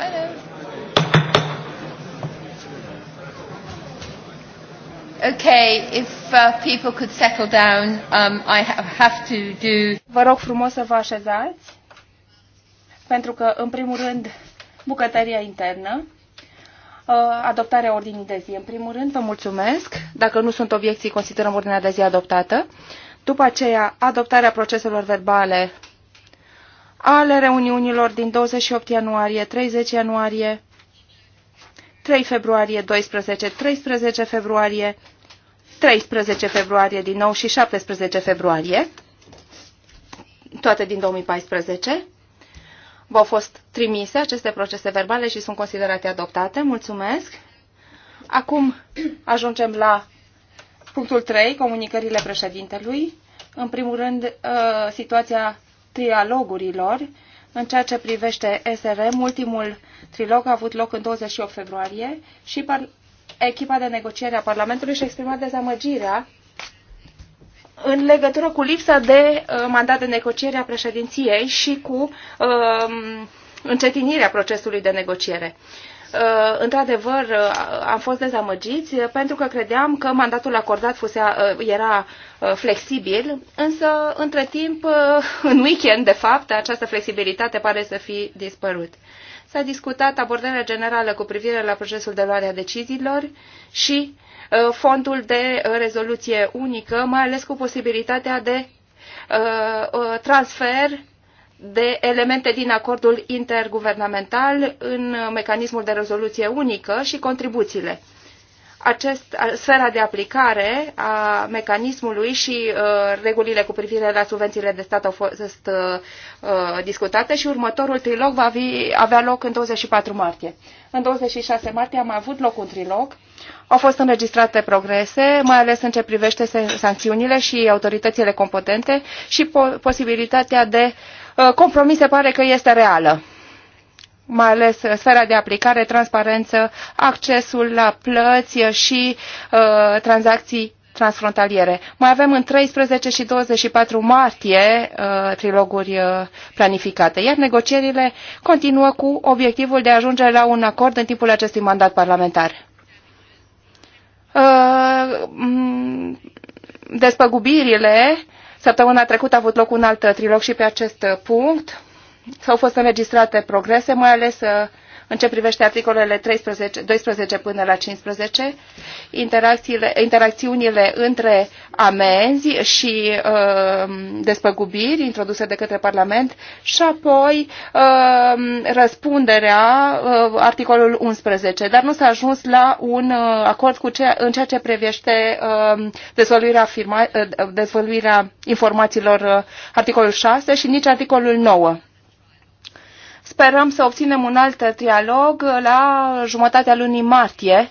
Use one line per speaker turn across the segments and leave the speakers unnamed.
I Okay, if uh, people could settle down, um, I have to do... Vă rog frumos să vă așezați, pentru că, în primul rând, bucătăria internă, uh, adoptarea ordinii de zi. În primul rând, vă mulțumesc. Dacă nu sunt obiecții, considerăm ordinea de zi adoptată. După aceea, adoptarea proceselor verbale ale reuniunilor din 28 ianuarie, 30 ianuarie, 3 februarie, 12, 13 februarie, 13 februarie din nou și 17 februarie, toate din 2014. V-au fost trimise aceste procese verbale și sunt considerate adoptate. Mulțumesc! Acum ajungem la punctul 3, comunicările președintelui. În primul rând, uh, situația trialogurilor în ceea ce privește SRM. Ultimul trilog a avut loc în 28 februarie și echipa de negociere a Parlamentului și-a exprimat dezamăgirea în legătură cu lipsa de uh, mandat de negociere a președinției și cu uh, încetinirea procesului de negociere. Uh, Uh, într-adevăr, uh, am fost dezamăgiți uh, pentru că credeam că mandatul acordat fusea, era flexibil, însă, între timp, în weekend, de fapt, această flexibilitate pare să fi dispărut. S-a discutat abordarea generală cu privire la procesul de luare a deciziilor și fondul de rezoluție unică, mai ales cu posibilitatea de transfer de elemente din acordul interguvernamental în mecanismul de rezoluție unică și contribuțiile. Acest, sfera de aplicare a mecanismului și uh, regulile cu privire la subvențiile de stat au fost uh, uh, discutate și următorul trilog va fi, avea loc în 24 martie. În 26 martie am avut loc un trilog. Au fost înregistrate progrese, mai ales în ce privește sancțiunile și autoritățile competente și po posibilitatea de Uh, compromis se pare că este reală mai ales uh, sfera de aplicare, transparență, accesul la plăți și uh, tranzacții transfrontaliere. Mai avem în 13 și 24 martie uh, triloguri uh, planificate, iar negocierile continuă cu obiectivul de a ajunge la un acord în timpul acestui mandat parlamentar. Uh, despăgubirile uh, Săptămâna trecută a avut loc un alt trilog și pe acest punct. S-au fost înregistrate progrese, mai ales uh, în ce privește articolele 13, 12 până la 15, interacțiunile între amenzi și uh, despăgubiri introduse de către Parlament și apoi uh, răspunderea, uh, articolul 11, dar nu s-a ajuns la un uh, acord cu cea, în ceea ce privește uh, dezvăluirea, firma, uh, dezvăluirea informațiilor, uh, articolul 6 și nici articolul 9 Sperăm să obținem un alt trialog la jumătatea lunii martie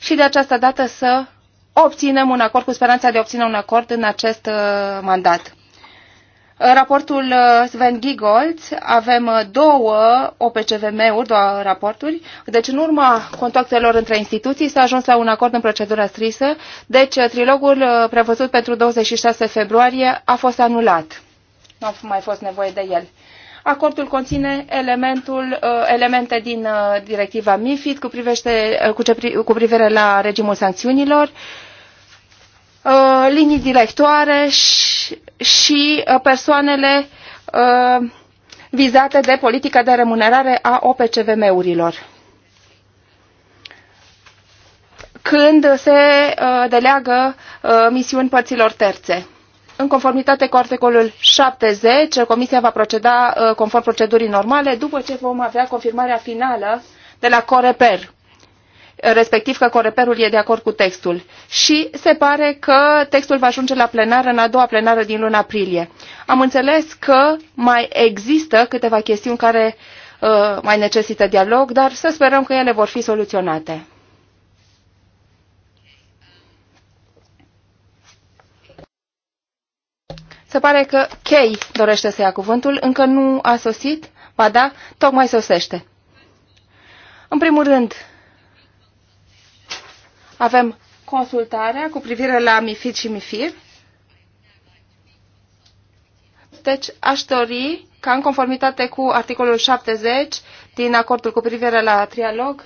și de această dată să obținem un acord cu speranța de a obține un acord în acest uh, mandat. Raportul uh, Sven Giegold, avem uh, două OPCVM-uri, două raporturi, deci în urma contactelor între instituții s-a ajuns la un acord în procedura strisă, deci trilogul prevăzut pentru 26 februarie a fost anulat. Nu a mai fost nevoie de el. Acordul conține elementul, uh, elemente din uh, directiva MIFID cu, privește, uh, cu, ce, cu privire la regimul sancțiunilor, linii directoare și, și persoanele vizate de politica de remunerare a OPCVM-urilor. când se deleagă misiuni părților terțe în conformitate cu articolul 70, Comisia va proceda uh, conform procedurii normale după ce vom avea confirmarea finală de la Coreper respectiv că coreperul e de acord cu textul și se pare că textul va ajunge la plenară în a doua plenară din luna aprilie. Am înțeles că mai există câteva chestiuni care uh, mai necesită dialog, dar să sperăm că ele vor fi soluționate. Se pare că Kay dorește să ia cuvântul, încă nu a sosit, ba da, tocmai sosește. În primul rând, avem consultarea cu privire la MIFID și MIFIR. Deci aș dori ca în conformitate cu articolul 70 din acordul cu privire la trialog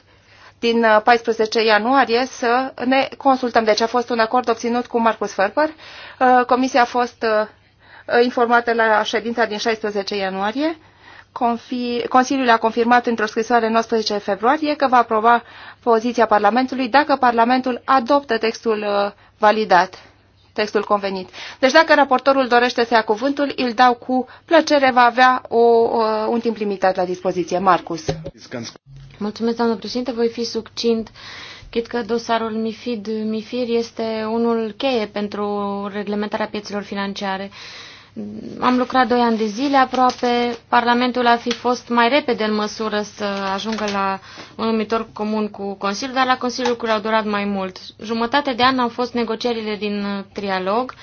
din 14 uh, ianuarie să ne consultăm. Deci a fost un acord obținut cu Marcus Ferber. Uh, comisia a fost uh, Uh, informate la ședința din 16 ianuarie. Consiliul a confirmat într-o scrisoare 19 februarie că va aproba poziția Parlamentului dacă Parlamentul adoptă textul uh, validat, textul convenit. Deci dacă raportorul dorește să ia cuvântul, îl dau cu plăcere, va
avea o, un timp limitat la dispoziție. Marcus. Mulțumesc, doamnă președinte, voi fi succint. Chit că dosarul MIFID-MIFIR este unul cheie pentru reglementarea piețelor financiare. Am lucrat doi ani de zile aproape. Parlamentul a fi fost mai repede în măsură să ajungă la un numitor comun cu Consiliul, dar la Consiliul lucrurile au durat mai mult. Jumătate de an au fost negocierile din uh, trialog.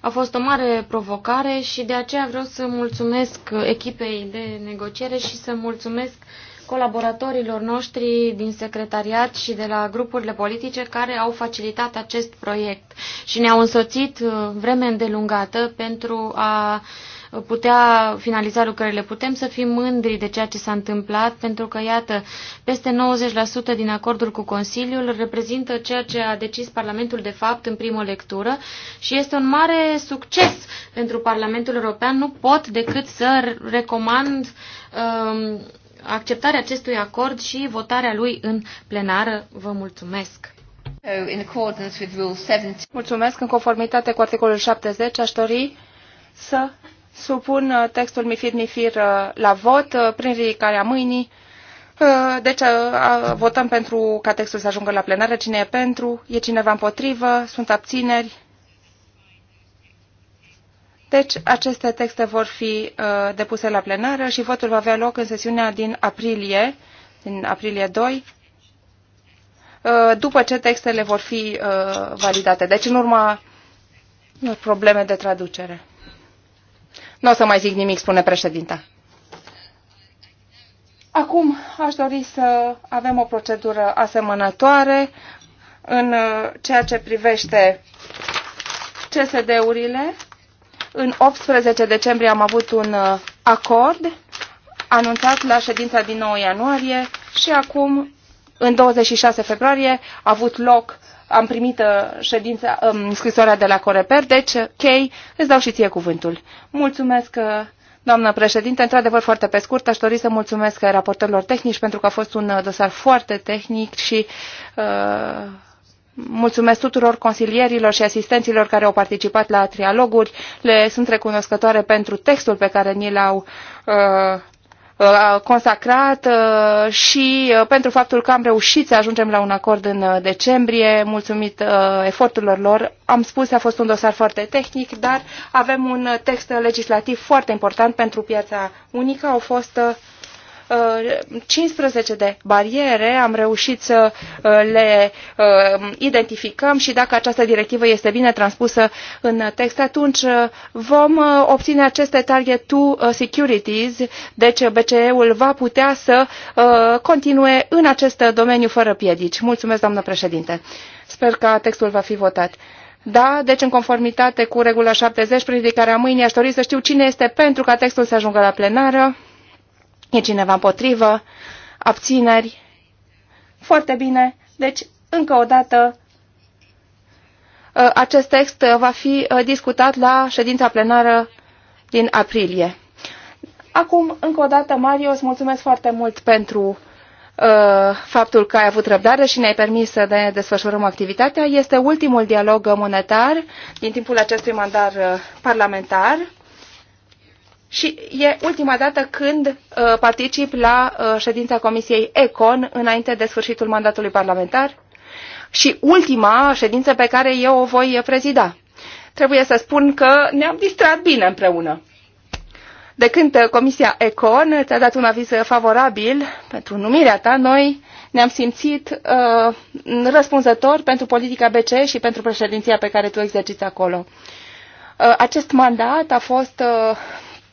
A fost o mare provocare și de aceea vreau să mulțumesc echipei de negociere și să mulțumesc colaboratorilor noștri din secretariat și de la grupurile politice care au facilitat acest proiect și ne-au însoțit uh, vreme îndelungată pentru a putea finaliza lucrările. Putem să fim mândri de ceea ce s-a întâmplat, pentru că, iată, peste 90% din acordul cu Consiliul reprezintă ceea ce a decis Parlamentul, de fapt, în primă lectură și este un mare succes pentru Parlamentul European. Nu pot decât să recomand um, acceptarea acestui acord și votarea lui în plenară. Vă mulțumesc! Mulțumesc.
În conformitate cu articolul 70, aș dori să supun uh, textul Mifir MIFIR uh, la vot uh, prin ridicarea mâinii. Deci votăm pentru ca textul să ajungă la plenară. Cine e pentru? E cineva împotrivă? Sunt abțineri? Deci, aceste texte vor fi uh, depuse la plenară și votul va avea loc în sesiunea din aprilie, din aprilie 2, uh, după ce textele vor fi uh, validate. Deci, în urma probleme de traducere. Nu o să mai zic nimic, spune președinta. Acum aș dori să avem o procedură asemănătoare în uh, ceea ce privește CSD-urile. În 18 decembrie am avut un uh, acord anunțat la ședința din 9 ianuarie și acum, în 26 februarie, a avut loc, am primit uh, ședința, um, scrisoarea de la Coreper, deci, Chei, uh, îți dau și ție cuvântul. Mulțumesc, doamnă președinte. Într-adevăr, foarte pe scurt, aș dori să mulțumesc raportorilor tehnici pentru că a fost un dosar foarte tehnic și uh, Mulțumesc tuturor consilierilor și asistenților care au participat la trialoguri. Le sunt recunoscătoare pentru textul pe care ni l-au uh, uh, consacrat uh, și pentru faptul că am reușit să ajungem la un acord în decembrie, mulțumit eforturilor lor. Am spus, a fost un dosar foarte tehnic, dar avem un text legislativ foarte important pentru piața unică. Au fost 15 uh, de bariere, am reușit să uh, le uh, identificăm și dacă această directivă este bine transpusă în text, atunci vom obține aceste target to securities, deci BCE-ul va putea să continue în acest domeniu fără piedici. Mulțumesc, doamnă președinte. Sper că textul va fi votat. Da, deci în conformitate cu regula 70, care am mâinii, aș dori să știu cine este pentru ca textul să ajungă la plenară. E cineva împotrivă? Abțineri? Foarte bine. Deci, încă o dată, uh, acest text va fi uh, discutat la ședința plenară din aprilie. Acum, încă o dată, Mario, îți mulțumesc foarte mult pentru uh, faptul că ai avut răbdare și ne-ai permis să ne desfășurăm activitatea. Este ultimul dialog monetar din timpul acestui mandat parlamentar și e ultima dată când uh, particip la uh, ședința Comisiei ECON înainte de sfârșitul mandatului parlamentar și ultima ședință pe care eu o voi prezida. Trebuie să spun că ne-am distrat bine împreună. De când uh, Comisia ECON ți-a dat un aviz favorabil pentru numirea ta, noi ne-am simțit uh, răspunzători pentru politica BCE și pentru președinția pe care tu exerciți acolo. Uh, acest mandat a fost uh,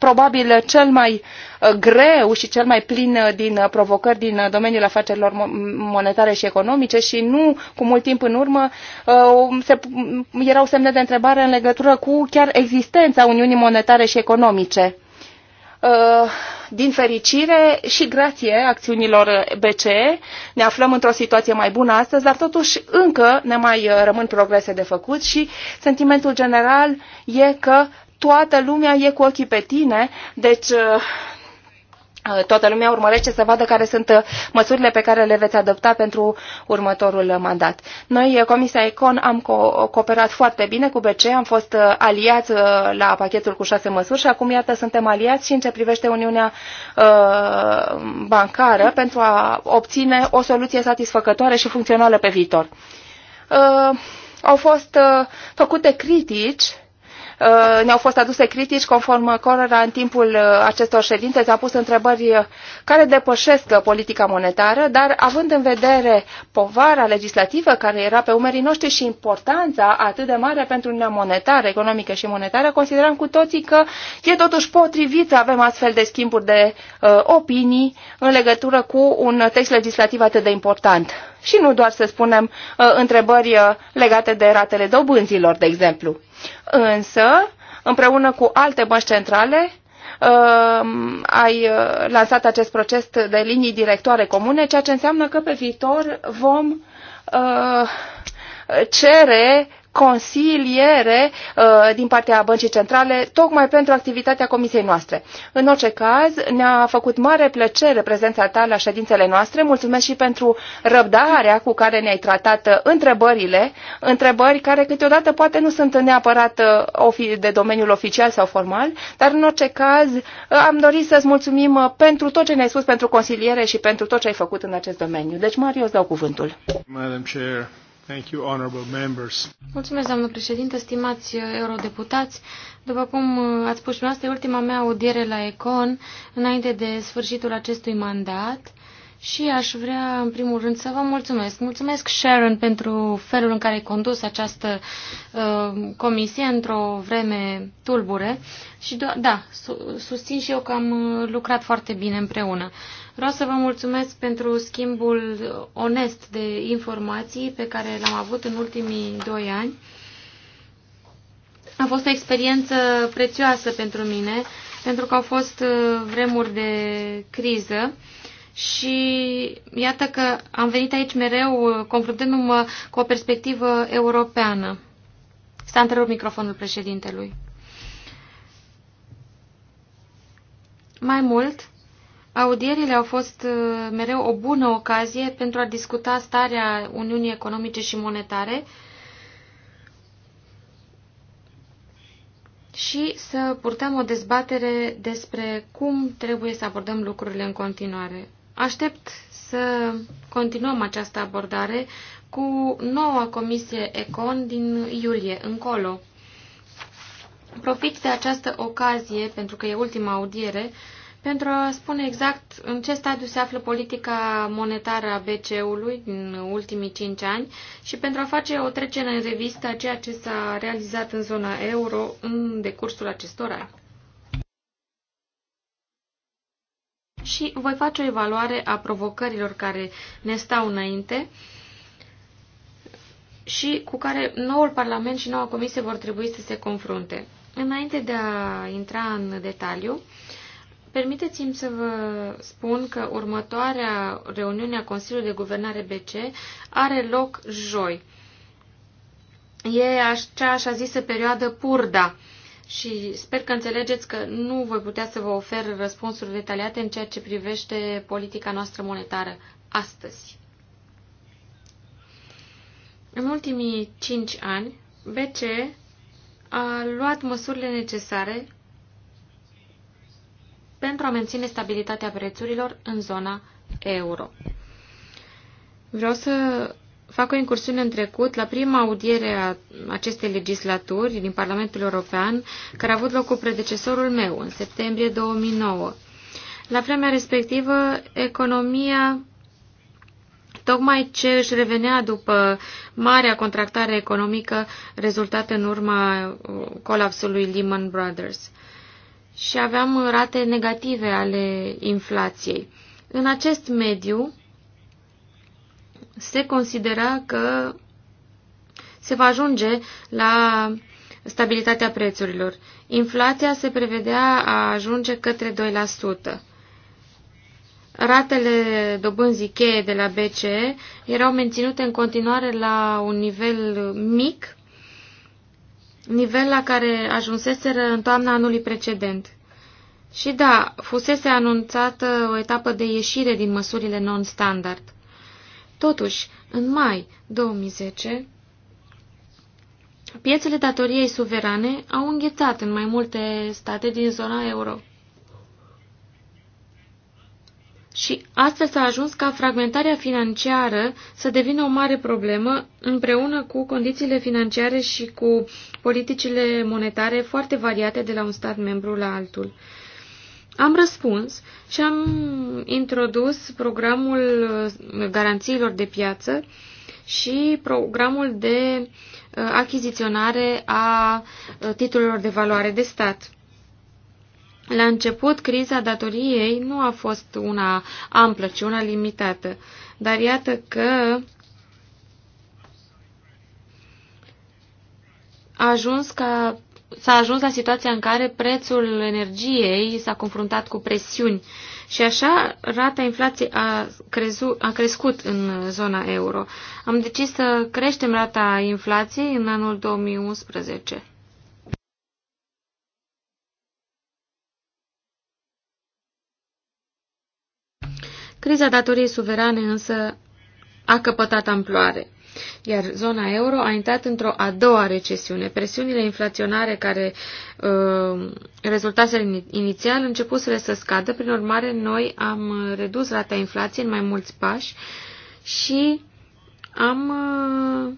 probabil cel mai uh, greu și cel mai plin uh, din uh, provocări din domeniul afacerilor monetare și economice și nu cu mult timp în urmă um, se, mm, erau semne de întrebare în legătură cu chiar existența Uniunii Monetare și Economice din fericire și grație acțiunilor BCE ne aflăm într-o situație mai bună astăzi, dar totuși încă ne mai rămân progrese de făcut și sentimentul general e că toată lumea e cu ochii pe tine, deci uh, uh, toată lumea urmărește să vadă care sunt uh, măsurile pe care le veți adopta pentru următorul mandat. Noi, Comisia Econ, am co cooperat foarte bine cu BC, am fost aliați la pachetul cu șase măsuri și acum, iată, suntem aliați și în ce privește Uniunea uh, Bancară pentru a obține o soluție satisfăcătoare și funcțională pe viitor. Uh, au fost uh, făcute critici Uh, ne-au fost aduse critici conform cărora în timpul uh, acestor ședințe s-au pus întrebări uh, care depășesc politica monetară, dar având în vedere povara legislativă care era pe umerii noștri și importanța atât de mare pentru Uniunea Monetară, Economică și Monetară, considerăm cu toții că e totuși potrivit să avem astfel de schimburi de uh, opinii în legătură cu un text legislativ atât de important. Și nu doar să spunem întrebări legate de ratele dobânzilor, de exemplu. Însă, împreună cu alte bănci centrale, um, ai uh, lansat acest proces de linii directoare comune, ceea ce înseamnă că pe viitor vom uh, cere consiliere uh, din partea Băncii Centrale, tocmai pentru activitatea comisiei noastre. În orice caz, ne-a făcut mare plăcere prezența ta la ședințele noastre. Mulțumesc și pentru răbdarea cu care ne-ai tratat uh, întrebările, întrebări care câteodată poate nu sunt neapărat uh, de domeniul oficial sau formal, dar în orice caz am dorit să-ți mulțumim pentru tot ce ne-ai spus, pentru consiliere și pentru tot ce ai făcut în acest domeniu. Deci, Mario, îți dau cuvântul. Madam Chair. Thank you, honorable members.
Mulțumesc, doamnă președinte, stimați eurodeputați. După cum ați spus dumneavoastră, ultima mea audiere la Econ, înainte de sfârșitul acestui mandat. Și aș vrea, în primul rând, să vă mulțumesc. Mulțumesc, Sharon, pentru felul în care ai condus această uh, comisie într-o vreme tulbure. Și, da, su susțin și eu că am uh, lucrat foarte bine împreună. Vreau să vă mulțumesc pentru schimbul onest de informații pe care l-am avut în ultimii doi ani. A fost o experiență prețioasă pentru mine, pentru că au fost uh, vremuri de criză și iată că am venit aici mereu uh, confruntându-mă cu o perspectivă europeană. S-a întrerupt microfonul președintelui. Mai mult, audierile au fost uh, mereu o bună ocazie pentru a discuta starea Uniunii Economice și Monetare și să purtăm o dezbatere despre cum trebuie să abordăm lucrurile în continuare. Aștept să continuăm această abordare cu noua comisie ECON din iulie încolo. Profit de această ocazie, pentru că e ultima audiere, pentru a spune exact în ce stadiu se află politica monetară a BCE-ului din ultimii cinci ani și pentru a face o trecere în revistă a ceea ce s-a realizat în zona euro în decursul acestor ani. și voi face o evaluare a provocărilor care ne stau înainte și cu care noul Parlament și noua Comisie vor trebui să se confrunte. Înainte de a intra în detaliu, permiteți-mi să vă spun că următoarea reuniune a Consiliului de Guvernare BC are loc joi. E așa așa zisă perioadă purda și sper că înțelegeți că nu voi putea să vă ofer răspunsuri detaliate în ceea ce privește politica noastră monetară astăzi. În ultimii cinci ani, BCE a luat măsurile necesare pentru a menține stabilitatea prețurilor în zona euro. Vreau să fac o incursiune în trecut la prima audiere a acestei legislaturi din Parlamentul European, care a avut loc cu predecesorul meu în septembrie 2009. La vremea respectivă, economia tocmai ce își revenea după marea contractare economică rezultată în urma uh, colapsului Lehman Brothers. Și aveam rate negative ale inflației. În acest mediu, se considera că se va ajunge la stabilitatea prețurilor. Inflația se prevedea a ajunge către 2%. Ratele dobânzii cheie de la BCE erau menținute în continuare la un nivel mic, nivel la care ajunseseră în toamna anului precedent. Și da, fusese anunțată o etapă de ieșire din măsurile non-standard. Totuși, în mai 2010, piețele datoriei suverane au înghețat în mai multe state din zona euro. Și astfel s-a ajuns ca fragmentarea financiară să devină o mare problemă împreună cu condițiile financiare și cu politicile monetare foarte variate de la un stat membru la altul. Am răspuns și am introdus programul garanțiilor de piață și programul de uh, achiziționare a uh, titlurilor de valoare de stat. La început, criza datoriei nu a fost una amplă, ci una limitată. Dar iată că a ajuns ca s-a ajuns la situația în care prețul energiei s-a confruntat cu presiuni și așa rata inflației a, crezu, a crescut în zona euro. Am decis să creștem rata inflației în anul 2011. Criza datoriei suverane însă a căpătat amploare iar zona euro a intrat într-o a doua recesiune. Presiunile inflaționare care uh, rezultaseră inițial începuseră să scadă, prin urmare noi am redus rata inflației în mai mulți pași și am uh,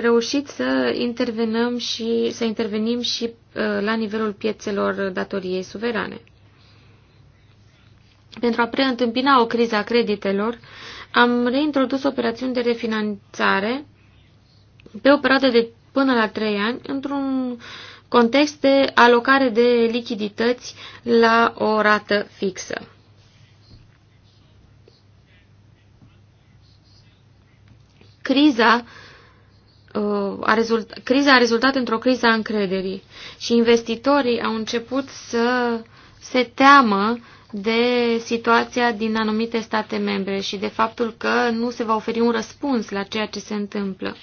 reușit să intervenăm și să intervenim și uh, la nivelul piețelor datoriei suverane. Pentru a preîntâmpina o criză a creditelor, am reintrodus operațiuni de refinanțare pe o perioadă de până la 3 ani într-un context de alocare de lichidități la o rată fixă. Criza uh, a, rezult, criza a rezultat într-o criză a încrederii și investitorii au început să se teamă uh, de situația din anumite state membre și de faptul că nu se va oferi un răspuns la ceea ce se întâmplă,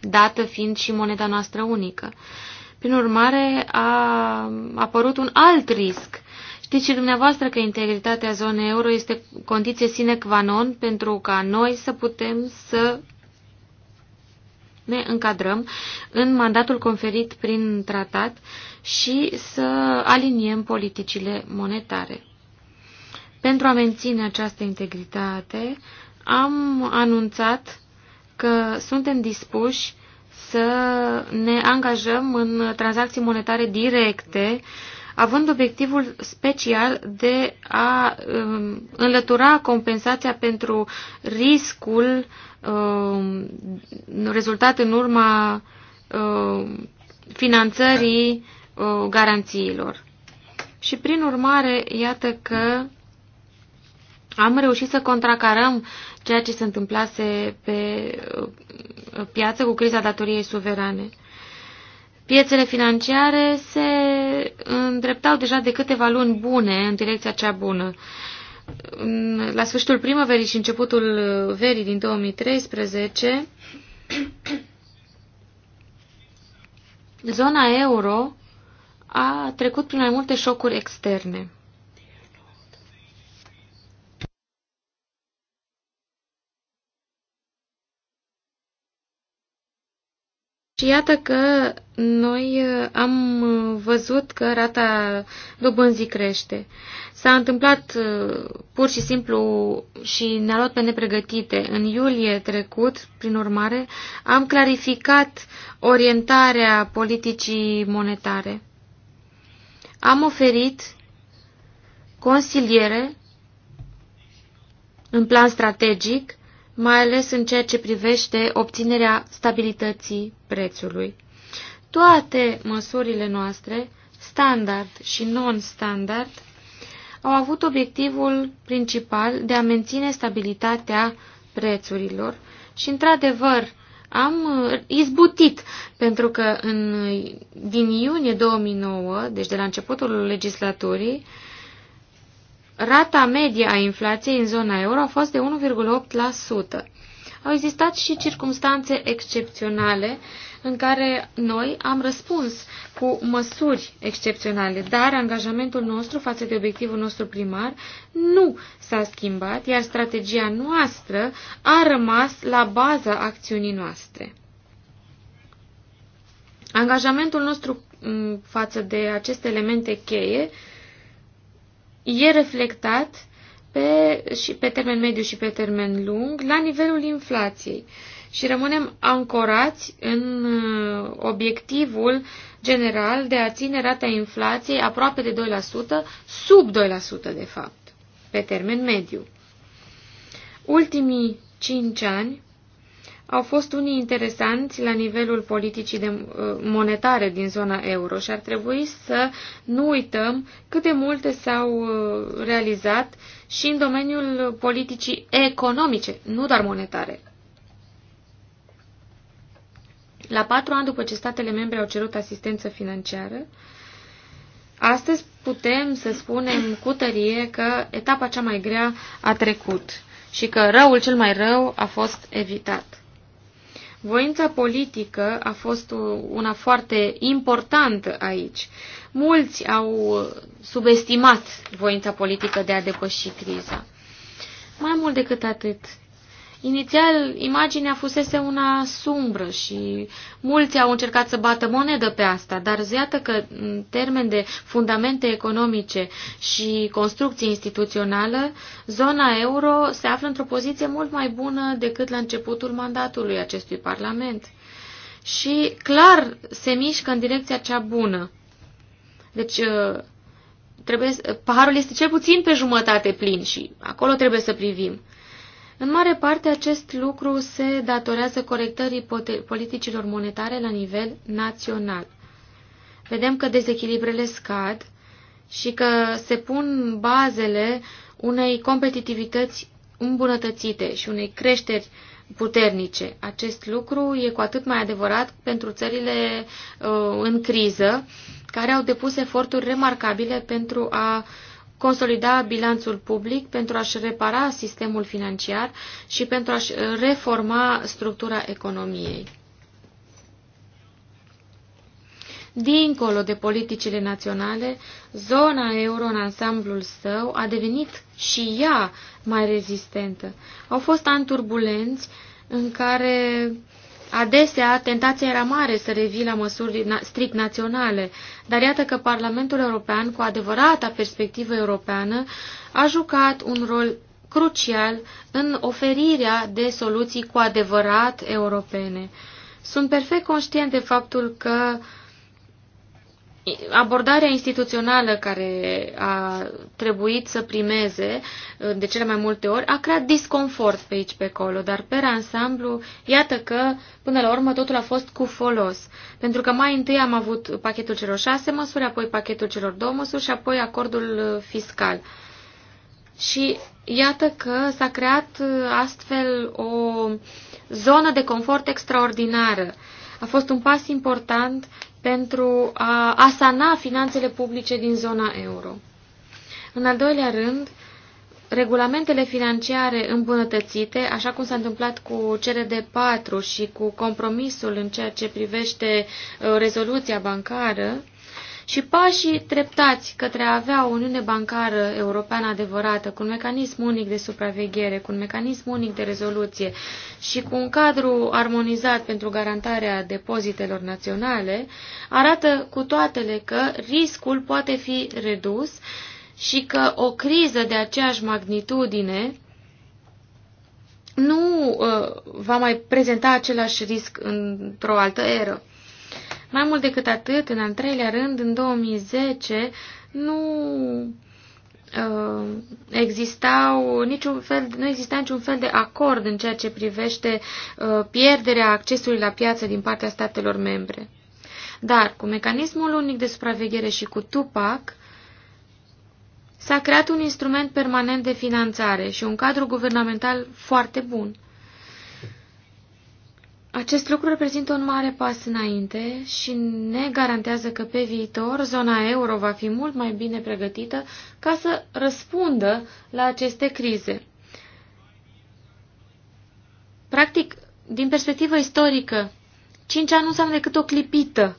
dată fiind și moneda noastră unică. Prin urmare, a apărut un alt risc. Știți și dumneavoastră că integritatea zonei euro este condiție sine qua non pentru ca noi să putem să ne încadrăm în mandatul conferit prin tratat și să aliniem politicile monetare. Pentru a menține această integritate, am anunțat că suntem dispuși să ne angajăm în tranzacții monetare directe, având obiectivul special de a um, înlătura compensația pentru riscul um, rezultat în urma um, finanțării uh, garanțiilor. Și prin urmare, iată că am reușit să contracarăm ceea ce se întâmplase pe uh, piață cu criza datoriei suverane. Piețele financiare se îndreptau deja de câteva luni bune în direcția cea bună. La sfârșitul primăverii și începutul verii din 2013, zona euro a trecut prin mai multe șocuri externe. Și iată că noi uh, am uh, văzut că rata dobânzii crește. S-a întâmplat uh, pur și simplu și ne-a luat pe nepregătite. În iulie trecut, prin urmare, am clarificat orientarea politicii monetare. Am oferit consiliere în plan strategic mai ales în ceea ce privește obținerea stabilității prețului. Toate măsurile noastre, standard și non-standard, au avut obiectivul principal de a menține stabilitatea prețurilor și, într-adevăr, am uh, izbutit, pentru că în, uh, din iunie 2009, deci de la începutul legislaturii, rata medie a inflației în zona euro a fost de 1,8%. Au existat și circumstanțe excepționale în care noi am răspuns cu măsuri excepționale, dar angajamentul nostru față de obiectivul nostru primar nu s-a schimbat, iar strategia noastră a rămas la baza acțiunii noastre. Angajamentul nostru mm, față de aceste elemente cheie e reflectat pe, și pe termen mediu și pe termen lung la nivelul inflației și rămânem ancorați în uh, obiectivul general de a ține rata inflației aproape de 2%, sub 2% de fapt, pe termen mediu. Ultimii 5 ani au fost unii interesanți la nivelul politicii de, uh, monetare din zona euro și ar trebui să nu uităm câte multe s-au uh, realizat și în domeniul politicii economice, nu doar monetare. La patru ani după ce statele membre au cerut asistență financiară, astăzi putem să spunem cu tărie că etapa cea mai grea a trecut și că răul cel mai rău a fost evitat. Voința politică a fost una foarte importantă aici. Mulți au subestimat voința politică de a depăși criza. Mai mult decât atât, Inițial, imaginea fusese una sumbră și mulți au încercat să bată monedă pe asta, dar iată că în termen de fundamente economice și construcție instituțională, zona euro se află într-o poziție mult mai bună decât la începutul mandatului acestui Parlament. Și clar se mișcă în direcția cea bună. Deci, uh, trebuie, paharul este cel puțin pe jumătate plin și acolo trebuie să privim. În mare parte, acest lucru se datorează corectării politicilor monetare la nivel național. Vedem că dezechilibrele scad și că se pun bazele unei competitivități îmbunătățite și unei creșteri puternice. Acest lucru e cu atât mai adevărat pentru țările uh, în criză, care au depus eforturi remarcabile pentru a consolida bilanțul public, pentru a-și repara sistemul financiar și pentru a-și reforma structura economiei. Dincolo de politicile naționale, zona euro în ansamblul său a devenit și ea mai rezistentă. Au fost ani turbulenți în care Adesea, tentația era mare să revii la măsuri strict naționale, dar iată că Parlamentul European, cu adevărata perspectivă europeană, a jucat un rol crucial în oferirea de soluții cu adevărat europene. Sunt perfect conștient de faptul că uh, abordarea instituțională care a trebuit să primeze uh, de cele mai multe ori a creat disconfort pe aici, pe acolo, dar pe ansamblu, iată că până la urmă totul a fost cu folos. Pentru că mai întâi am avut pachetul celor șase măsuri, apoi pachetul celor două măsuri și apoi acordul uh, fiscal. Și iată că s-a creat uh, astfel o zonă de confort extraordinară. A fost un pas important pentru a asana finanțele publice din zona euro. În al doilea rând, regulamentele financiare îmbunătățite, așa cum s-a întâmplat cu CRD4 și cu compromisul în ceea ce privește uh, rezoluția bancară, și pașii treptați către a avea o uniune bancară europeană adevărată, cu un mecanism unic de supraveghere, cu un mecanism unic de rezoluție și cu un cadru armonizat pentru garantarea depozitelor naționale, arată cu toatele că riscul poate fi redus și că o criză de aceeași magnitudine nu uh, va mai prezenta același risc într-o altă eră. Mai mult decât atât, în al treilea rând, în 2010 nu uh, existau niciun fel, nu exista niciun fel de acord în ceea ce privește uh, pierderea accesului la piață din partea statelor membre. Dar cu mecanismul unic de supraveghere și cu TUPAC, s-a creat un instrument permanent de finanțare și un cadru guvernamental foarte bun. Acest lucru reprezintă un mare pas înainte și ne garantează că pe viitor zona euro va fi mult mai bine pregătită ca să răspundă la aceste crize. Practic, din perspectivă istorică, 5 ani nu înseamnă decât o clipită.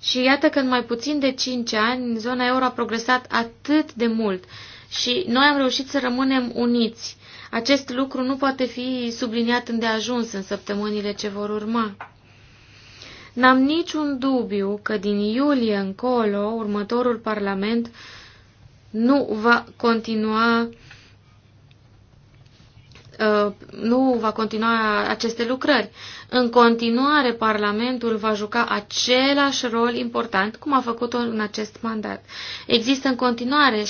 Și iată că în mai puțin de 5 ani zona euro a progresat atât de mult și noi am reușit să rămânem uniți. Acest lucru nu poate fi subliniat îndeajuns în săptămânile ce vor urma. N-am niciun dubiu că din iulie încolo următorul Parlament nu va continua uh, nu va continua aceste lucrări. În continuare, Parlamentul va juca același rol important cum a făcut-o în acest mandat. Există în continuare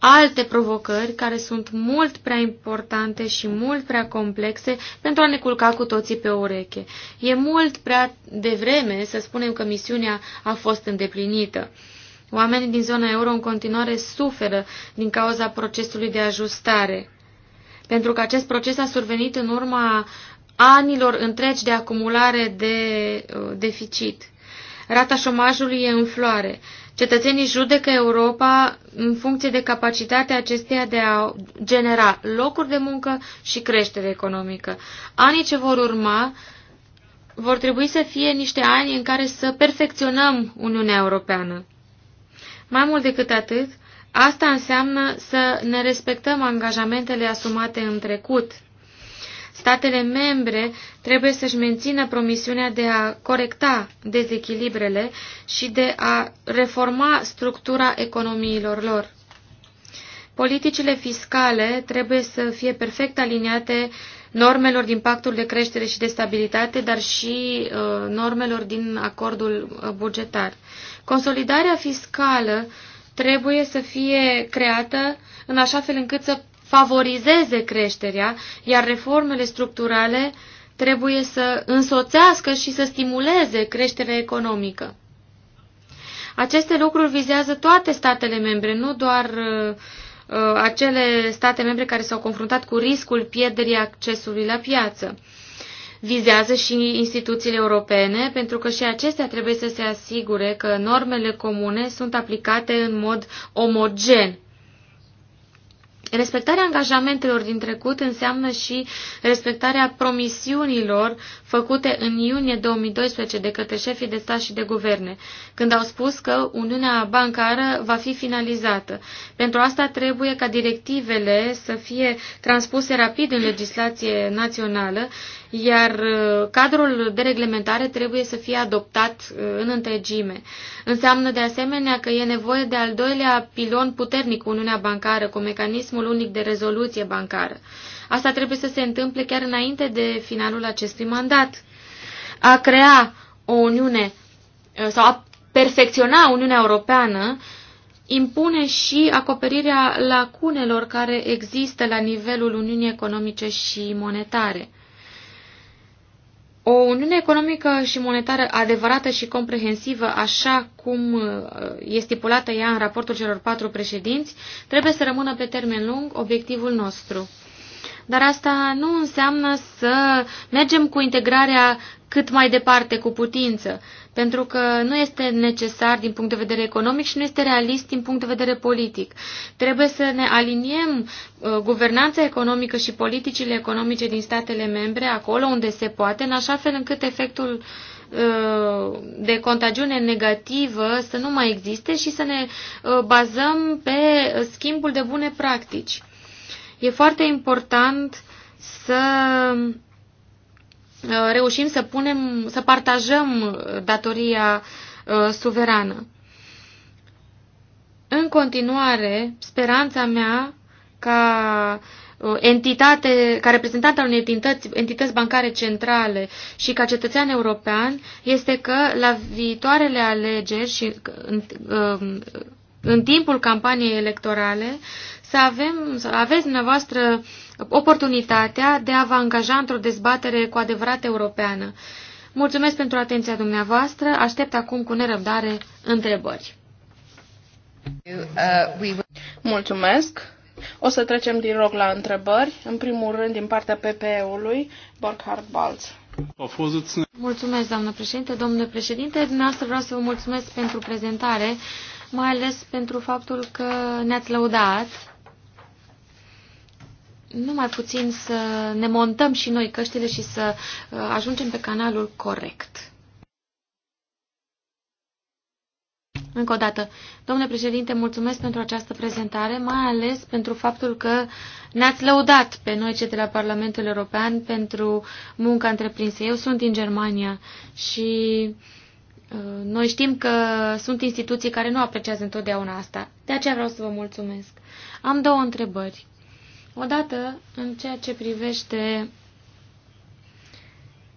alte provocări care sunt mult prea importante și mult prea complexe pentru a ne culca cu toții pe ureche. E mult prea devreme să spunem că misiunea a fost îndeplinită. Oamenii din zona euro în continuare suferă din cauza procesului de ajustare, pentru că acest proces a survenit în urma anilor întregi de acumulare de uh, deficit. Rata șomajului e în floare. Cetățenii judecă Europa în funcție de capacitatea acesteia de a genera locuri de muncă și creștere economică. Anii ce vor urma vor trebui să fie niște ani în care să perfecționăm Uniunea Europeană. Mai mult decât atât, asta înseamnă să ne respectăm angajamentele asumate în trecut Statele membre trebuie să-și mențină promisiunea de a corecta dezechilibrele și de a reforma structura economiilor lor. Politicile fiscale trebuie să fie perfect aliniate normelor din pactul de creștere și de stabilitate, dar și uh, normelor din acordul uh, bugetar. Consolidarea fiscală trebuie să fie creată în așa fel încât să favorizeze creșterea, iar reformele structurale trebuie să însoțească și să stimuleze creșterea economică. Aceste lucruri vizează toate statele membre, nu doar uh, uh, acele state membre care s-au confruntat cu riscul pierderii accesului la piață. Vizează și instituțiile europene, pentru că și acestea trebuie să se asigure că normele comune sunt aplicate în mod omogen Respectarea angajamentelor din trecut înseamnă și respectarea promisiunilor făcute în iunie 2012 de către șefii de stat și de guverne, când au spus că Uniunea Bancară va fi finalizată. Pentru asta trebuie ca directivele să fie transpuse rapid în legislație națională iar uh, cadrul de reglementare trebuie să fie adoptat uh, în întregime. Înseamnă de asemenea că e nevoie de al doilea pilon puternic Uniunea Bancară, cu mecanismul unic de rezoluție bancară. Asta trebuie să se întâmple chiar înainte de finalul acestui mandat. A crea o Uniune uh, sau a perfecționa Uniunea Europeană impune și acoperirea lacunelor care există la nivelul Uniunii Economice și Monetare. O uniune economică și monetară adevărată și comprehensivă, așa cum uh, e stipulată ea în raportul celor patru președinți, trebuie să rămână pe termen lung obiectivul nostru. Dar asta nu înseamnă să mergem cu integrarea cât mai departe cu putință pentru că nu este necesar din punct de vedere economic și nu este realist din punct de vedere politic. Trebuie să ne aliniem uh, guvernanța economică și politicile economice din statele membre acolo unde se poate, în așa fel încât efectul uh, de contagiune negativă să nu mai existe și să ne uh, bazăm pe schimbul de bune practici. E foarte important să Uh, reușim să punem, să partajăm datoria uh, suverană. În continuare, speranța mea ca uh, entitate, ca reprezentant al unei entități, entități bancare centrale și ca cetățean european este că la viitoarele alegeri și în, în, timpul campaniei electorale să avem, să aveți dumneavoastră oportunitatea de a vă angaja într-o dezbatere cu adevărat europeană. Mulțumesc pentru atenția dumneavoastră, aștept acum cu nerăbdare întrebări. Mulțumesc!
O să trecem din rog la întrebări. În primul rând, din partea PPE-ului, Burkhard Balz.
Mulțumesc, doamnă președinte. Domnule președinte, dumneavoastră vreau să vă mulțumesc pentru prezentare, mai ales pentru faptul că ne-ați lăudat numai puțin să ne montăm și noi căștile și să uh, ajungem pe canalul corect. Încă o dată, domnule președinte, mulțumesc pentru această prezentare, mai ales pentru faptul că ne-ați lăudat pe noi cei de la Parlamentul European pentru munca întreprinsă. Eu sunt din Germania și uh, noi știm că sunt instituții care nu apreciază întotdeauna asta. De aceea vreau să vă mulțumesc. Am două întrebări. Odată, în ceea ce privește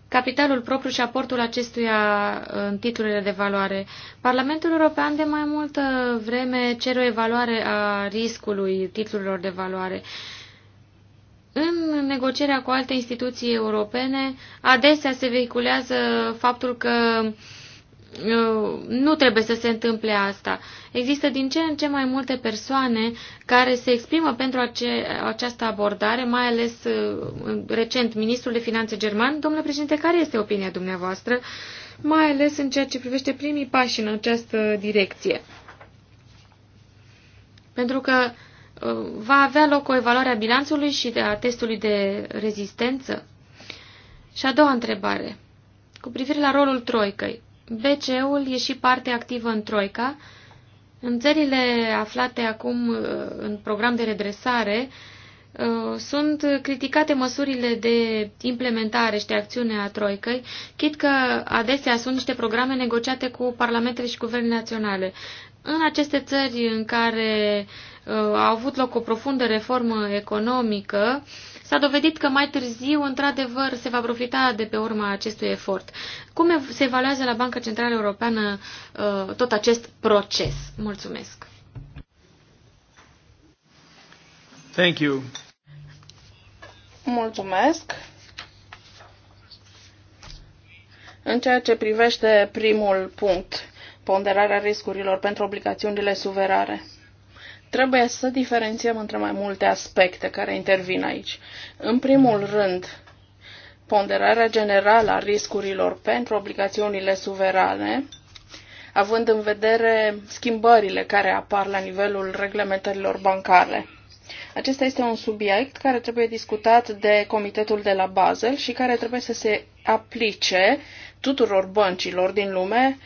capitalul propriu și aportul acestuia uh, în titlurile de valoare. Parlamentul European de mai multă vreme cere o evaluare a riscului titlurilor de valoare. În negocierea cu alte instituții europene, adesea se vehiculează faptul că uh, Uh, nu trebuie să se întâmple asta. Există din ce în ce mai multe persoane care se exprimă pentru ace această abordare, mai ales uh, recent ministrul de finanțe german. Domnule președinte, care este opinia dumneavoastră, mai ales în ceea ce privește primii pași în această direcție? Pentru că uh, va avea loc o evaluare a bilanțului și a testului de rezistență? Și a doua întrebare, cu privire la rolul troicăi. BCE-ul e și parte activă în Troica. În țările aflate acum uh, în program de redresare, uh, sunt criticate măsurile de implementare și de acțiune a Troicăi, chit că adesea sunt niște programe negociate cu parlamentele și guverne naționale. În aceste țări în care uh, a avut loc o profundă reformă economică, S-a dovedit că mai târziu, într-adevăr, se va profita de pe urma acestui efort. Cum se evaluează la Banca Centrală Europeană uh, tot acest proces? Mulțumesc! Thank you. Mulțumesc!
În ceea ce privește primul punct, ponderarea riscurilor pentru obligațiunile suverare. Trebuie să diferențiem între mai multe aspecte care intervin aici. În primul rând, ponderarea generală a riscurilor pentru obligațiunile suverane, având în vedere schimbările care apar la nivelul reglementărilor bancare. Acesta este un subiect care trebuie discutat de comitetul de la Basel și care trebuie să se aplice tuturor băncilor din lume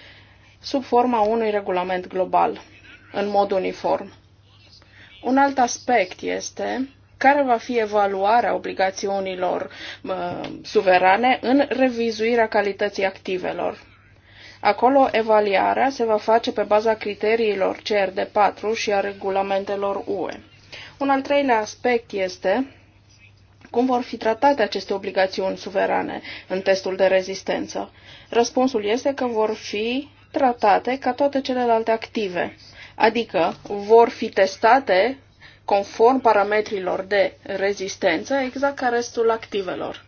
sub forma unui regulament global, în mod uniform. Un alt aspect este care va fi evaluarea obligațiunilor uh, suverane în revizuirea calității activelor. Acolo evaluarea se va face pe baza criteriilor CRD4 și a regulamentelor UE. Un al treilea aspect este cum vor fi tratate aceste obligațiuni suverane în testul de rezistență. Răspunsul este că vor fi tratate ca toate celelalte active adică vor fi testate conform parametrilor de rezistență, exact ca restul activelor.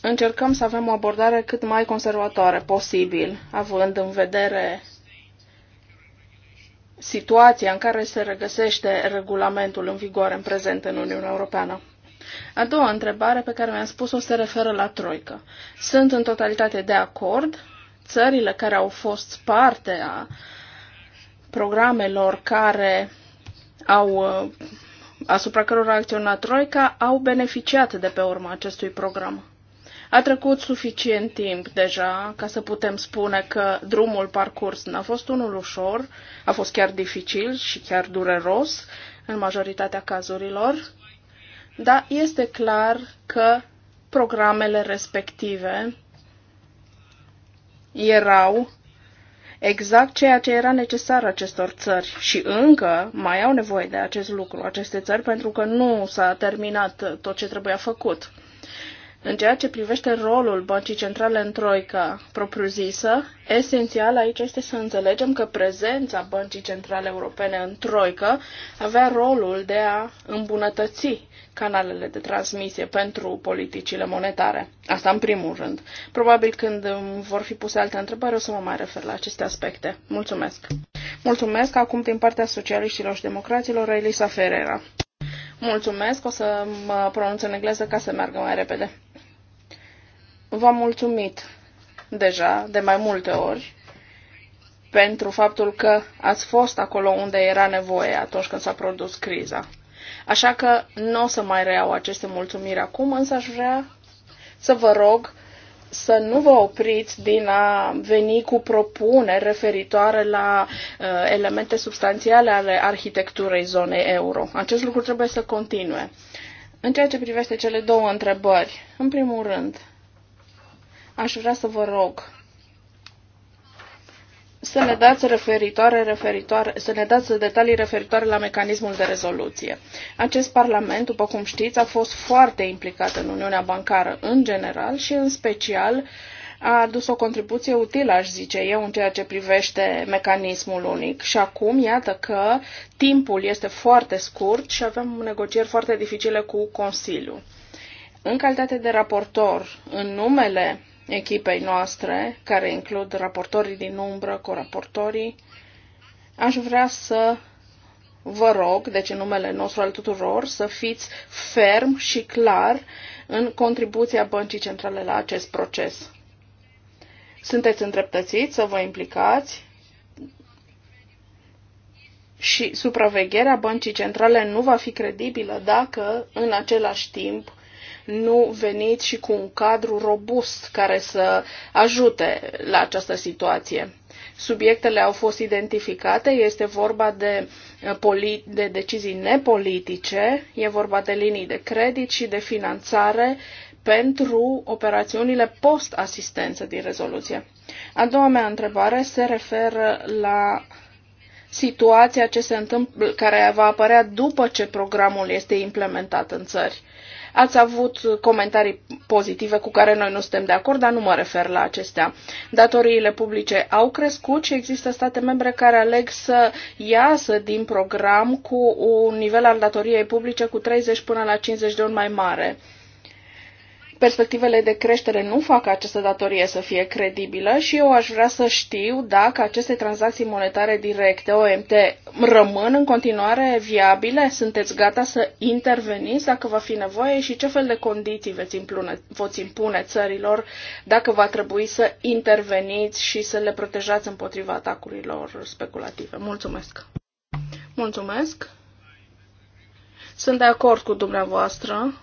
Încercăm să avem o abordare cât mai conservatoare posibil, având în vedere situația în care se regăsește regulamentul în vigoare în prezent în Uniunea Europeană. A doua întrebare pe care mi-am spus-o se referă la Troică. Sunt în totalitate de acord. Țările care au fost parte a uh, programelor care au uh, asupra căror a acționat Troica au beneficiat de pe urma acestui program. A trecut suficient timp deja ca să putem spune că drumul parcurs n-a fost unul ușor, a fost chiar dificil și chiar dureros în majoritatea cazurilor, dar este clar că programele respective erau exact ceea ce era necesar acestor țări și încă mai au nevoie de acest lucru, aceste țări, pentru că nu s-a terminat tot ce trebuia făcut. În ceea ce privește rolul Băncii Centrale în Troica propriu-zisă, esențial aici este să înțelegem că prezența Băncii Centrale Europene în Troică avea rolul de a îmbunătăți canalele de transmisie pentru politicile monetare. Asta în primul rând. Probabil când vor fi puse alte întrebări o să mă mai refer la aceste aspecte. Mulțumesc! Mulțumesc acum din partea socialiștilor și democraților Elisa Ferreira. Mulțumesc, o să mă pronunț în engleză ca să meargă mai repede. V-am mulțumit deja de mai multe ori pentru faptul că ați fost acolo unde era nevoie atunci când s-a produs criza. Așa că nu o să mai reiau aceste mulțumiri acum, însă aș vrea să vă rog să nu vă opriți din a veni cu propuneri referitoare la uh, elemente substanțiale ale arhitecturii zonei euro. Acest lucru trebuie să continue. În ceea ce privește cele două întrebări, în primul rând, aș vrea să vă rog să ne dați referitoare, referitoare, să ne dați detalii referitoare la mecanismul de rezoluție. Acest Parlament, după cum știți, a fost foarte implicat în Uniunea Bancară în general și în special a adus o contribuție utilă, aș zice eu, în ceea ce privește mecanismul unic. Și acum, iată că timpul este foarte scurt și avem negocieri foarte dificile cu Consiliul. În calitate de raportor, în numele echipei noastre, care includ raportorii din umbră, raportorii, aș vrea să vă rog, deci în numele nostru al tuturor, să fiți ferm și clar în contribuția Băncii Centrale la acest proces. Sunteți îndreptățiți să vă implicați și supravegherea Băncii Centrale nu va fi credibilă dacă în același timp nu veniți și cu un cadru robust care să ajute la această situație. Subiectele au fost identificate, este vorba de, eh, de decizii nepolitice, e vorba de linii de credit și de finanțare pentru operațiunile post-asistență din rezoluție. A doua mea întrebare se referă la situația ce se întâmplă, care va apărea după ce programul este implementat în țări. Ați avut comentarii pozitive cu care noi nu suntem de acord, dar nu mă refer la acestea. Datoriile publice au crescut și există state membre care aleg să iasă din program cu un nivel al datoriei publice cu 30 până la 50 de ori mai mare. Perspectivele de creștere nu fac această datorie să fie credibilă și eu aș vrea să știu dacă aceste tranzacții monetare directe, OMT, rămân în continuare viabile? Sunteți gata să interveniți dacă va fi nevoie și ce fel de condiții veți impune, voți impune țărilor dacă va trebui să interveniți și să le protejați împotriva atacurilor speculative? Mulțumesc! Mulțumesc! Sunt de acord cu dumneavoastră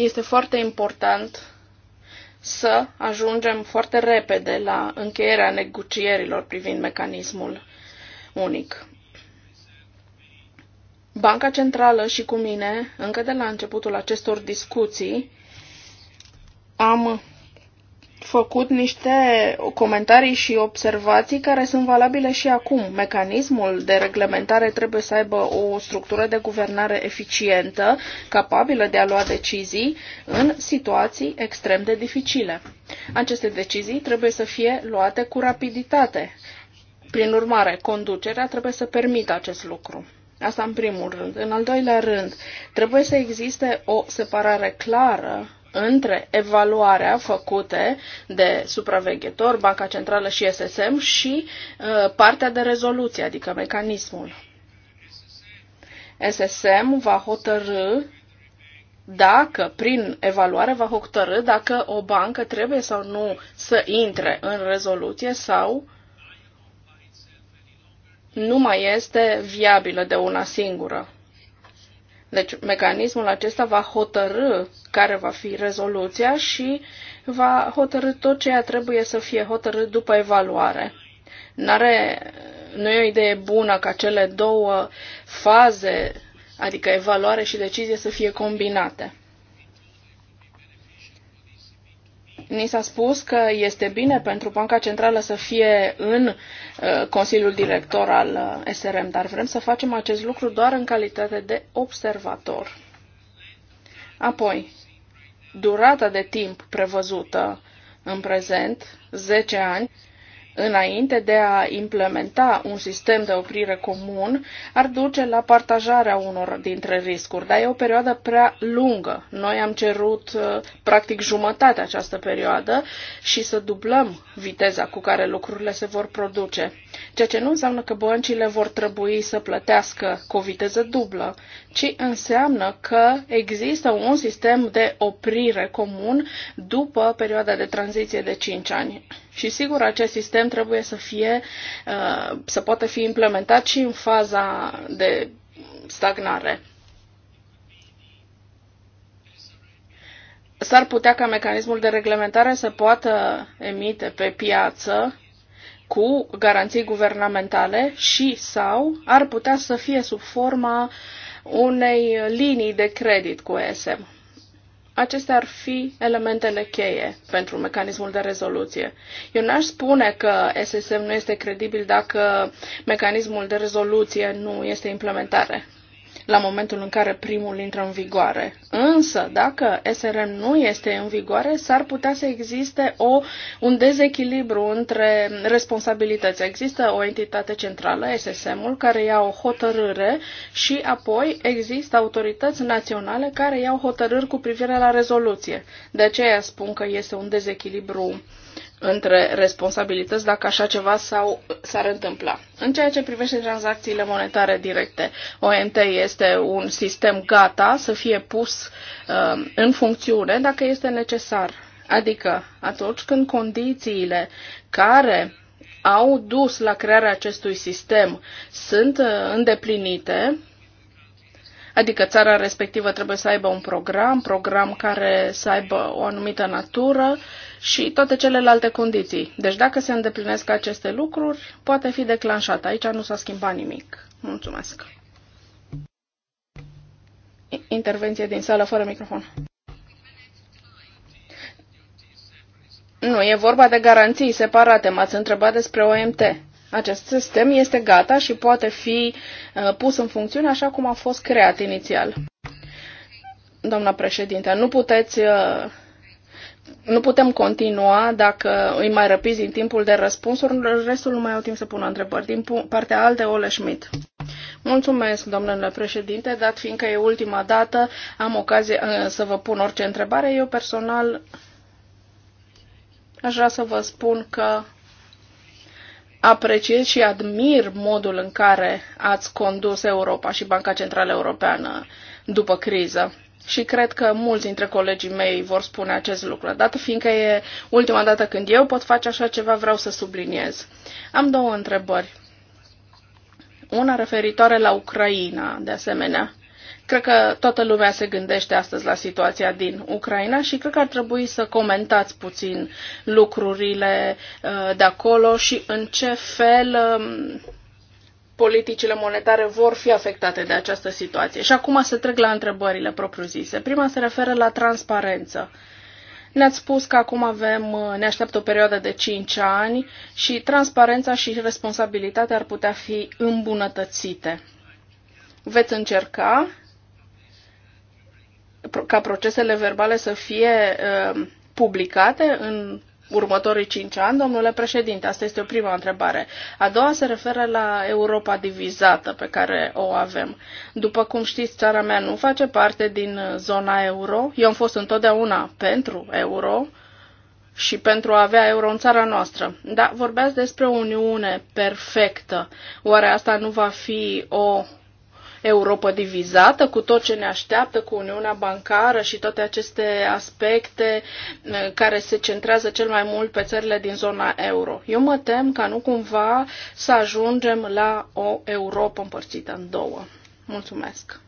Este foarte important să ajungem foarte repede la încheierea negocierilor privind mecanismul unic. Banca Centrală și cu mine, încă de la începutul acestor discuții, am făcut niște comentarii și observații care sunt valabile și acum. Mecanismul de reglementare trebuie să aibă o structură de guvernare eficientă, capabilă de a lua decizii în situații extrem de dificile. Aceste decizii trebuie să fie luate cu rapiditate. Prin urmare, conducerea trebuie să permită acest lucru. Asta în primul rând. În al doilea rând, trebuie să existe o separare clară între evaluarea făcute de supraveghetor, Banca Centrală și SSM și uh, partea de rezoluție, adică mecanismul. SSM va hotărâ dacă, prin evaluare, va hotărâ dacă o bancă trebuie sau nu să intre în rezoluție sau nu mai este viabilă de una singură. Deci mecanismul acesta va hotărâ care va fi rezoluția și va hotărâ tot ceea trebuie să fie hotărât după evaluare. N-are, nu e o idee bună ca cele două faze, adică evaluare și decizie, să fie combinate. Ni s-a spus că este bine pentru Banca Centrală să fie în uh, Consiliul Director al uh, SRM, dar vrem să facem acest lucru doar în calitate de observator. Apoi, durata de timp prevăzută în prezent, 10 ani, înainte de a implementa un sistem de oprire comun, ar duce la partajarea unor dintre riscuri, dar e o perioadă prea lungă. Noi am cerut uh, practic jumătate această perioadă și să dublăm viteza cu care lucrurile se vor produce, ceea ce nu înseamnă că băncile vor trebui să plătească cu o viteză dublă, ci înseamnă că există un sistem de oprire comun după perioada de tranziție de 5 ani. Și sigur, acest sistem trebuie să fie, uh, să poată fi implementat și în faza de stagnare. S-ar putea ca mecanismul de reglementare să poată emite pe piață cu garanții guvernamentale și sau ar putea să fie sub forma unei linii de credit cu ESM acestea ar fi elementele cheie pentru mecanismul de rezoluție. Eu n-aș spune că SSM nu este credibil dacă mecanismul de rezoluție nu este implementare la momentul în care primul intră în vigoare. Însă, dacă SRM nu este în vigoare, s-ar putea să existe o, un dezechilibru între responsabilități. Există o entitate centrală, SSM-ul, care ia o hotărâre și apoi există autorități naționale care iau hotărâri cu privire la rezoluție. De aceea spun că este un dezechilibru uh, între responsabilități dacă așa ceva sau s-ar întâmpla. În ceea ce privește tranzacțiile monetare directe, OMT este un sistem gata să fie pus uh, în funcțiune dacă este necesar. Adică atunci când condițiile care au dus la crearea acestui sistem sunt uh, îndeplinite, Adică țara respectivă trebuie să aibă un program, program care să aibă o anumită natură și toate celelalte condiții. Deci dacă se îndeplinesc aceste lucruri, poate fi declanșat. Aici nu s-a schimbat nimic. Mulțumesc. Intervenție din sală fără microfon. Nu, e vorba de garanții separate. M-ați întrebat despre OMT. Acest sistem este gata și poate fi uh, pus în funcțiune așa cum a fost creat inițial. Doamna președinte, nu puteți uh, nu putem continua dacă îi mai răpiți din timpul de răspunsuri, restul nu mai au timp să pună întrebări. Din partea alte, Ole Schmidt. Mulțumesc, domnule președinte, dat fiindcă e ultima dată, am ocazie uh, să vă pun orice întrebare. Eu personal aș vrea să vă spun că apreciez și admir modul în care ați condus Europa și Banca Centrală Europeană după criză și cred că mulți dintre colegii mei vor spune acest lucru. Dată fiindcă e ultima dată când eu pot face așa ceva, vreau să subliniez. Am două întrebări. Una referitoare la Ucraina, de asemenea. Cred că toată lumea se gândește astăzi la situația din Ucraina și cred că ar trebui să comentați puțin lucrurile uh, de acolo și în ce fel um, politicile monetare vor fi afectate de această situație. Și acum să trec la întrebările propriu-zise. Prima se referă la transparență. Ne-ați spus că acum avem, ne așteaptă o perioadă de 5 ani și transparența și responsabilitatea ar putea fi îmbunătățite. Veți încerca ca procesele verbale să fie uh, publicate în următorii cinci ani, domnule președinte? Asta este o prima întrebare. A doua se referă la Europa divizată pe care o avem. După cum știți, țara mea nu face parte din zona euro. Eu am fost întotdeauna pentru euro și pentru a avea euro în țara noastră. Dar vorbeați despre o uniune perfectă. Oare asta nu va fi o Europa divizată, cu tot ce ne așteaptă, cu Uniunea Bancară și toate aceste aspecte uh, care se centrează cel mai mult pe țările din zona euro. Eu mă tem ca nu cumva să ajungem la o Europa împărțită în două. Mulțumesc!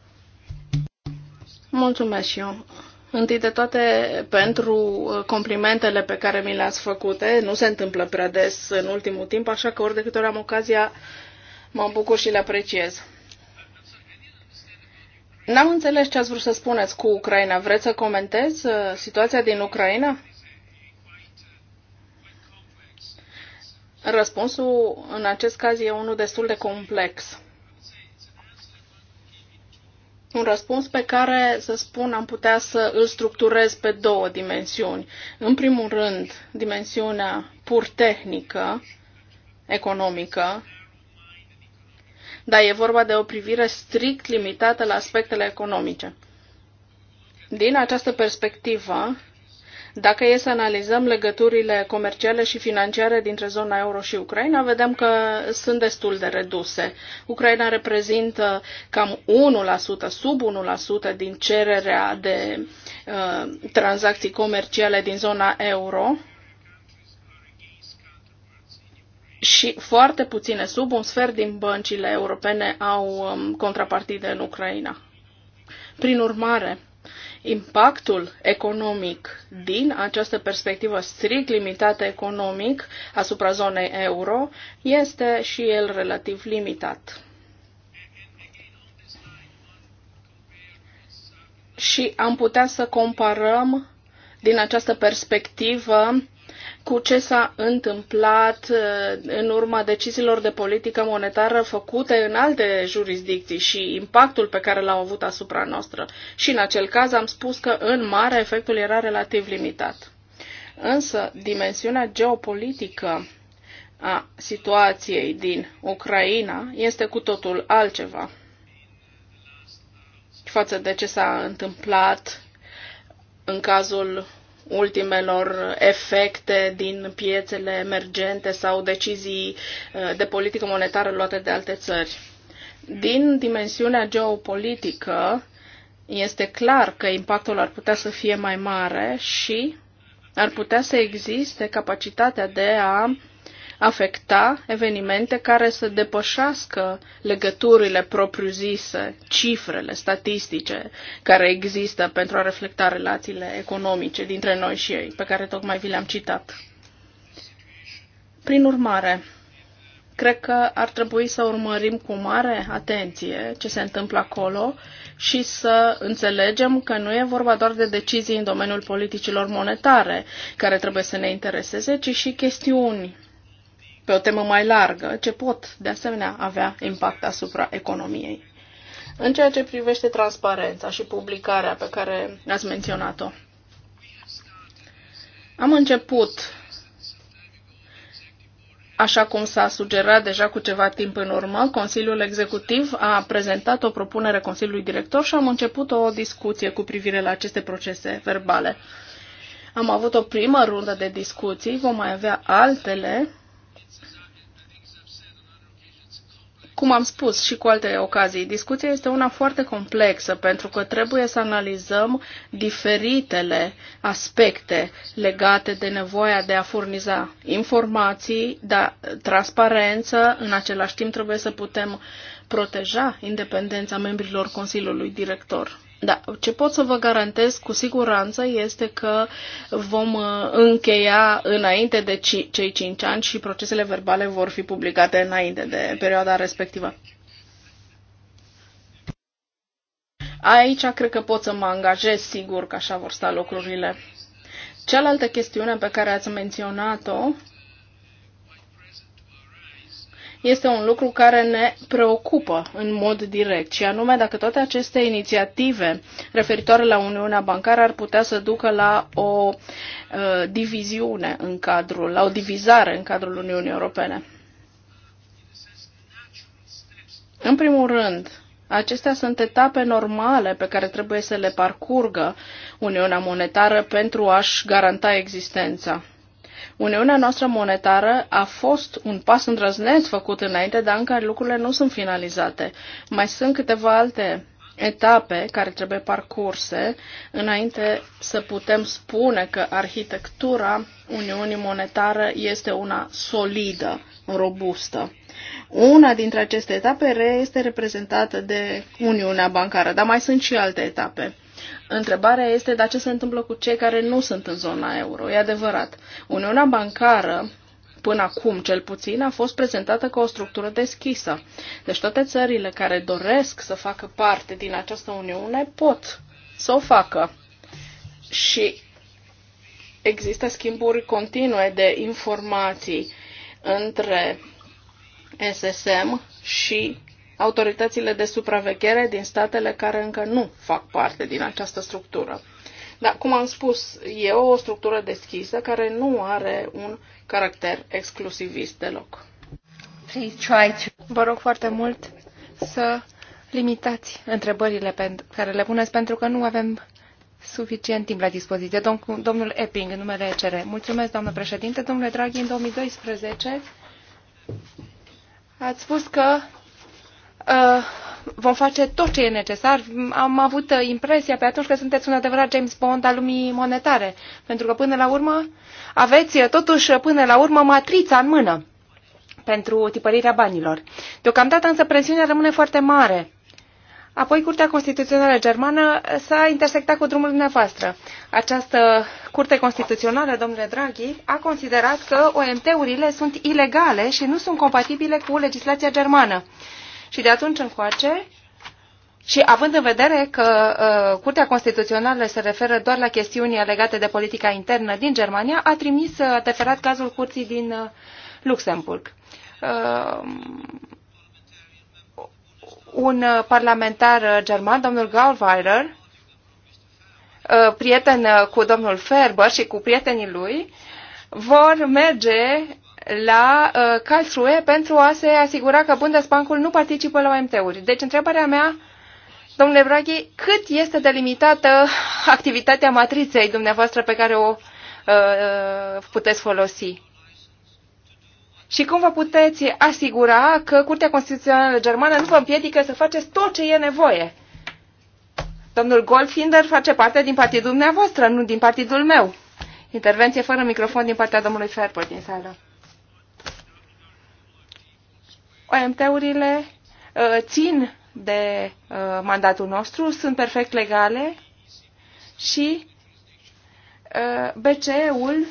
Mulțumesc și eu! Întâi de toate, pentru uh, complimentele pe care mi le-ați făcute, nu se întâmplă prea des în ultimul timp, așa că ori de câte ori am ocazia, mă bucur și le apreciez. N-am înțeles ce ați vrut să spuneți cu Ucraina. Vreți să comentez uh, situația din Ucraina? Răspunsul în acest caz e unul destul de complex. Un răspuns pe care, să spun, am putea să îl structurez pe două dimensiuni. În primul rând, dimensiunea pur tehnică, economică, dar e vorba de o privire strict limitată la aspectele economice. Din această perspectivă, dacă e să analizăm legăturile comerciale și financiare dintre zona euro și Ucraina, vedem că sunt destul de reduse. Ucraina reprezintă cam 1%, sub 1% din cererea de uh, tranzacții comerciale din zona euro, și foarte puține, sub un sfert din băncile europene, au um, contrapartide în Ucraina. Prin urmare, impactul economic din această perspectivă strict limitată economic asupra zonei euro este și el relativ limitat. Și am putea să comparăm din această perspectivă cu ce s-a întâmplat uh, în urma deciziilor de politică monetară făcute în alte jurisdicții și impactul pe care l-au avut asupra noastră. Și în acel caz am spus că în mare efectul era relativ limitat. Însă dimensiunea geopolitică a situației din Ucraina este cu totul altceva față de ce s-a întâmplat în cazul ultimelor efecte din piețele emergente sau decizii uh, de politică monetară luate de alte țări. Din dimensiunea geopolitică, este clar că impactul ar putea să fie mai mare și ar putea să existe capacitatea de a afecta evenimente care să depășească legăturile propriu-zise, cifrele statistice care există pentru a reflecta relațiile economice dintre noi și ei, pe care tocmai vi le-am citat. Prin urmare, cred că ar trebui să urmărim cu mare atenție ce se întâmplă acolo și să înțelegem că nu e vorba doar de decizii în domeniul politicilor monetare care trebuie să ne intereseze, ci și chestiuni pe o temă mai largă, ce pot, de asemenea, avea impact asupra economiei. În ceea ce privește transparența și publicarea pe care ați menționat-o, am început, așa cum s-a sugerat deja cu ceva timp în urmă, Consiliul Executiv a prezentat o propunere Consiliului Director și am început o discuție cu privire la aceste procese verbale. Am avut o primă rundă de discuții, vom mai avea altele Cum am spus și cu alte ocazii, discuția este una foarte complexă pentru că trebuie să analizăm diferitele aspecte legate de nevoia de a furniza informații, dar transparență, în același timp trebuie să putem proteja independența membrilor Consiliului Director. Da, ce pot să vă garantez cu siguranță este că vom uh, încheia înainte de cei 5 ani și procesele verbale vor fi publicate înainte de perioada respectivă. Aici cred că pot să mă angajez sigur că așa vor sta lucrurile. Cealaltă chestiune pe care ați menționat-o este un lucru care ne preocupă în mod direct, și anume dacă toate aceste inițiative referitoare la Uniunea Bancară ar putea să ducă la o uh, diviziune în cadrul, la o divizare în cadrul Uniunii Europene. În primul rând, Acestea sunt etape normale pe care trebuie să le parcurgă Uniunea Monetară pentru a-și garanta existența. Uniunea noastră monetară a fost un pas îndrăzneț făcut înainte, dar încă lucrurile nu sunt finalizate. Mai sunt câteva alte etape care trebuie parcurse înainte să putem spune că arhitectura Uniunii Monetare este una solidă, robustă. Una dintre aceste etape este reprezentată de Uniunea Bancară, dar mai sunt și alte etape. Întrebarea este, dar ce se întâmplă cu cei care nu sunt în zona euro? E adevărat. Uniunea bancară până acum cel puțin, a fost prezentată ca o structură deschisă. Deci toate țările care doresc să facă parte din această uniune pot să o facă. Și există schimburi continue de informații între SSM și autoritățile de supraveghere din statele care încă nu fac parte din această structură. Dar, cum am spus, e o structură deschisă care nu are un
caracter exclusivist deloc. Vă rog foarte mult să limitați întrebările pe care le puneți, pentru că nu avem suficient timp la dispoziție. domnul Epping, în numele ECR. Mulțumesc, doamnă președinte. Domnule Draghi, în 2012 ați spus că Uh, vom face tot ce e necesar. Am avut uh, impresia pe atunci că sunteți un adevărat James Bond al lumii monetare, pentru că până la urmă aveți uh, totuși până la urmă matrița în mână pentru tipărirea banilor. Deocamdată însă presiunea rămâne foarte mare. Apoi Curtea Constituțională Germană s-a intersectat cu drumul dumneavoastră. Această Curte Constituțională, domnule Draghi, a considerat că OMT-urile sunt ilegale și nu sunt compatibile cu legislația germană. Și de atunci încoace, și având în vedere că uh, Curtea Constituțională se referă doar la chestiuni legate de politica internă din Germania, a trimis, uh, teferat cazul Curții din uh, Luxemburg. Uh, un parlamentar german, domnul Gaulweiler, uh, prieten uh, cu domnul Ferber și cu prietenii lui, vor merge la uh, Karlsruhe pentru a se asigura că Bundesbankul nu participă la OMT-uri. Deci întrebarea mea, domnule Braghi, cât este delimitată activitatea matriței dumneavoastră pe care o uh, uh, puteți folosi? Și cum vă puteți asigura că Curtea Constituțională Germană nu vă împiedică să faceți tot ce e nevoie? Domnul Goldfinder face parte din partidul dumneavoastră, nu din partidul meu. Intervenție fără microfon din partea domnului Ferber din sală. OMT-urile uh, țin de uh, mandatul nostru, sunt perfect legale și uh, BCE-ul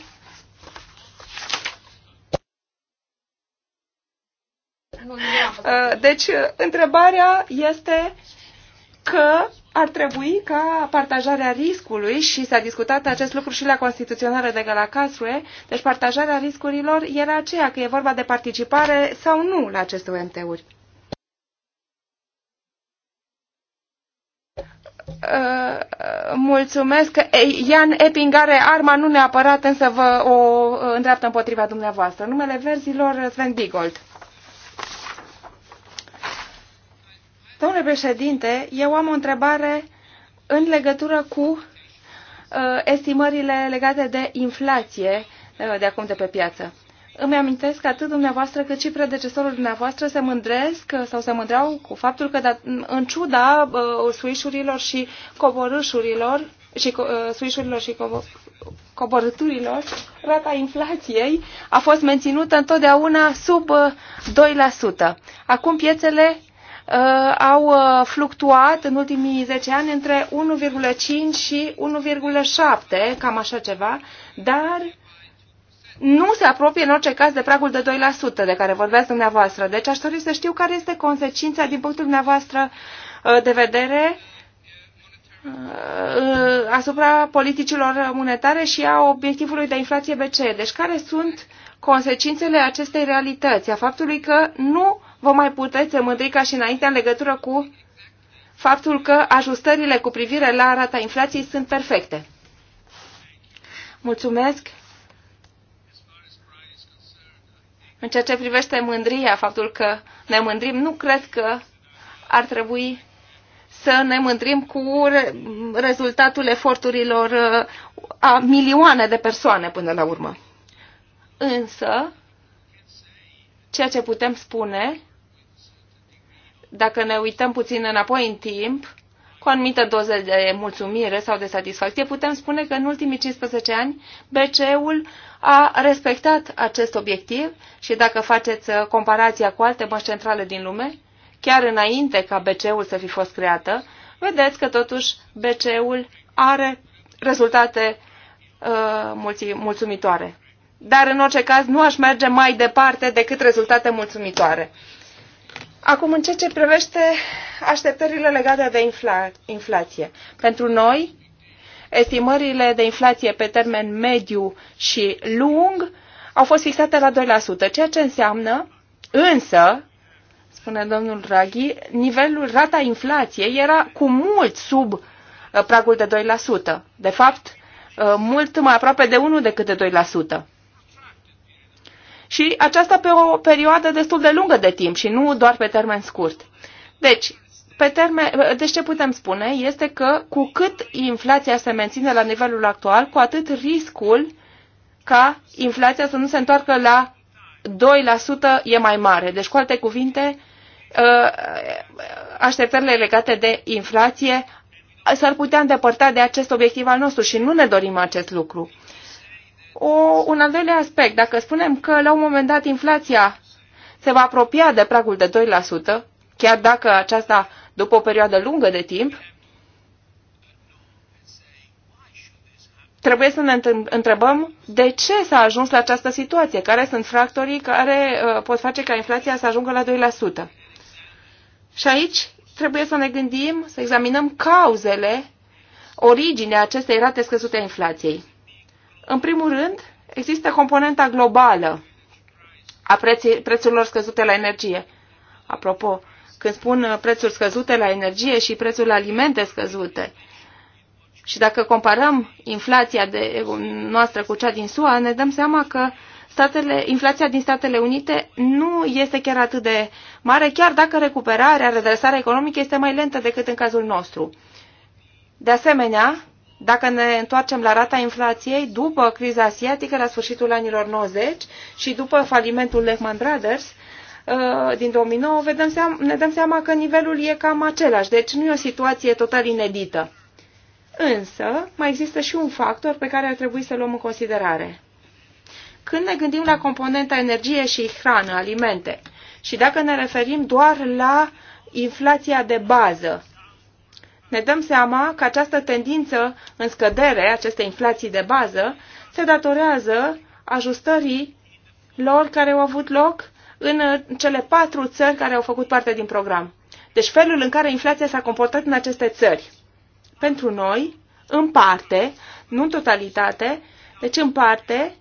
Deci, întrebarea este că ar trebui ca partajarea riscului, și s-a discutat acest lucru și la Constituționare de la deci partajarea riscurilor era aceea că e vorba de participare sau nu la aceste OMT-uri. Uh, mulțumesc. Ian Epping are arma nu neapărat, însă vă o uh, îndreaptă împotriva dumneavoastră. Numele verzilor, Sven Bigold. Domnule președinte, eu am o întrebare în legătură cu uh, estimările legate de inflație uh, de acum de pe piață. Îmi amintesc că atât dumneavoastră cât și predecesorul dumneavoastră se mândresc uh, sau se mândreau cu faptul că în ciuda uh, suișurilor și coborâșurilor și uh, suișurilor și cobo coborâturilor, rata inflației a fost menținută întotdeauna sub uh, 2%. Acum piețele uh, au uh, fluctuat în ultimii 10 ani între 1,5 și 1,7, cam așa ceva, dar nu se apropie în orice caz de pragul de 2% de care vorbeați dumneavoastră. Deci aș dori să știu care este consecința din punctul dumneavoastră uh, de vedere uh, asupra politicilor monetare și a obiectivului de inflație BCE. Deci care sunt consecințele acestei realități, a faptului că nu vă mai puteți mândri ca și înainte în legătură cu faptul că ajustările cu privire la rata inflației sunt perfecte. Mulțumesc! În ceea ce privește mândria, faptul că ne mândrim, nu cred că ar trebui să ne mândrim cu rezultatul eforturilor uh, a milioane de persoane până la urmă. Însă, ceea ce putem spune dacă ne uităm puțin înapoi în timp, cu o anumită doză de mulțumire sau de satisfacție, putem spune că în ultimii 15 ani BCE-ul a respectat acest obiectiv și dacă faceți uh, comparația cu alte bănci centrale din lume, chiar înainte ca BCE-ul să fi fost creată, vedeți că totuși BCE-ul are rezultate uh, mulțumitoare. Dar în orice caz nu aș merge mai departe decât rezultate mulțumitoare. Acum, în ceea ce privește așteptările legate de infla inflație. Pentru noi, estimările de inflație pe termen mediu și lung au fost fixate la 2%, ceea ce înseamnă, însă, spune domnul Draghi, nivelul, rata inflației era cu mult sub uh, pragul de 2%. De fapt, uh, mult mai aproape de 1 decât de 2% și aceasta pe o perioadă destul de lungă de timp și nu doar pe termen scurt. Deci, pe termen, deci ce putem spune este că cu cât inflația se menține la nivelul actual, cu atât riscul ca inflația să nu se întoarcă la 2% e mai mare. Deci, cu alte cuvinte, ă, așteptările legate de inflație s-ar putea îndepărta de acest obiectiv al nostru și nu ne dorim acest lucru o, un al doilea aspect. Dacă spunem că la un moment dat inflația se va apropia de pragul de 2%, chiar dacă aceasta după o perioadă lungă de timp, trebuie să ne întrebăm de ce s-a ajuns la această situație, care sunt factorii care uh, pot face ca inflația să ajungă la 2%. Și aici trebuie să ne gândim, să examinăm cauzele, originea acestei rate scăzute a inflației. În primul rând, există componenta globală a preții, prețurilor scăzute la energie. Apropo, când spun uh, prețuri scăzute la energie și prețul la alimente scăzute, și dacă comparăm inflația de, um, noastră cu cea din SUA, ne dăm seama că statele, inflația din Statele Unite nu este chiar atât de mare, chiar dacă recuperarea, redresarea economică este mai lentă decât în cazul nostru. De asemenea, dacă ne întoarcem la rata inflației după criza asiatică la sfârșitul anilor 90 și după falimentul Lehman Brothers uh, din 2009, vedem seama, ne dăm seama că nivelul e cam același, deci nu e o situație total inedită. Însă, mai există și un factor pe care ar trebui să luăm în considerare. Când ne gândim la componenta energie și hrană, alimente, și dacă ne referim doar la inflația de bază, ne dăm seama că această tendință în scădere, aceste inflații de bază, se datorează ajustării lor care au avut loc în uh, cele patru țări care au făcut parte din program. Deci felul în care inflația s-a comportat în aceste țări. Pentru noi, în parte, nu în totalitate, deci în parte,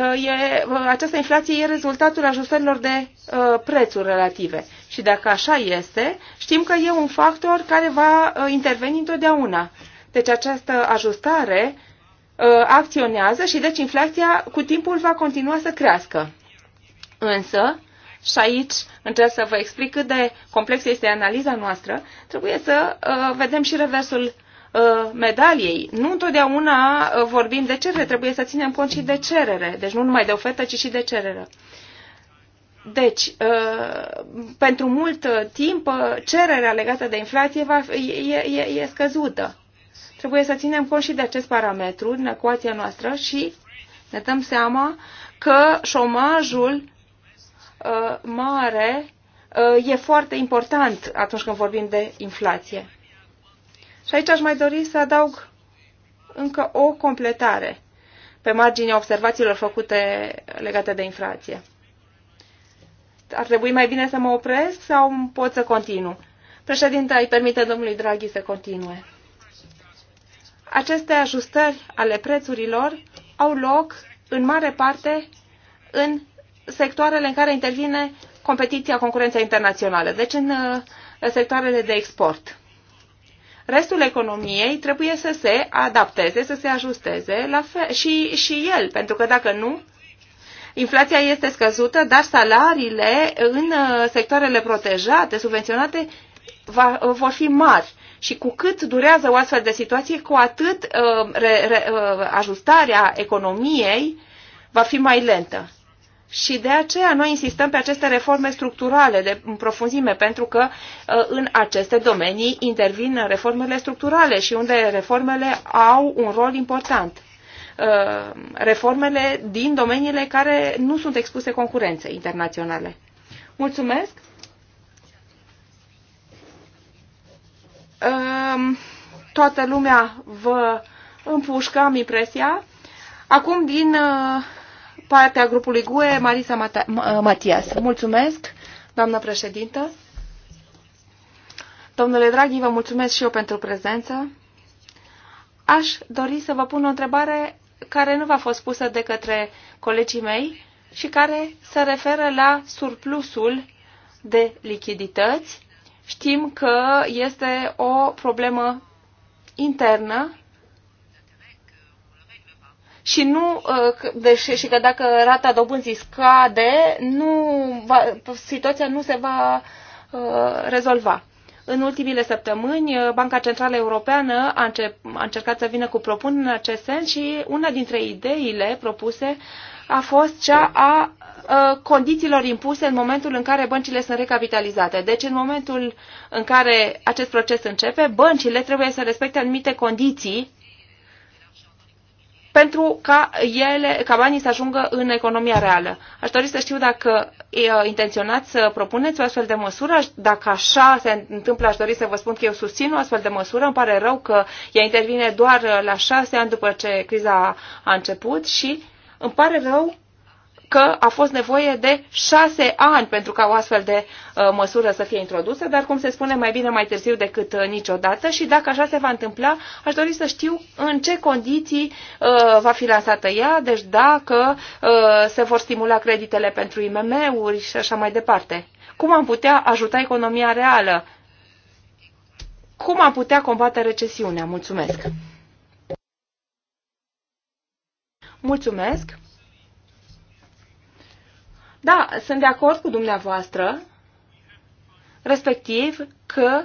uh, e, uh, această inflație e rezultatul ajustărilor de uh, prețuri relative. Și dacă așa este, știm că e un factor care va uh, interveni întotdeauna. Deci această ajustare uh, acționează și deci inflația cu timpul va continua să crească. Însă, și aici încerc să vă explic cât de complexă este analiza noastră, trebuie să uh, vedem și reversul medaliei. Nu întotdeauna vorbim de cerere, trebuie să ținem cont și de cerere, deci nu numai de ofertă, ci și de cerere. Deci, ă, pentru mult ă, timp, ă, cererea legată de inflație va, e, e, e scăzută. Trebuie să ținem cont și de acest parametru în ecuația noastră și ne dăm seama că șomajul mare e foarte important atunci când vorbim de inflație. Și aici aș mai dori să adaug încă o completare pe marginea observațiilor făcute legate de inflație. Ar trebui mai bine să mă opresc sau pot să continu? Președinte, îi permite domnului Draghi să continue. Aceste ajustări ale prețurilor au loc în mare parte în sectoarele în care intervine competiția, concurența internațională, deci în uh, sectoarele de export. Restul economiei trebuie să se adapteze, să se ajusteze la fel, și, și el, pentru că dacă nu, inflația este scăzută, dar salariile în uh, sectoarele protejate, subvenționate, va, uh, vor fi mari. Și cu cât durează o astfel de situație, cu atât uh, re, re, uh, ajustarea economiei va fi mai lentă. Și de aceea noi insistăm pe aceste reforme structurale de în profunzime, pentru că uh, în aceste domenii intervin reformele structurale și unde reformele au un rol important. Uh, reformele din domeniile care nu sunt expuse concurenței internaționale. Mulțumesc! Um, toată lumea vă împușcă, am impresia. Acum din uh, partea grupului GUE, Marisa uh, Matias. Mulțumesc, doamnă președintă. Domnule Draghi, vă mulțumesc și eu pentru prezență. Aș dori să vă pun o întrebare care nu v-a fost pusă de către colegii mei și care se referă la surplusul de lichidități. Știm că este o problemă internă și nu uh, deși, și că dacă rata dobânzii scade, nu va, situația nu se va uh, rezolva. În ultimile săptămâni, Banca Centrală Europeană a, încep, a încercat să vină cu propuneri în acest sens și una dintre ideile propuse a fost cea a, a condițiilor impuse în momentul în care băncile sunt recapitalizate. Deci în momentul în care acest proces începe, băncile trebuie să respecte anumite condiții pentru ca, ele, ca banii să ajungă în economia reală. Aș dori să știu dacă uh, intenționați să propuneți o astfel de măsură. Dacă așa se întâmplă, aș dori să vă spun că eu susțin o astfel de măsură. Îmi pare rău că ea intervine doar uh, la șase ani după ce criza a început și îmi pare rău că a fost nevoie de șase ani pentru ca o astfel de uh, măsură să fie introdusă, dar cum se spune mai bine mai târziu decât uh, niciodată și dacă așa se va întâmpla, aș dori să știu în ce condiții uh, va fi lansată ea, deci dacă se vor stimula creditele pentru IMM-uri și așa mai departe. Cum am putea ajuta economia reală? Cum am putea combate recesiunea? Mulțumesc! Mulțumesc! Da, sunt de acord cu dumneavoastră, respectiv că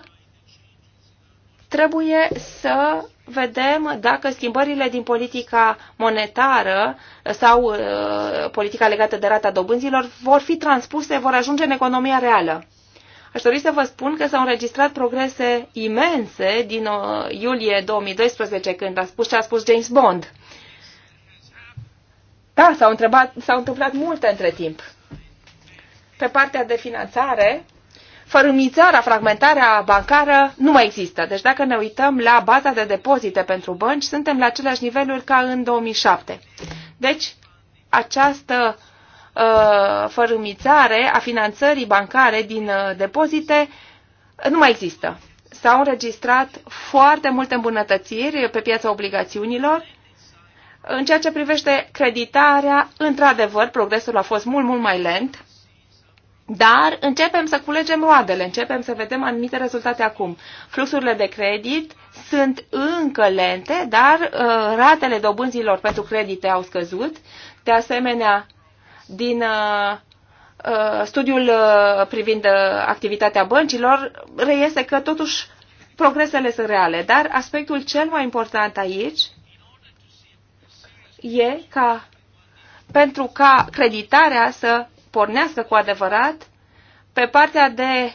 trebuie să vedem dacă schimbările din politica monetară sau uh, politica legată de rata dobânzilor vor fi transpuse, vor ajunge în economia reală. Aș dori să vă spun că s-au înregistrat progrese imense din uh, iulie 2012, când a spus ce a spus James Bond. Da, s-au, s-au întâmplat multe între timp pe partea de finanțare, fărâmițarea, fragmentarea bancară nu mai există. Deci dacă ne uităm la baza de depozite pentru bănci, suntem la aceleași niveluri ca în 2007. Deci această uh, fărâmițare a finanțării bancare din uh, depozite nu mai există. S-au înregistrat foarte multe îmbunătățiri pe piața obligațiunilor. În ceea ce privește creditarea, într-adevăr, progresul a fost mult, mult mai lent dar începem să culegem roadele, începem să vedem anumite rezultate acum. Fluxurile de credit sunt încă lente, dar uh, ratele dobânzilor pentru credite au scăzut. De asemenea, din uh, uh studiul uh, privind uh, activitatea băncilor reiese că totuși progresele sunt reale, dar aspectul cel mai important aici e ca pentru ca creditarea să pornească cu adevărat, pe partea de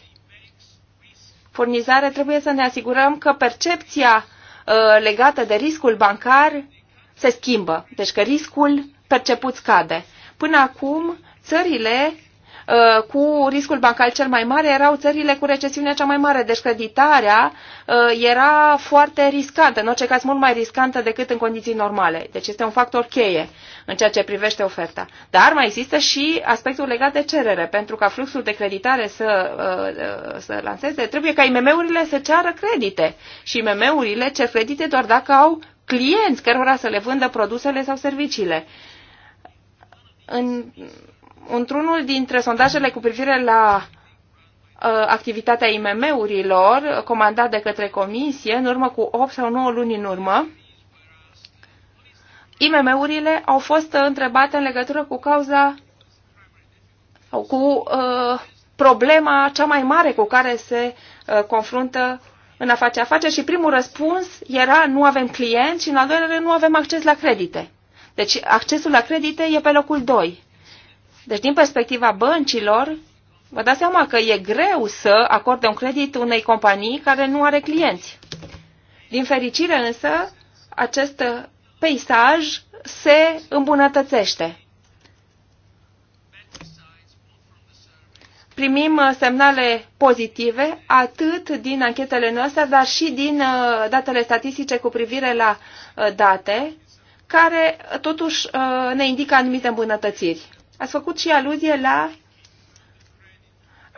furnizare trebuie să ne asigurăm că percepția uh, legată de riscul bancar se schimbă, deci că riscul perceput scade. Până acum, țările Uh, cu riscul bancar cel mai mare erau țările cu recesiunea cea mai mare, deci creditarea uh, era foarte riscantă, în orice caz mult mai riscantă decât în condiții normale. Deci este un factor cheie în ceea ce privește oferta. Dar mai există și aspectul legat de cerere. Pentru ca fluxul de creditare să, uh, să lanseze, trebuie ca IMM-urile să ceară credite. Și IMM-urile cer credite doar dacă au clienți cărora să le vândă produsele sau serviciile. În, într-unul dintre sondajele cu privire la uh, activitatea IMM-urilor comandat de către comisie în urmă cu 8 sau 9 luni în urmă. IMM-urile au fost întrebate în legătură cu cauza sau cu uh, problema cea mai mare cu care se uh, confruntă în a face afaceri și primul răspuns era nu avem clienți și în al doilea nu avem acces la credite. Deci accesul la credite e pe locul 2. Deci, din perspectiva băncilor, vă dați seama că e greu să acorde un credit unei companii care nu are clienți. Din fericire însă, acest peisaj se îmbunătățește. primim uh, semnale pozitive atât din anchetele noastre, dar și din uh, datele statistice cu privire la uh, date, care totuși ne indică anumite îmbunătățiri. Ați făcut și aluzie la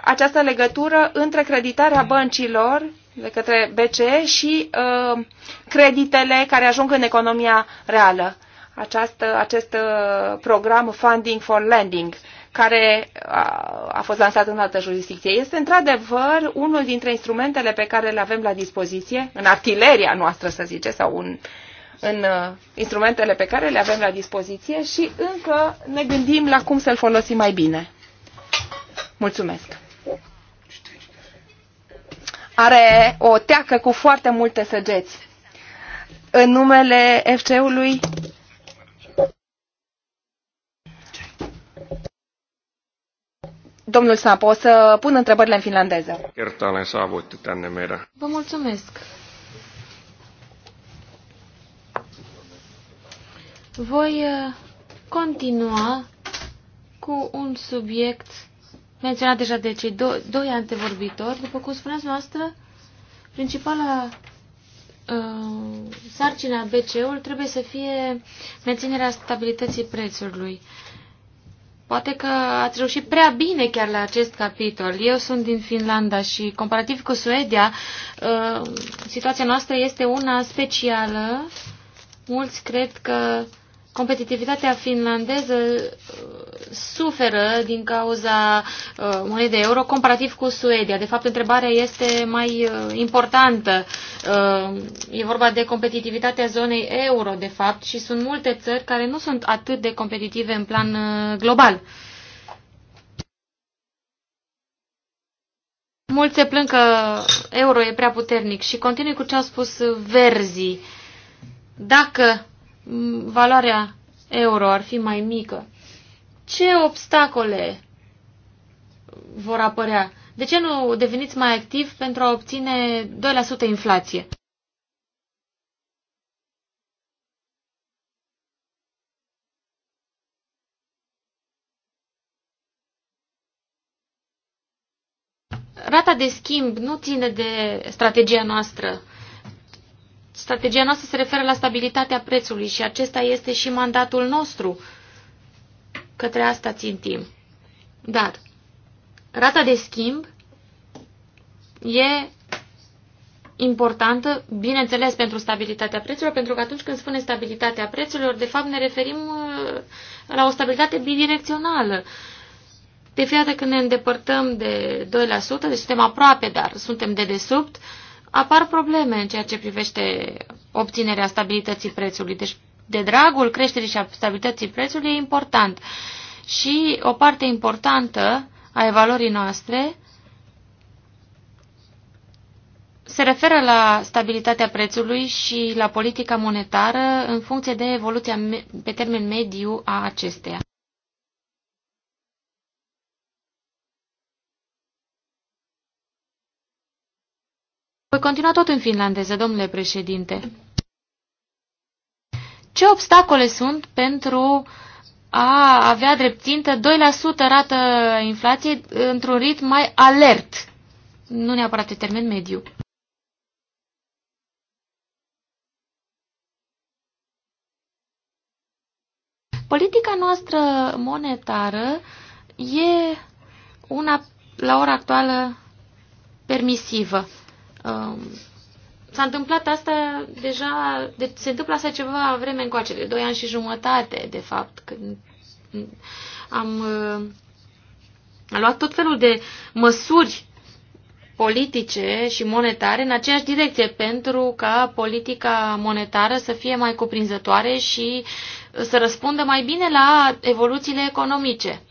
această legătură între creditarea băncilor de către BCE și uh, creditele care ajung în economia reală. Această, acest uh, program Funding for Lending, care a, uh, a fost lansat în altă jurisdicție, este într-adevăr unul dintre instrumentele pe care le avem la dispoziție, în artileria noastră, să zice, sau un uh, în uh, instrumentele pe care le avem la dispoziție și încă ne gândim la cum să-l folosim mai bine. Mulțumesc! Are o teacă cu foarte multe săgeți. În numele FC-ului... Domnul Sapo, o să pun întrebările în finlandeză.
Vă mulțumesc! Voi uh, continua cu un subiect menționat deja de cei do doi antevorbitori. După cum spuneați noastră, principala uh, sarcina BCE-ul trebuie să fie menținerea stabilității prețului. Poate că ați reușit prea bine chiar la acest capitol. Eu sunt din Finlanda și, comparativ cu Suedia, uh, situația noastră este una specială. Mulți cred că competitivitatea finlandeză uh, suferă din cauza uh, monedei euro comparativ cu Suedia. De fapt, întrebarea este mai uh, importantă. E vorba de competitivitatea zonei euro, de fapt, și sunt multe țări care nu sunt atât de competitive în plan global. Mulți se plâng că euro e prea puternic și continui cu ce au spus verzii. Dacă valoarea euro ar fi mai mică, ce obstacole vor apărea? De ce nu deveniți mai activ pentru a obține 2% inflație? Rata de schimb nu ține de strategia noastră Strategia noastră se referă la stabilitatea prețului și acesta este și mandatul nostru. Către asta țintim. Dar rata de schimb e importantă, bineînțeles, pentru stabilitatea prețurilor, pentru că atunci când spune stabilitatea prețurilor, de fapt ne referim uh, la o stabilitate bidirecțională. De fiecare când ne îndepărtăm de 2%, deci suntem aproape, dar suntem de desubt, uh, apar probleme în ceea ce privește obținerea stabilității prețului. Deci, de dragul creșterii și a stabilității prețului e important. Și o parte importantă a evaluării noastre se referă la stabilitatea prețului și la politica monetară în funcție de evoluția pe termen mediu a acesteia. Voi continua tot în finlandeză, domnule președinte. Ce obstacole sunt pentru a avea dreptintă 2% rată inflației într-un ritm mai alert? Nu neapărat de termen mediu. Politica noastră monetară e una, la ora actuală, permisivă. Um, s-a întâmplat asta deja, de, deci se întâmplă asta ceva vreme încoace, de doi ani și jumătate, de fapt, când am uh, am luat tot felul de măsuri politice și monetare în aceeași direcție pentru ca politica monetară să fie mai cuprinzătoare și să răspundă mai bine la evoluțiile economice.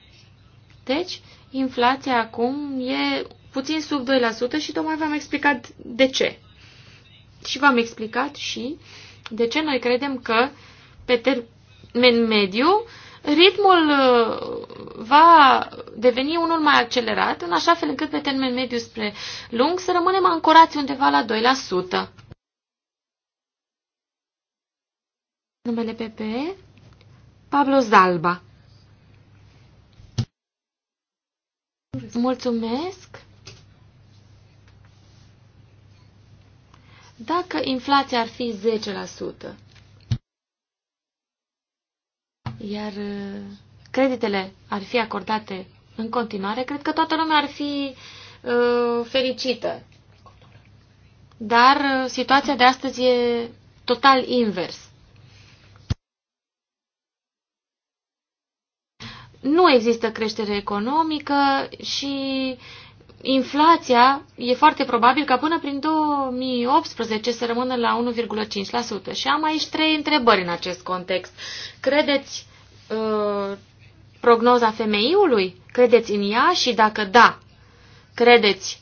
Deci, inflația acum e puțin sub 2% și tocmai v-am explicat de ce. Și v-am explicat și de ce noi credem că pe termen mediu ritmul uh, va deveni unul mai accelerat, în așa fel încât pe termen mediu spre lung să rămânem ancorați undeva la 2%. Numele PP, Pablo Zalba. Mulțumesc! Dacă inflația ar fi 10%, iar uh, creditele ar fi acordate în continuare, cred că toată lumea ar fi uh, fericită. Dar uh, situația de astăzi e total invers. Nu există creștere economică și inflația e foarte probabil ca până prin 2018 să rămână la 1,5%. Și am aici trei întrebări în acest context. Credeți uh, prognoza femeiului? Credeți în ea? Și dacă da, credeți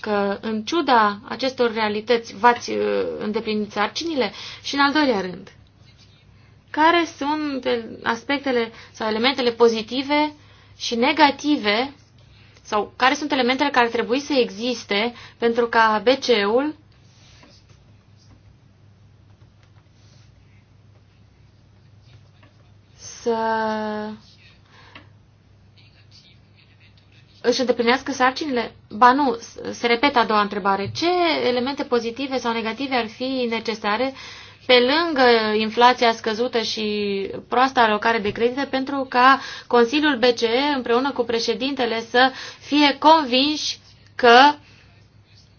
că în ciuda acestor realități v-ați uh, îndeplinit sarcinile? Și în al doilea rând, care sunt aspectele sau elementele pozitive și negative sau care sunt elementele care ar trebui să existe pentru ca BCE-ul să își îndeplinească sarcinile? Ba nu, se repetă a doua întrebare. Ce elemente pozitive sau negative ar fi necesare pe lângă inflația scăzută și proasta alocare de credite, pentru ca Consiliul BCE împreună cu președintele să fie convinși că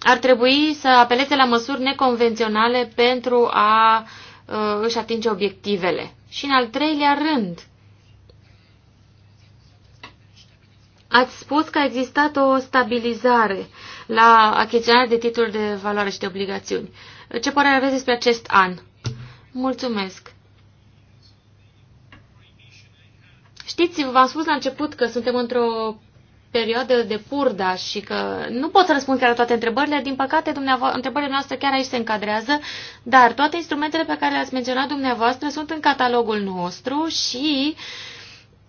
ar trebui să apeleze la măsuri neconvenționale pentru a uh, își atinge obiectivele. Și în al treilea rând, ați spus că a existat o stabilizare la achiziționarea de titluri de valoare și de obligațiuni. Ce părere aveți despre acest an? Mulțumesc! Știți, v-am spus la început că suntem într-o perioadă de purda și că nu pot să răspund chiar la toate întrebările. Din păcate, întrebările noastre chiar aici se încadrează, dar toate instrumentele pe care le-ați menționat dumneavoastră sunt în catalogul nostru și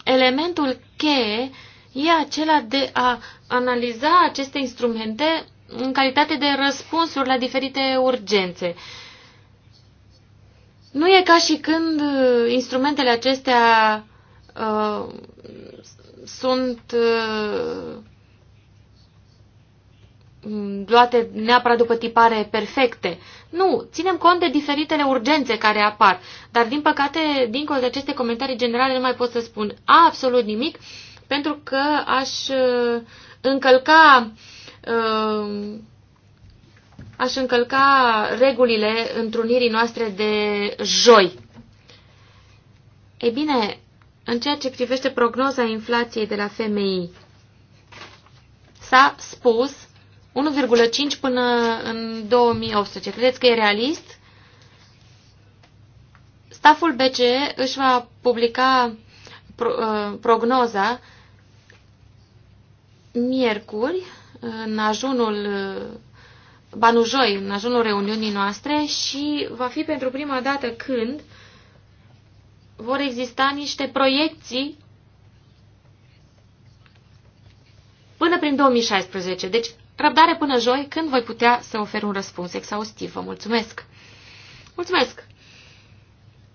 elementul cheie e acela de a analiza aceste instrumente în calitate de răspunsuri la diferite urgențe. Uh, nu e ca și când uh, instrumentele acestea uh, sunt uh, luate neapărat după tipare perfecte. Nu, ținem cont de diferitele urgențe care apar. Dar, din păcate, dincolo de aceste comentarii generale, nu mai pot să spun absolut nimic, pentru că aș uh, încălca uh, aș încălca regulile întrunirii noastre de joi. Ei bine, în ceea ce privește prognoza inflației de la FMI, s-a spus 1,5 până în 2018. Credeți că e realist? Staful BCE își va publica pro, uh, prognoza miercuri, în ajunul uh, Banujoi în ajunul reuniunii noastre și va fi pentru prima dată când vor exista niște proiecții până prin 2016. Deci, răbdare până joi, când voi putea să ofer un răspuns exhaustiv. Vă mulțumesc! Mulțumesc!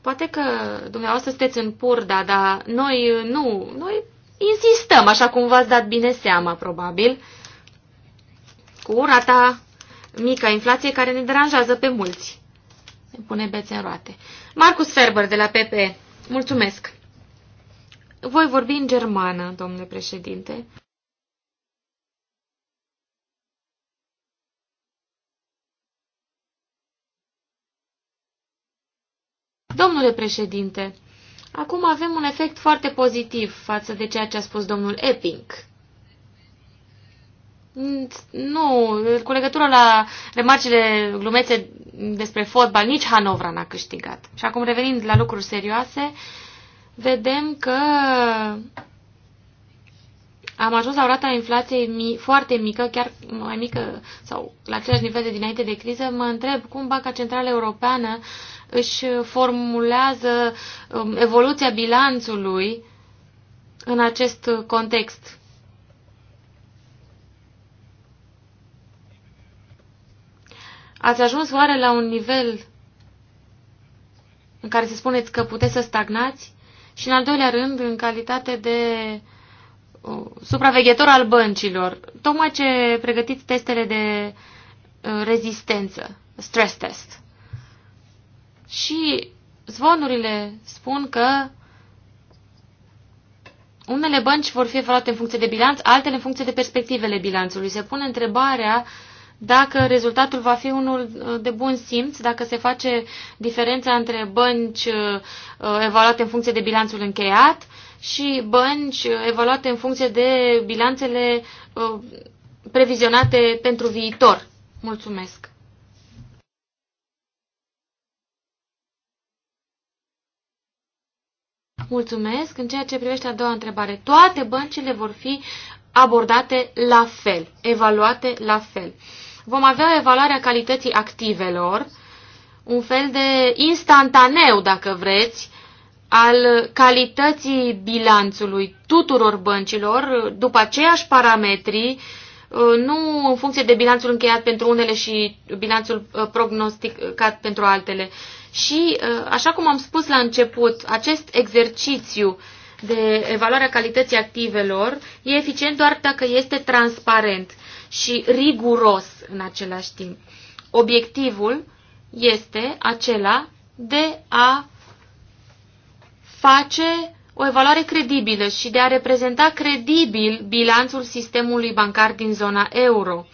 Poate că dumneavoastră sunteți în purda, dar noi nu, noi insistăm, așa cum v-ați dat bine seama, probabil. Cu urata mica inflație care ne deranjează pe mulți. Ne pune bețe în roate. Marcus Ferber de la PP. Mulțumesc. Voi vorbi în germană, domnule președinte. Domnule președinte, acum avem un efect foarte pozitiv față de ceea ce a spus domnul Epping. Nu, cu legătură la remarcile glumețe despre fotbal, nici Hanovra n-a câștigat. Și acum revenind la lucruri serioase, vedem că am ajuns la o rata inflației mi- foarte mică, chiar mai mică sau la același nivel de dinainte de criză. Mă întreb cum Banca Centrală Europeană își formulează um, evoluția bilanțului în acest context Ați ajuns oare la un nivel în care să spuneți că puteți să stagnați? Și în al doilea rând, în calitate de uh, supraveghetor al băncilor, tocmai ce pregătiți testele de uh, rezistență, stress test. Și zvonurile spun că unele bănci vor fi evaluate în funcție de bilanț, altele în funcție de perspectivele bilanțului. Se pune întrebarea dacă rezultatul va fi unul uh, de bun simț, dacă se face diferența între bănci uh, evaluate în funcție de bilanțul încheiat și bănci uh, evaluate în funcție de bilanțele previzionate pentru viitor. Mulțumesc! Mulțumesc. În ceea ce privește a doua întrebare, toate băncile vor fi abordate la fel, evaluate la fel vom avea evaluarea calității activelor, un fel de instantaneu, dacă vreți, al calității bilanțului tuturor băncilor, după aceiași parametri, nu în funcție de bilanțul încheiat pentru unele și bilanțul uh, prognosticat pentru altele. Și, uh, așa cum am spus la început, acest exercițiu uh, de evaluarea calității activelor e eficient doar dacă este transparent și riguros în același timp. Obiectivul este acela de a face o evaluare credibilă și de a reprezenta credibil bilanțul sistemului bancar din zona euro.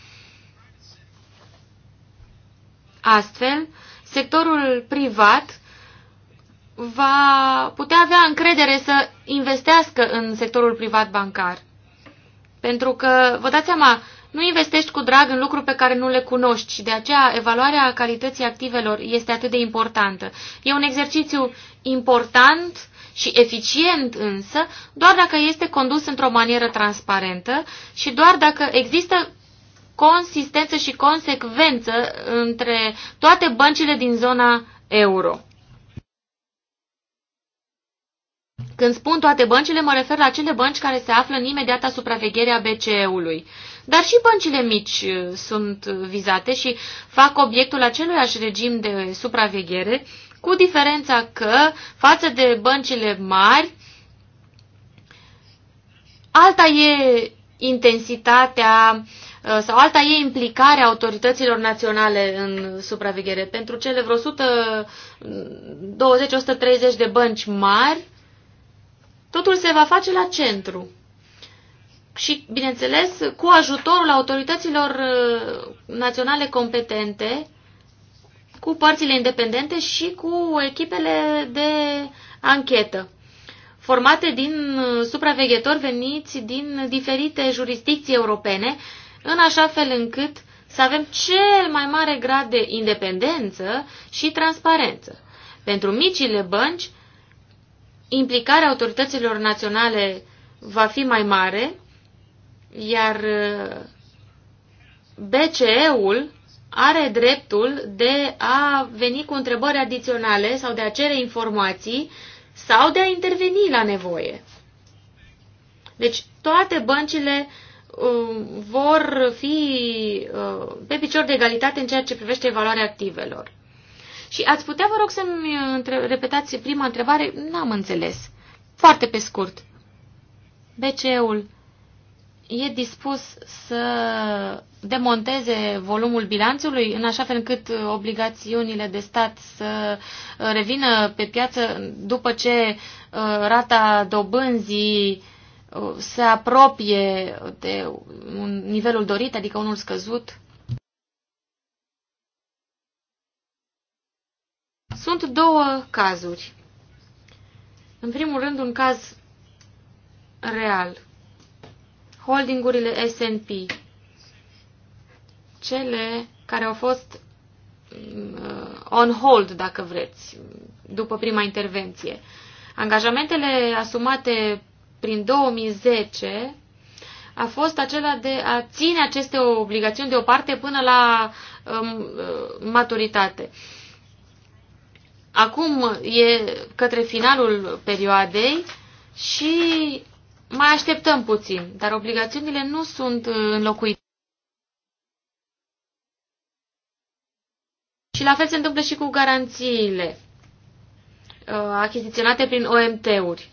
Astfel, sectorul privat va putea avea încredere să investească în sectorul privat bancar. Pentru că, vă dați seama, nu investești cu drag în lucruri pe care nu le cunoști și de aceea evaluarea calității activelor este atât de importantă. E un exercițiu important și eficient însă doar dacă este condus într-o manieră transparentă și doar dacă există consistență și consecvență între toate băncile din zona euro. Când spun toate băncile, mă refer la cele bănci care se află în imediata supravegherea BCE-ului. Dar și băncile mici uh, sunt vizate și fac obiectul aceluiași regim de supraveghere, cu diferența că, față de băncile mari, alta e intensitatea uh, sau alta e implicarea autorităților naționale în supraveghere. Pentru cele vreo 120-130 mm, de bănci mari, Totul se va face la centru. Și, bineînțeles, cu ajutorul autorităților uh, naționale competente, cu părțile independente și cu echipele de anchetă, formate din uh, supraveghetori veniți din diferite jurisdicții europene, în așa fel încât să avem cel mai mare grad de independență și transparență. Pentru micile bănci implicarea autorităților naționale va fi mai mare, iar uh, BCE-ul are dreptul de a veni cu întrebări adiționale sau de a cere informații sau de a interveni la nevoie. Deci toate băncile uh, vor fi uh, pe picior de egalitate în ceea ce privește valoarea activelor. Și ați putea, vă rog, să-mi uh, repetați prima întrebare? N-am înțeles. Foarte pe scurt. BCE-ul e dispus să demonteze volumul bilanțului în așa fel încât obligațiunile de stat să uh, revină pe piață după ce uh, rata dobânzii se apropie de un nivelul dorit, adică unul scăzut? Sunt două cazuri. În primul rând, un caz real. Holdingurile S&P, cele care au fost mm, on hold, dacă vreți, după prima intervenție. Angajamentele asumate prin 2010 a fost acela de a ține aceste obligațiuni deoparte până la um, maturitate. Acum e către finalul perioadei și mai așteptăm puțin, dar obligațiunile nu sunt înlocuite. Și la fel se întâmplă și cu garanțiile uh, achiziționate prin OMT-uri.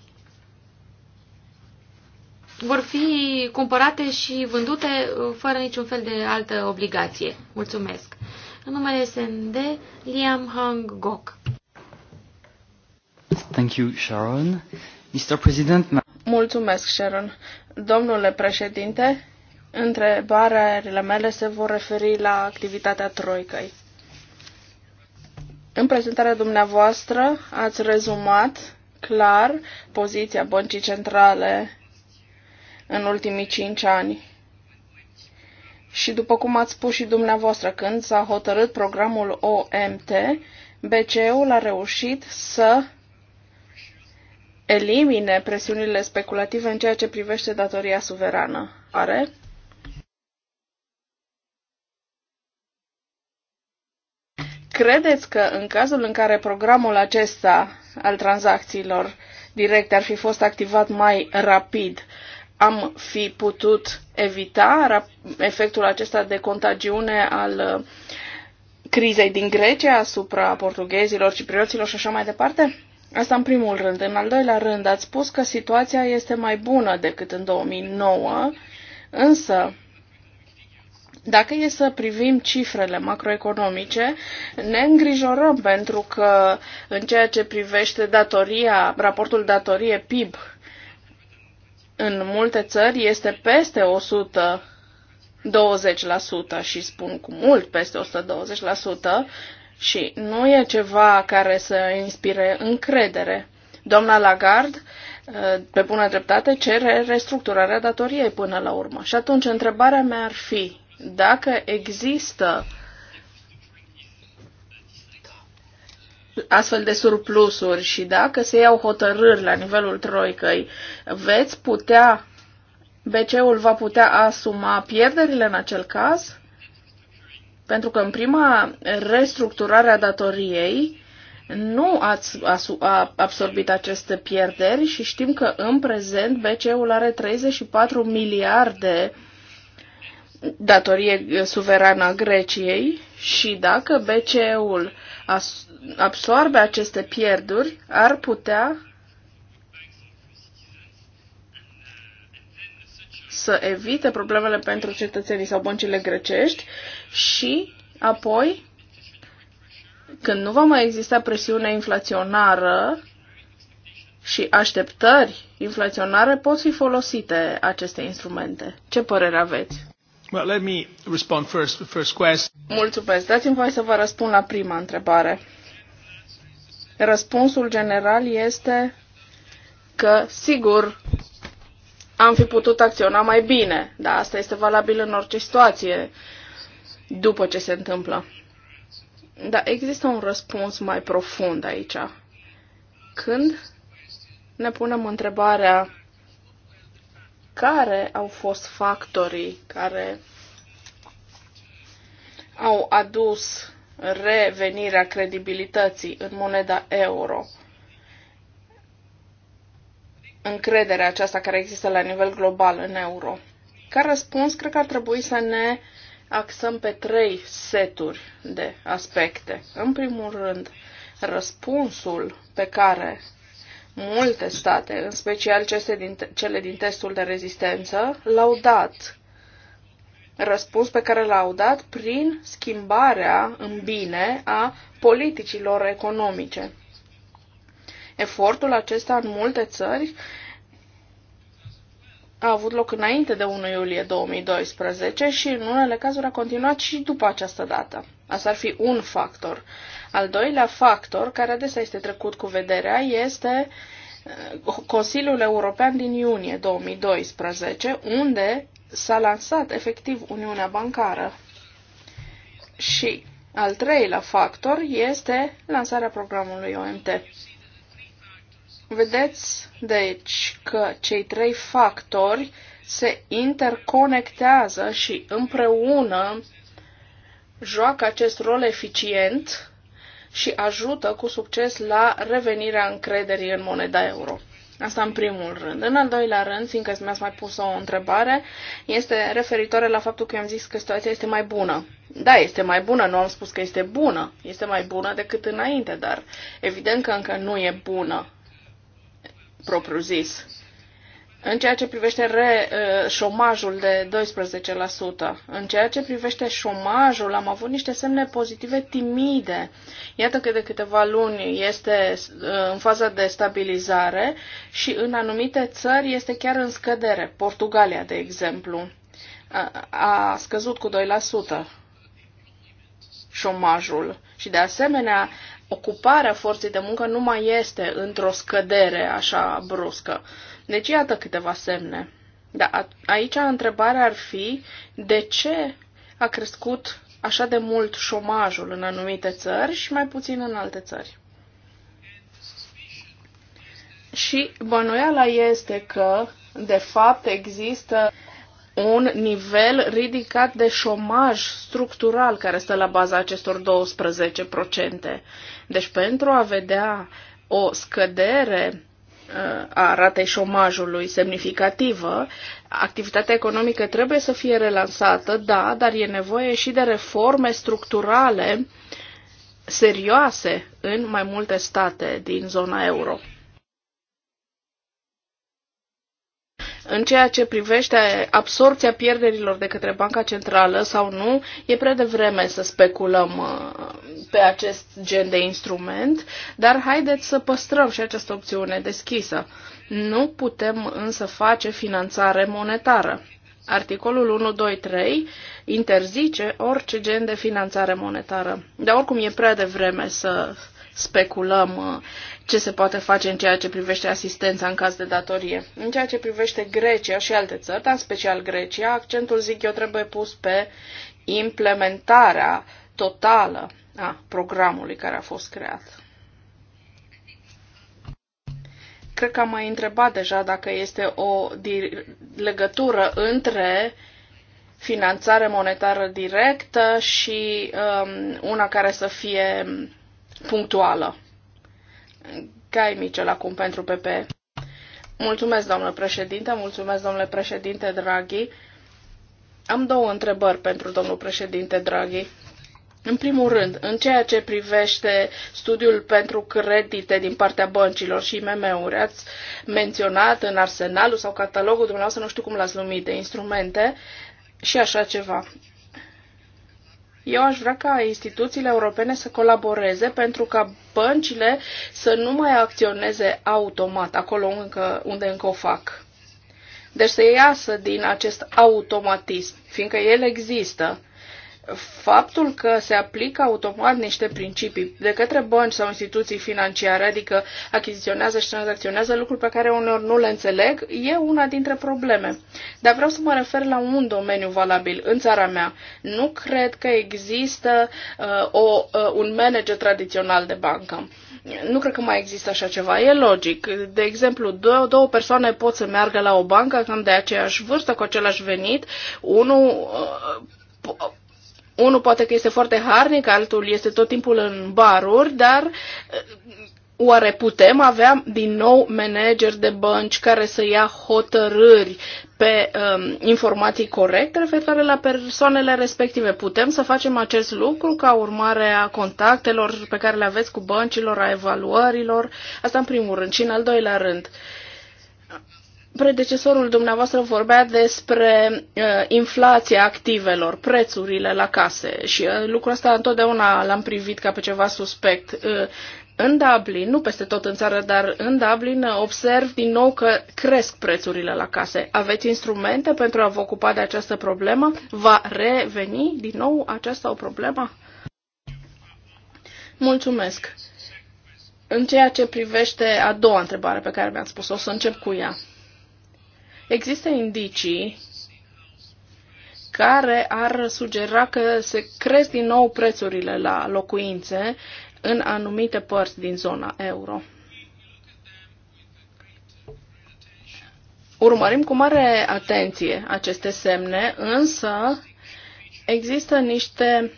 Vor fi cumpărate și vândute uh, fără niciun fel de altă obligație. Mulțumesc. În numele SND, Liam Hang Gok.
Thank you, Sharon. Mr. President,
Mulțumesc, Sharon.
Domnule președinte, întrebarea mele se vor referi la activitatea Troicăi. În prezentarea dumneavoastră ați rezumat clar poziția băncii centrale în ultimii cinci ani. Și după cum ați spus și dumneavoastră, când s-a hotărât programul OMT, BCE-ul a reușit să elimine presiunile speculative în ceea ce privește datoria suverană. Are? Credeți că în cazul în care programul acesta al tranzacțiilor directe ar fi fost activat mai rapid, am fi putut evita efectul acesta de contagiune al uh, crizei din Grecia asupra portughezilor, ciprioților și așa mai departe? Asta în primul rând. În al doilea rând, ați spus că situația este mai bună decât în 2009, însă dacă e să privim cifrele macroeconomice, ne îngrijorăm pentru că în ceea ce privește datoria, raportul datorie PIB în multe țări este peste 100 20% și spun cu mult peste 120%, și nu e ceva care să inspire încredere. Doamna Lagarde, pe bună dreptate, cere restructurarea datoriei până la urmă. Și atunci întrebarea mea ar fi dacă există astfel de surplusuri și dacă se iau hotărâri la nivelul troicăi, veți putea, BC-ul va putea asuma pierderile în acel caz? Pentru că în prima restructurare a datoriei nu ați absorbit aceste pierderi și știm că în prezent BCE-ul are 34 miliarde datorie suverană a Greciei și dacă BCE-ul absorbe aceste pierduri, ar putea să evite problemele pentru cetățenii sau băncile grecești și apoi, când nu va mai exista presiune inflaționară și așteptări inflaționare, pot fi folosite aceste instrumente. Ce părere aveți?
Well, let me respond first, first question.
Mulțumesc. Dați-mi voi să vă răspund la prima întrebare. Răspunsul general este că, sigur, am fi putut acționa mai bine, dar asta este valabil în orice situație după ce se întâmplă. Dar există un răspuns mai profund aici. Când ne punem întrebarea care au fost factorii care au adus revenirea credibilității în moneda euro încrederea aceasta care există la nivel global în euro. Ca răspuns, cred că ar trebui să ne axăm pe trei seturi de aspecte. În primul rând, răspunsul pe care multe state, în special cele din testul de rezistență, l-au dat. Răspuns pe care l-au dat prin schimbarea în bine a politicilor economice. Efortul acesta în multe țări a avut loc înainte de 1 iulie 2012 și în unele cazuri a continuat și după această dată. Asta ar fi un factor. Al doilea factor, care adesea este trecut cu vederea, este uh, Consiliul European din iunie 2012, unde s-a lansat efectiv Uniunea Bancară. Și al treilea factor este lansarea programului OMT. Vedeți, deci, că cei trei factori se interconectează și împreună joacă acest rol eficient și ajută cu succes la revenirea încrederii în moneda euro. Asta în primul rând. În al doilea rând, fiindcă mi-ați mai pus o întrebare, este referitoare la faptul că am zis că situația este mai bună. Da, este mai bună, nu am spus că este bună. Este mai bună decât înainte, dar evident că încă nu e bună propriu-zis. În ceea ce privește re, uh, șomajul de 12%, în ceea ce privește șomajul, am avut niște semne pozitive timide. Iată că de câteva luni este uh, în faza de stabilizare și în anumite țări este chiar în scădere. Portugalia, de exemplu, a, a scăzut cu 2% șomajul. Și de asemenea, ocuparea forței de muncă nu mai este într-o scădere așa bruscă. Deci iată câteva semne. Da, a, aici întrebarea ar fi de ce a crescut așa de mult șomajul în anumite țări și mai puțin în alte țări. Și bănuiala este că, de fapt, există un nivel ridicat de șomaj structural care stă la baza acestor 12%. Deci pentru a vedea o scădere uh, a ratei șomajului semnificativă, activitatea economică trebuie să fie relansată, da, dar e nevoie și de reforme structurale serioase în mai multe state din zona euro. În ceea ce privește absorpția pierderilor de către Banca Centrală sau nu, e prea devreme să speculăm uh, pe acest gen de instrument, dar haideți să păstrăm și această opțiune deschisă. Nu putem însă face finanțare monetară. Articolul 123 interzice orice gen de finanțare monetară. Dar oricum e prea devreme să speculăm uh, ce se poate face în ceea ce privește asistența în caz de datorie. În ceea ce privește Grecia și alte țări, dar în special Grecia, accentul, zic eu, trebuie pus pe implementarea totală a programului care a fost creat. Cred că am mai întrebat deja dacă este o legătură între finanțare monetară directă și um, una care să fie punctuală. Gai Michel acum pentru PP. Mulțumesc, doamnă președinte, mulțumesc, domnule președinte Draghi. Am două întrebări pentru domnul președinte Draghi. În primul rând, în ceea ce privește studiul pentru credite din partea băncilor și IMM-uri, ați menționat în arsenalul sau catalogul dumneavoastră, nu știu cum l-ați numit, de instrumente și așa ceva. Eu aș vrea ca instituțiile europene să colaboreze pentru ca băncile să nu mai acționeze automat acolo încă, unde încă o fac. Deci să iasă din acest automatism, fiindcă el există faptul că se aplică automat niște principii de către bănci sau instituții financiare, adică achiziționează și tranzacționează lucruri pe care uneori nu le înțeleg, e una dintre probleme. Dar vreau să mă refer la un domeniu valabil în țara mea. Nu cred că există uh, o, uh, un manager tradițional de bancă. Nu cred că mai există așa ceva. E logic. De exemplu, două, două persoane pot să meargă la o bancă cam de aceeași vârstă, cu același venit. Unul uh, unul poate că este foarte harnic, altul este tot timpul în baruri, dar uh, oare putem avea din nou manageri de bănci care să ia hotărâri pe um, informații corecte referitoare la persoanele respective? Putem să facem acest lucru ca urmare a contactelor pe care le aveți cu băncilor, a evaluărilor? Asta în primul rând. Și în al doilea rând, uh, Predecesorul dumneavoastră vorbea despre uh, inflația activelor, prețurile la case și uh, lucrul ăsta întotdeauna l-am privit ca pe ceva suspect. Uh, în Dublin, nu peste tot în țară, dar în Dublin uh, observ din nou că cresc prețurile la case. Aveți instrumente pentru a vă ocupa de această problemă? Va reveni din nou aceasta o problemă? Mulțumesc. În ceea ce privește a doua întrebare pe care mi-ați spus-o, să încep cu ea. Există indicii care ar sugera că se cresc din nou prețurile la locuințe în anumite părți din zona euro. Urmărim cu mare atenție aceste semne, însă există niște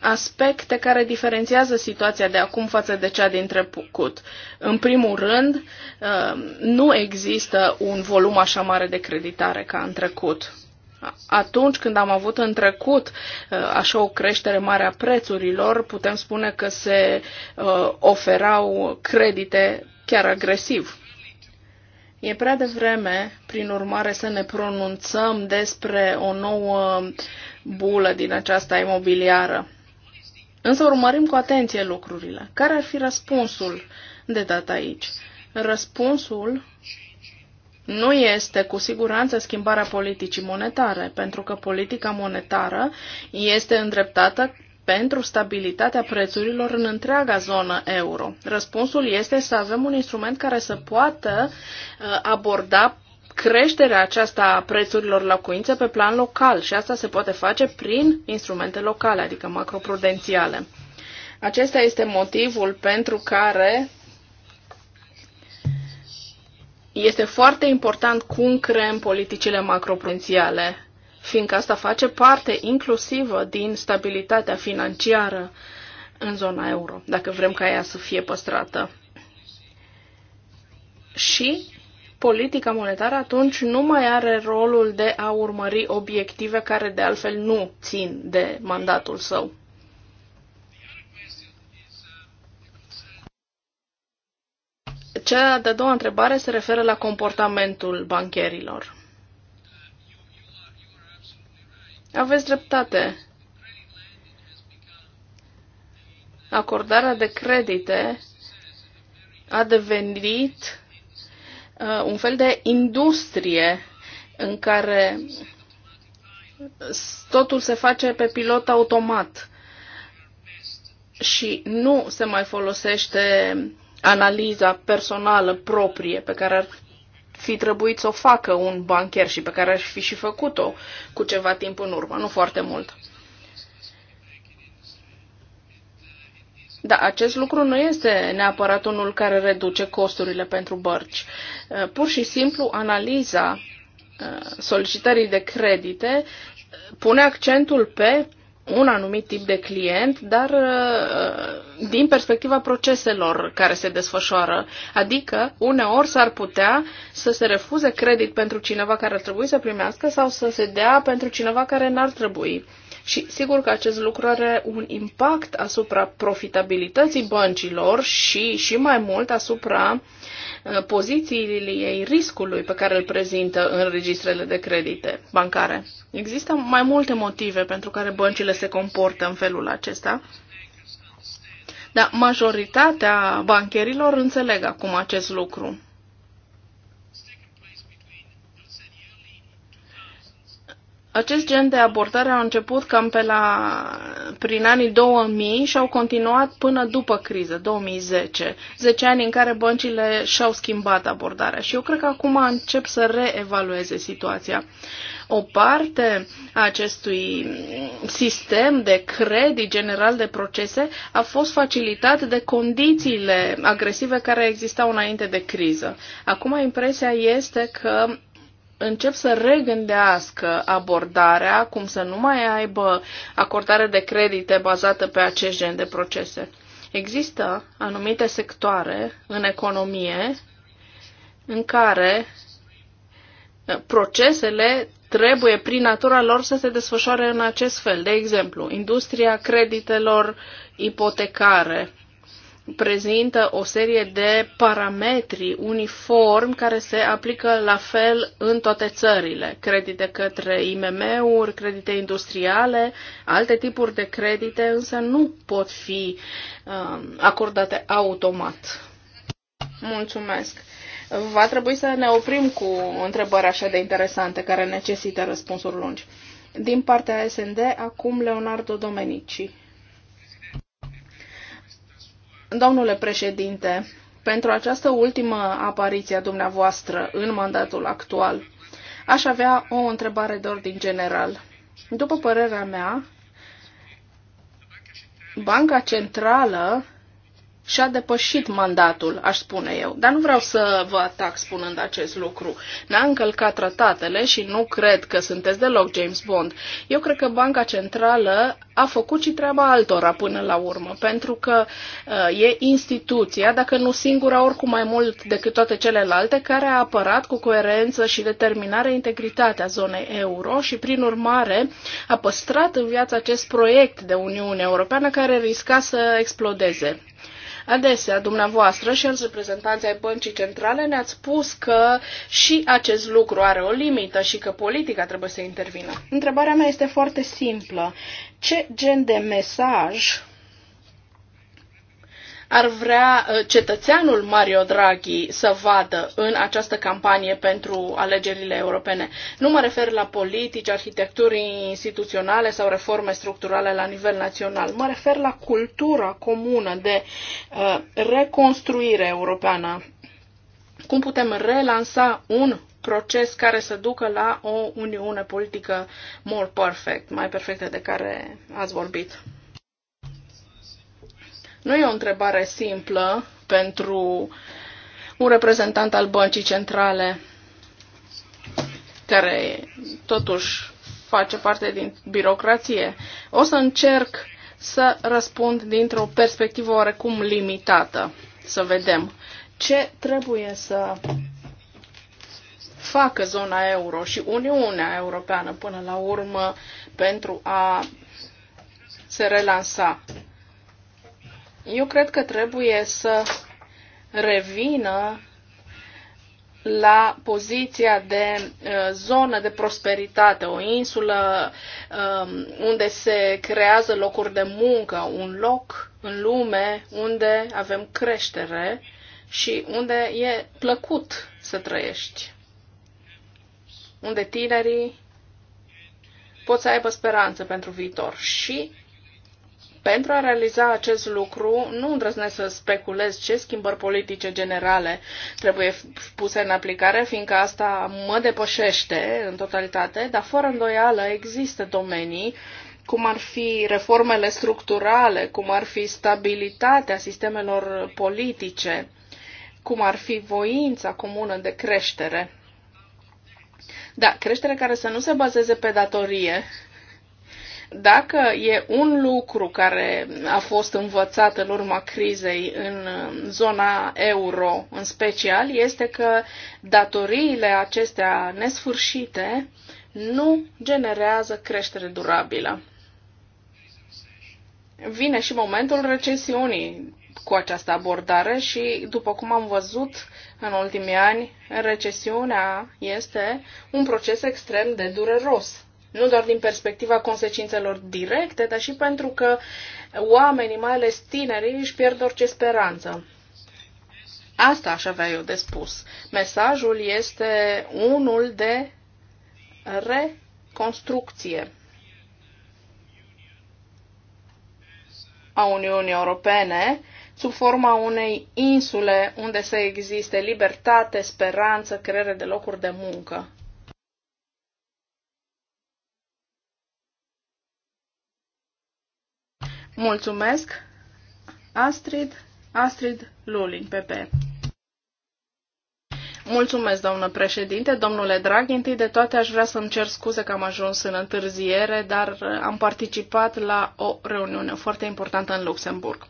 aspecte care diferențiază situația de acum față de cea din trecut. În primul rând, uh, nu există un volum așa mare de creditare ca în trecut. Atunci când am avut în trecut uh, așa o creștere mare a prețurilor, putem spune că se uh, oferau credite chiar agresiv. E prea devreme, prin urmare, să ne pronunțăm despre o nouă bulă din aceasta imobiliară. Însă urmărim cu atenție lucrurile. Care ar fi răspunsul de dat aici? Răspunsul nu este cu siguranță schimbarea politicii monetare, pentru că politica monetară este îndreptată pentru stabilitatea prețurilor în întreaga zonă euro. Răspunsul este să avem un instrument care să poată uh, aborda creșterea aceasta a prețurilor locuințe pe plan local și asta se poate face prin instrumente locale, adică macroprudențiale. Acesta este motivul pentru care este foarte important cum creăm politicile macroprudențiale, fiindcă asta face parte inclusivă din stabilitatea financiară în zona euro, dacă vrem ca ea să fie păstrată. Și politica monetară atunci nu mai are rolul de a urmări obiective care de altfel nu țin de mandatul său. Cea de-a doua întrebare se referă la comportamentul bancherilor. Aveți dreptate. Acordarea de credite a devenit Uh, un fel de industrie în care totul se face pe pilot automat și nu se mai folosește analiza personală proprie pe care ar fi trebuit să o facă un bancher și pe care ar fi și făcut-o cu ceva timp în urmă, nu foarte mult. Da, acest lucru nu este neapărat unul care reduce costurile pentru bărci. Uh, pur și simplu, analiza uh, solicitării de credite uh, pune accentul pe un anumit tip de client, dar din perspectiva proceselor care se desfășoară. Adică, uneori s-ar putea să se refuze credit pentru cineva care ar trebui să primească sau să se dea pentru cineva care n-ar trebui. Și sigur că acest lucru are un impact asupra profitabilității băncilor și, și mai mult asupra uh, pozițiile ei riscului pe care îl prezintă în registrele de credite bancare. Există mai multe motive pentru care băncile se comportă în felul acesta. Dar majoritatea bancherilor înțeleg acum acest lucru. Acest gen de abordare a început cam pe la, prin anii 2000 și au continuat până după criză, 2010. 10 ani în care băncile și-au schimbat abordarea și eu cred că acum încep să reevalueze situația. O parte a acestui sistem de credit general de procese a fost facilitat de condițiile agresive care existau înainte de criză. Acum impresia este că încep să regândească abordarea, cum să nu mai aibă acordare de credite bazată pe acest gen de procese. Există anumite sectoare în economie în care uh, procesele trebuie prin natura lor să se desfășoare în acest fel. De exemplu, industria creditelor ipotecare prezintă o serie de parametri uniform care se aplică la fel în toate țările. Credite către IMM-uri, credite industriale, alte tipuri de credite însă nu pot fi um, acordate automat. Mulțumesc. Va trebui să ne oprim cu întrebări așa de interesante care necesită răspunsuri lungi. Din partea SND, acum Leonardo Domenici. Domnule președinte, pentru această ultimă apariție a dumneavoastră în mandatul actual, aș avea o întrebare de ordin general. După părerea mea, Banca Centrală și-a depășit mandatul, aș spune eu. Dar nu vreau să vă atac spunând acest lucru. Ne-a încălcat tratatele și nu cred că sunteți deloc James Bond. Eu cred că Banca Centrală a făcut și treaba altora până la urmă, pentru că uh, e instituția, dacă nu singura, oricum mai mult decât toate celelalte, care a apărat cu coerență și determinare integritatea zonei euro și, prin urmare, a păstrat în viață acest proiect de Uniune Europeană care risca să explodeze. Adesea, dumneavoastră și alți reprezentanți ai băncii centrale ne-ați spus că și acest lucru are o limită și că politica trebuie să intervină. Întrebarea mea este foarte simplă. Ce gen de mesaj ar vrea ă, cetățeanul Mario Draghi să vadă în această campanie pentru alegerile europene. Nu mă refer la politici, arhitecturii instituționale sau reforme structurale la nivel național. Mă refer la cultura comună de ă, reconstruire europeană. Cum putem relansa un proces care să ducă la o uniune politică more perfect, mai perfectă de care ați vorbit. Nu e o întrebare simplă pentru un reprezentant al băncii centrale care totuși face parte din birocrație. O să încerc să răspund dintr-o perspectivă oarecum limitată, să vedem ce trebuie să facă zona euro și Uniunea Europeană până la urmă pentru a se relansa eu cred că trebuie să revină la poziția de uh, zonă de prosperitate, o insulă um, unde se creează locuri de muncă, un loc în lume unde avem creștere și unde e plăcut să trăiești, unde tinerii pot să aibă speranță pentru viitor și pentru a realiza acest lucru, nu îndrăznesc să speculez ce schimbări politice generale trebuie puse în aplicare, fiindcă asta mă depășește în totalitate, dar fără îndoială există domenii cum ar fi reformele structurale, cum ar fi stabilitatea sistemelor politice, cum ar fi voința comună de creștere. Da, creștere care să nu se bazeze pe datorie, dacă e un lucru care a fost învățat în urma crizei în uh, zona euro în special, este că datoriile acestea nesfârșite nu generează creștere durabilă. Vine și momentul recesiunii cu această abordare și, după cum am văzut în ultimii ani, recesiunea este un proces extrem de dureros nu doar din perspectiva consecințelor directe, dar și pentru că oamenii, mai ales tinerii, își pierd orice speranță. Asta aș avea eu de spus. Mesajul este unul de reconstrucție a Uniunii Europene sub forma unei insule unde să existe libertate, speranță, creare de locuri de muncă. Mulțumesc. Astrid, Astrid Lulin, PP. Mulțumesc, doamnă președinte. Domnule drag, întâi de toate aș vrea să-mi cer scuze că am ajuns în întârziere, dar uh, am participat la o reuniune foarte importantă în Luxemburg.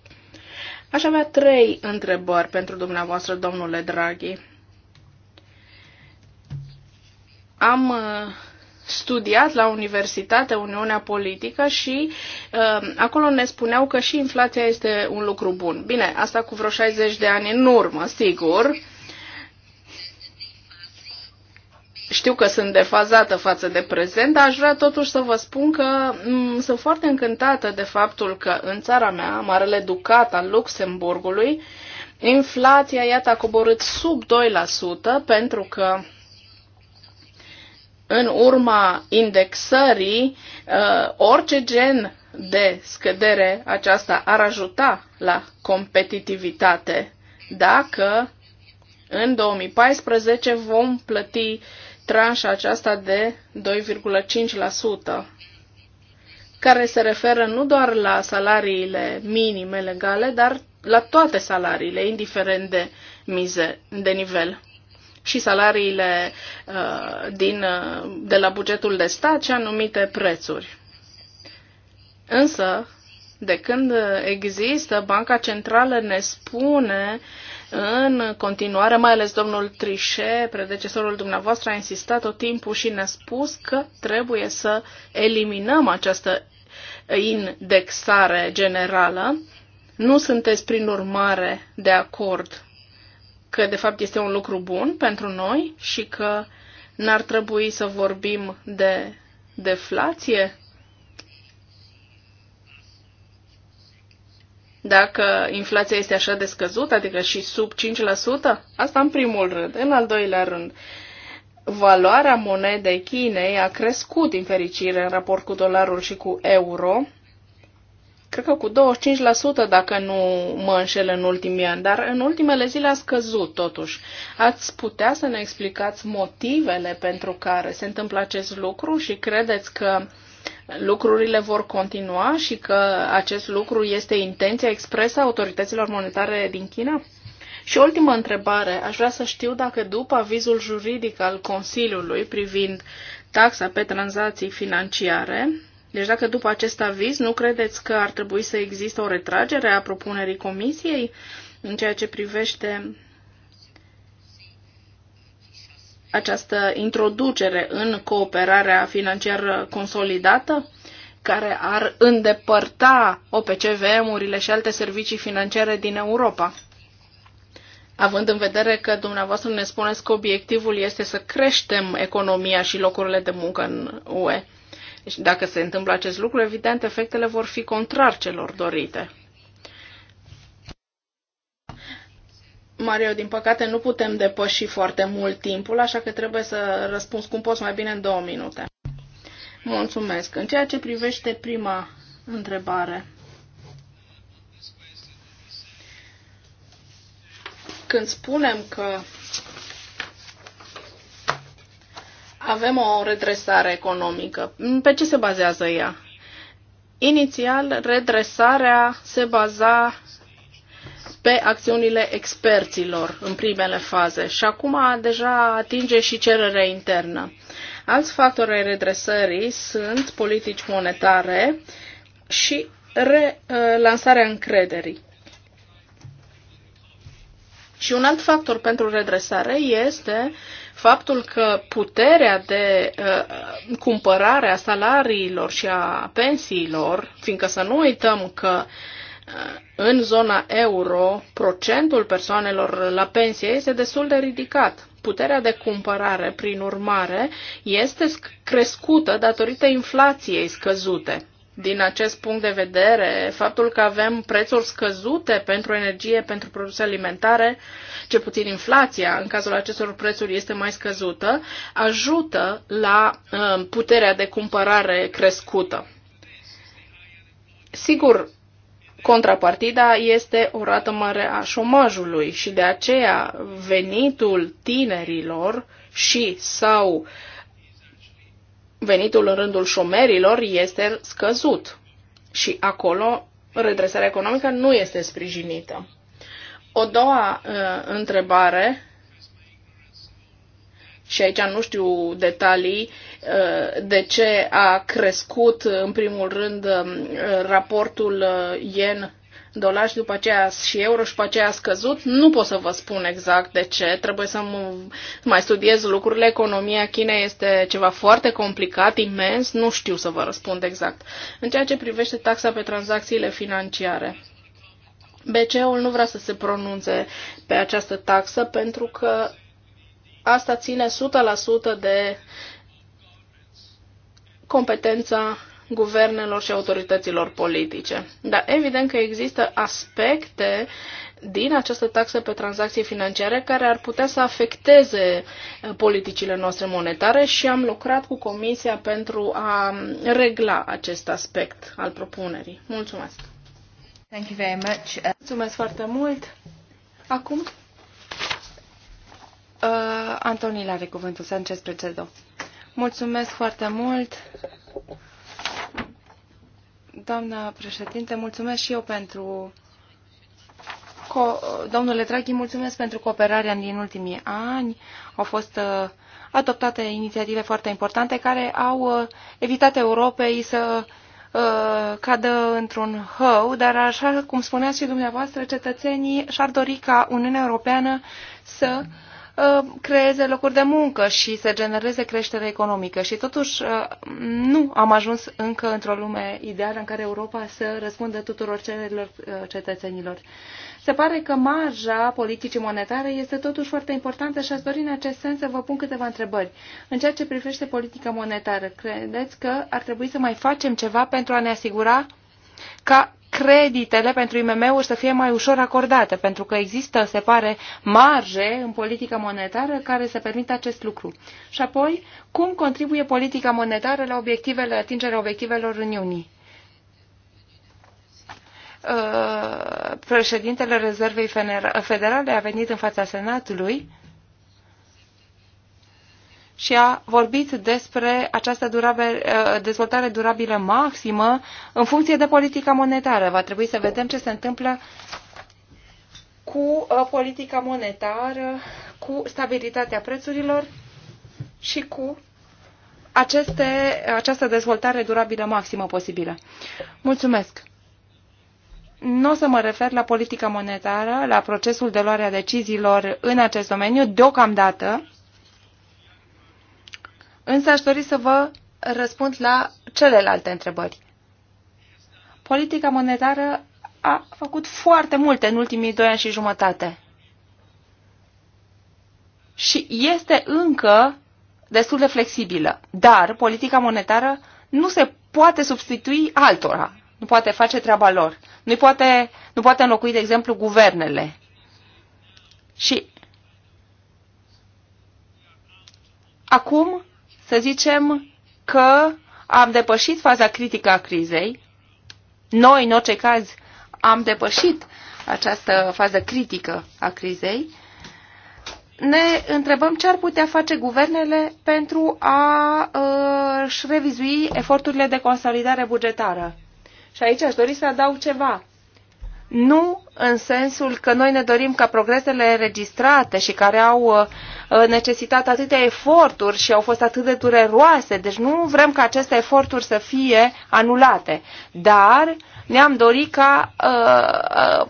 Aș avea trei întrebări pentru dumneavoastră, domnule Draghi. Am uh, studiat la universitate Uniunea Politică și uh, acolo ne spuneau că și inflația este un lucru bun. Bine, asta cu vreo 60 de ani în urmă, sigur. Știu că sunt defazată față de prezent, dar aș vrea totuși să vă spun că m- mm, sunt foarte încântată de faptul că în țara mea, Marele Ducat al Luxemburgului, inflația, iată, a coborât sub 2% pentru că în urma indexării, uh, orice gen de scădere aceasta ar ajuta la competitivitate dacă în 2014 vom plăti tranșa aceasta de 2,5%, care se referă nu doar la salariile minime legale, dar la toate salariile, indiferent de mize, de nivel și salariile uh, din, uh, de la bugetul de stat și anumite prețuri. Însă, de când există, Banca Centrală ne spune în continuare, mai ales domnul Trișe, predecesorul dumneavoastră, a insistat tot timpul și ne-a spus că trebuie să eliminăm această indexare generală. Nu sunteți, prin urmare, de acord că de fapt este un lucru bun pentru noi și că n-ar trebui să vorbim de deflație? Dacă inflația este așa de scăzută, adică și sub 5%, asta în primul rând. În al doilea rând, valoarea monedei Chinei a crescut, din fericire, în raport cu dolarul și cu euro, cred că cu 25% dacă nu mă înșel în ultimii ani, dar în ultimele zile a scăzut totuși. Ați putea să ne explicați motivele pentru care se întâmplă acest lucru și credeți că lucrurile vor continua și că acest lucru este intenția expresă a autorităților monetare din China? Și ultima întrebare, aș vrea să știu dacă după avizul juridic al Consiliului privind taxa pe tranzacții financiare, deci dacă după acest aviz nu credeți că ar trebui să existe o retragere a propunerii comisiei în ceea ce privește această introducere în cooperarea financiară consolidată? care ar îndepărta OPCVM-urile și alte servicii financiare din Europa. Având în vedere că dumneavoastră ne spuneți că obiectivul este să creștem economia și locurile de muncă în UE. Deci dacă se întâmplă acest lucru, evident, efectele vor fi contrar celor dorite. Mario, din păcate nu putem depăși foarte mult timpul, așa că trebuie să răspunzi cum poți mai bine în două minute. Mulțumesc. În ceea ce privește prima întrebare, când spunem că avem o redresare economică. Pe ce se bazează ea? Inițial, redresarea se baza pe acțiunile experților în primele faze și acum deja atinge și cererea internă. Alți factori ai redresării sunt politici monetare și relansarea încrederii. Și un alt factor pentru redresare este uh, faptul că puterea de uh, cumpărare a salariilor și a pensiilor, fiindcă să nu uităm că uh, în zona euro procentul persoanelor la pensie este destul de ridicat. Puterea de cumpărare, prin urmare, este crescută datorită inflației scăzute din acest punct de vedere, faptul că avem prețuri scăzute pentru energie, pentru produse alimentare, ce puțin inflația în cazul acestor prețuri este mai scăzută, ajută la um, puterea de cumpărare crescută. Sigur, contrapartida este o rată mare a șomajului și de aceea venitul tinerilor și sau uh, venitul în rândul șomerilor este scăzut și acolo redresarea economică nu este sprijinită. O doua uh, întrebare, și aici nu știu detalii, uh, de ce a crescut în primul rând um, uh, raportul yen dolari și după aceea și euro și după aceea a scăzut. Nu pot să vă spun exact de ce. Trebuie să mai studiez lucrurile. Economia Chinei este ceva foarte complicat, imens. Nu știu să vă răspund exact. În ceea ce privește taxa pe tranzacțiile financiare. BCE-ul nu vrea să se pronunțe pe această taxă pentru că asta ține 100% de competența guvernelor și autorităților politice. Dar evident că există aspecte din această taxă pe tranzacții financiare care ar putea să afecteze uh, politicile noastre monetare și am lucrat cu Comisia pentru a regla acest aspect al propunerii.
Mulțumesc! Thank you very much. Uh, Mulțumesc foarte mult! Acum, uh, Antonila are cuvântul, Sanchez Precedo. Mulțumesc foarte mult! Doamna președinte, mulțumesc și eu pentru... Co- Domnule Draghi, mulțumesc pentru cooperarea din ultimii ani. Au fost uh, adoptate inițiative foarte importante care au uh, evitat Europei să uh, cadă într-un hău, dar așa cum spuneați și dumneavoastră, cetățenii și-ar dori ca Uniunea Europeană să Uh, creeze locuri de muncă și să genereze creștere economică. Și totuși uh, nu am ajuns încă într-o lume ideală în care Europa să răspundă tuturor cererilor uh, cetățenilor. Se pare că marja politicii monetare este totuși foarte importantă și aș dori în acest sens să vă pun câteva întrebări. În ceea ce privește politica monetară, credeți că ar trebui să mai facem ceva pentru a ne asigura ca creditele pentru IMM-uri să fie mai ușor acordate, pentru că există, se pare, marje în politica monetară care să permită acest lucru. Și apoi, cum contribuie politica monetară la obiectivele, atingerea obiectivelor Uniunii? Uh, președintele Rezervei Federale a venit în fața Senatului și a vorbit despre această durabil, uh, dezvoltare durabilă maximă în funcție de politica monetară. Va trebui să vedem ce se întâmplă cu uh, politica monetară, cu stabilitatea prețurilor și cu aceste, această dezvoltare durabilă maximă posibilă. Mulțumesc! Nu o să mă refer la politica monetară, la procesul de luare a deciziilor în acest domeniu, deocamdată, Însă aș dori să vă răspund la celelalte întrebări. Politica monetară a făcut foarte multe în ultimii doi ani și jumătate. Și este încă destul de flexibilă. Dar politica monetară nu se poate substitui altora. Nu poate face treaba lor. Nu poate, nu poate înlocui, de exemplu, guvernele. Și acum să zicem că am depășit faza critică a crizei. Noi, în orice caz, am depășit această fază critică a crizei. Ne întrebăm ce ar putea face guvernele pentru a uh, își revizui eforturile de consolidare bugetară. Și aici aș dori să adaug ceva nu în sensul că noi ne dorim ca progresele înregistrate și care au uh, uh, necesitat atâtea eforturi și au fost atât de dureroase, deci nu vrem ca aceste eforturi să fie anulate, dar ne-am dorit ca uh, uh,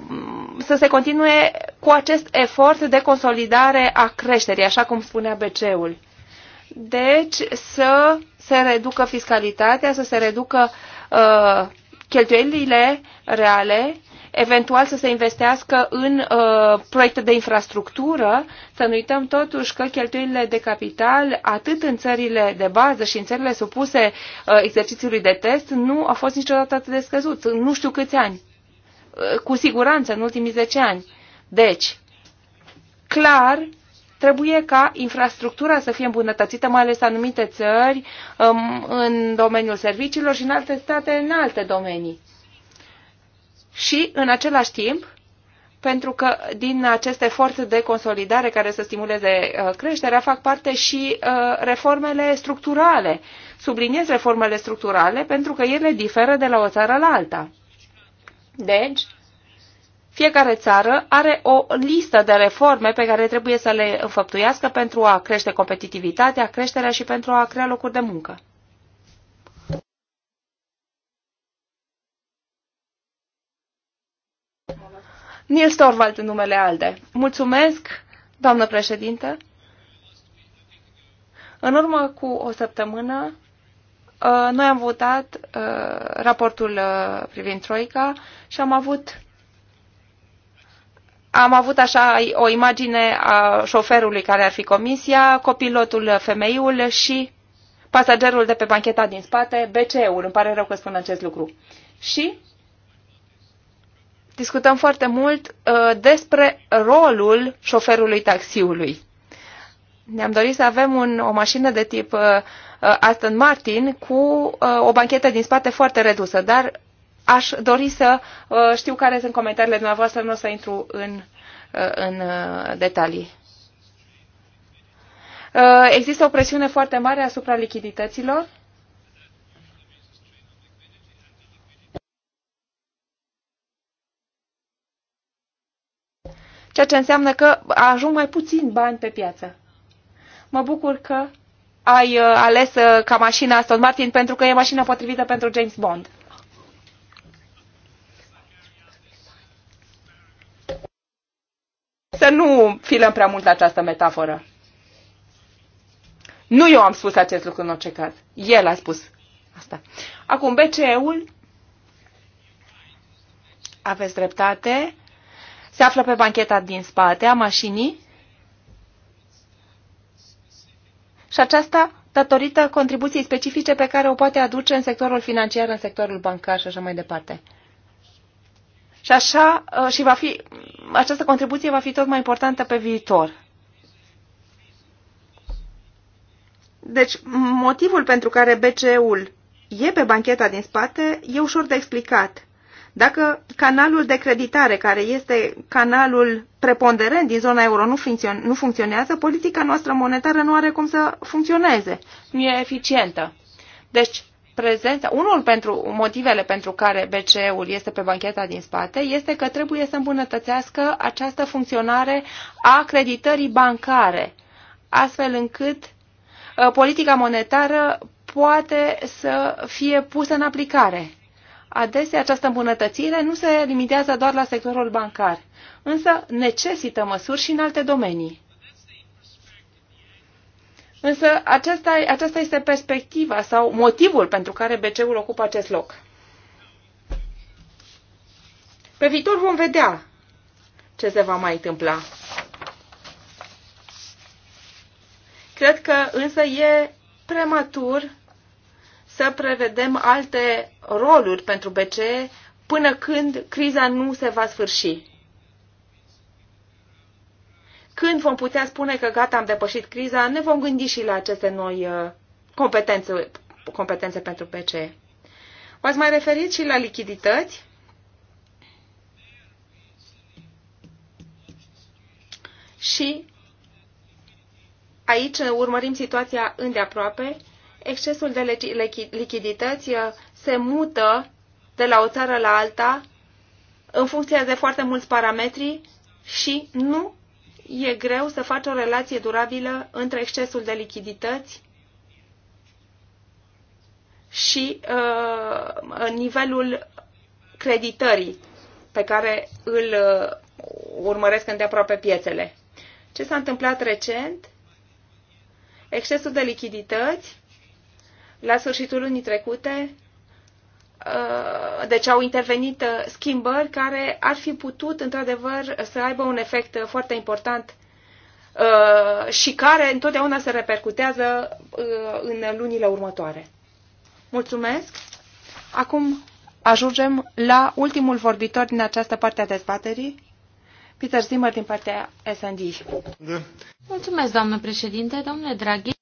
să se continue cu acest efort de consolidare a creșterii, așa cum spunea BC-ul. Deci să se reducă fiscalitatea, să se reducă uh, cheltuielile reale eventual să se investească în uh, proiecte de infrastructură, să nu uităm totuși că cheltuielile de capital, atât în țările de bază și în țările supuse uh, exercițiului de test, nu a fost niciodată atât de scăzut, nu știu câți ani, uh, cu siguranță în ultimii 10 ani. Deci, clar, trebuie ca infrastructura să fie îmbunătățită, mai ales anumite țări, um, în domeniul serviciilor și în alte state, în alte domenii și, în același timp, pentru că din acest efort de consolidare care să stimuleze uh, creșterea fac parte și uh, reformele structurale. Subliniez reformele structurale pentru că ele diferă de la o țară la alta. Deci, fiecare țară are o listă de reforme pe care trebuie să le înfăptuiască pentru a crește competitivitatea, creșterea și pentru a crea locuri de muncă. Nils Torvald în numele ALDE. Mulțumesc, doamnă președinte. În urmă cu o săptămână, uh, noi am votat uh, raportul uh, privind Troica și am avut am avut așa o imagine a șoferului care ar fi comisia, copilotul femeiul și pasagerul de pe bancheta din spate, BCE-ul, îmi pare rău că spun acest lucru. Și discutăm foarte mult uh, despre rolul șoferului taxiului. Ne-am dorit să avem un, o mașină de tip uh, uh, Aston Martin cu uh, o banchetă din spate foarte redusă, dar aș dori să uh, știu care sunt comentariile dumneavoastră, nu o să intru în, uh, în uh, detalii. Uh, există o presiune foarte mare asupra lichidităților. Uh, ceea ce înseamnă că ajung mai puțin bani pe piață. Mă bucur că ai uh, ales uh, ca mașina Aston Martin pentru că e mașina potrivită pentru James Bond. Să nu filăm prea mult la această metaforă. Nu eu am spus acest lucru în orice caz. El a spus asta. Acum, BCE-ul, aveți dreptate, se află pe bancheta din spate a mașinii și aceasta datorită contribuției specifice pe care o poate aduce în sectorul financiar, în sectorul bancar și așa mai departe. Și așa uh, și va fi, această contribuție va fi tot mai importantă pe viitor. Deci, motivul pentru care BCE-ul e pe bancheta din spate e ușor de explicat. Dacă canalul de creditare, care este canalul preponderent din zona euro, nu, funcțion nu funcționează, politica noastră monetară nu are cum să funcționeze, nu e eficientă. Deci, prezența, unul pentru motivele pentru care BCE-ul este pe bancheta din spate este că trebuie să îmbunătățească această funcționare a creditării bancare, astfel încât uh, politica monetară poate să fie pusă în aplicare Adesea această îmbunătățire nu se limitează doar la sectorul bancar, însă necesită măsuri și în alte domenii. Însă aceasta, aceasta este perspectiva sau motivul pentru care BC-ul ocupă acest loc. Pe viitor vom vedea ce se va mai întâmpla. Cred că însă e prematur să prevedem alte roluri pentru BCE până când criza nu se va sfârși. Când vom putea spune că gata, am depășit criza, ne vom gândi și la aceste noi uh, competențe, competențe pentru BCE. V-ați mai referit și la lichidități? Și aici urmărim situația îndeaproape excesul de lichidități uh, se mută de la o țară la alta în funcție de foarte mulți parametri și nu e greu să faci o relație durabilă între excesul de lichidități și uh, nivelul creditării pe care îl uh, urmăresc îndeaproape piețele. Ce s-a întâmplat recent? Excesul de lichidități la sfârșitul lunii trecute, uh, deci au intervenit uh, schimbări care ar fi putut, într-adevăr, să aibă un efect foarte important uh, și care întotdeauna se repercutează în lunile următoare. Mulțumesc! Acum ajungem la ultimul vorbitor din această
parte a dezbaterii, Peter Zimmer din partea S&D. Mulțumesc, doamnă președinte, domnule Draghi.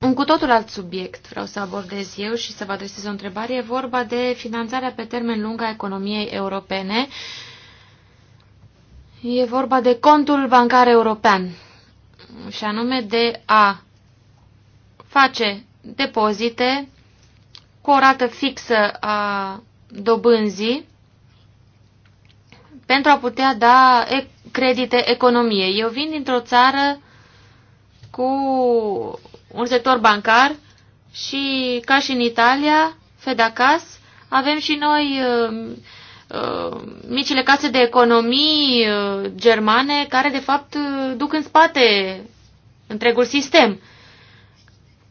Un cu totul alt subiect vreau să abordez eu și să vă adresez o întrebare. E vorba de finanțarea pe termen lung a economiei europene. E vorba de contul bancar european și anume de a face depozite cu o rată fixă a dobânzii pentru a putea da credite economiei. Eu vin dintr-o țară cu un sector bancar și, ca și în Italia, Fedacas, avem și noi uh, uh, micile case de economii uh, germane care, de fapt, uh, duc în spate întregul sistem.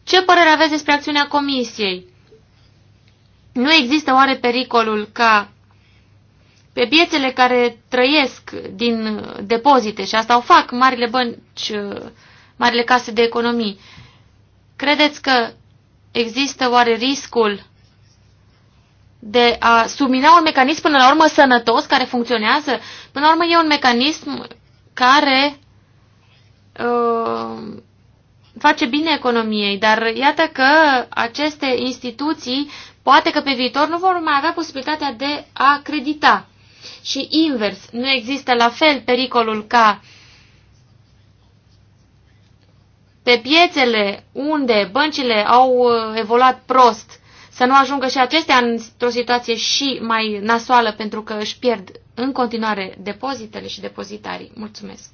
Ce părere aveți despre acțiunea Comisiei? Nu există oare pericolul ca pe piețele care trăiesc din depozite, și asta o fac marile bănci, uh, marile case de economii, Credeți că există oare riscul de a submina un mecanism până la urmă sănătos care funcționează? Până la urmă e un mecanism care uh, face bine economiei, dar iată că aceste instituții poate că pe viitor nu vor mai avea posibilitatea de a credita. Și invers, nu există la fel pericolul ca uh, pe piețele unde băncile au uh, evoluat prost, să nu ajungă și acestea într-o situație și mai nasoală pentru că își pierd în continuare depozitele și depozitarii. Mulțumesc!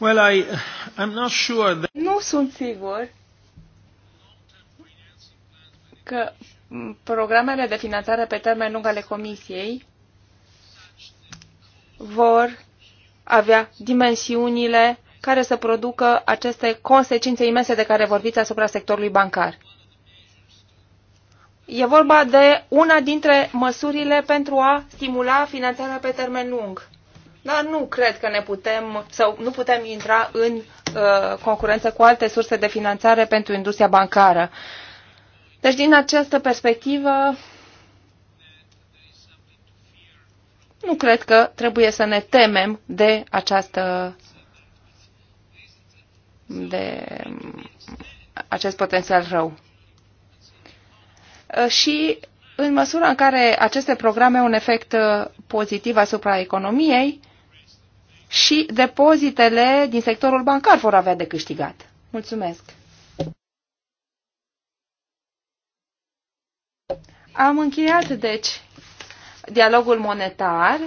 Well, I, I'm not sure that... Nu sunt sigur că programele de finanțare pe termen lung ale Comisiei vor avea dimensiunile care să producă aceste consecințe imense de care vorbiți asupra sectorului bancar. E vorba de una dintre măsurile pentru a stimula finanțarea pe termen lung. Dar nu cred că ne putem sau nu putem intra în uh, concurență cu alte surse de finanțare pentru industria bancară. Deci din această perspectivă nu cred că trebuie să ne temem de această de acest potențial rău. Uh, și în măsura în care aceste programe au un efect uh, pozitiv asupra economiei, și depozitele din sectorul bancar vor avea de câștigat. Mulțumesc! Am încheiat, deci, dialogul monetar.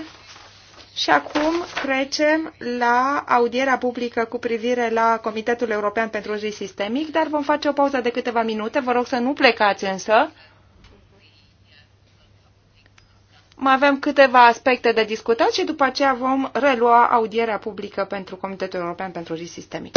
Și acum trecem la audierea publică cu privire la Comitetul European pentru zi Sistemic, dar vom face o pauză de câteva minute. Vă rog să nu plecați însă. Mai avem câteva aspecte de discutat și după aceea vom relua audierea publică pentru Comitetul European pentru zi Sistemic.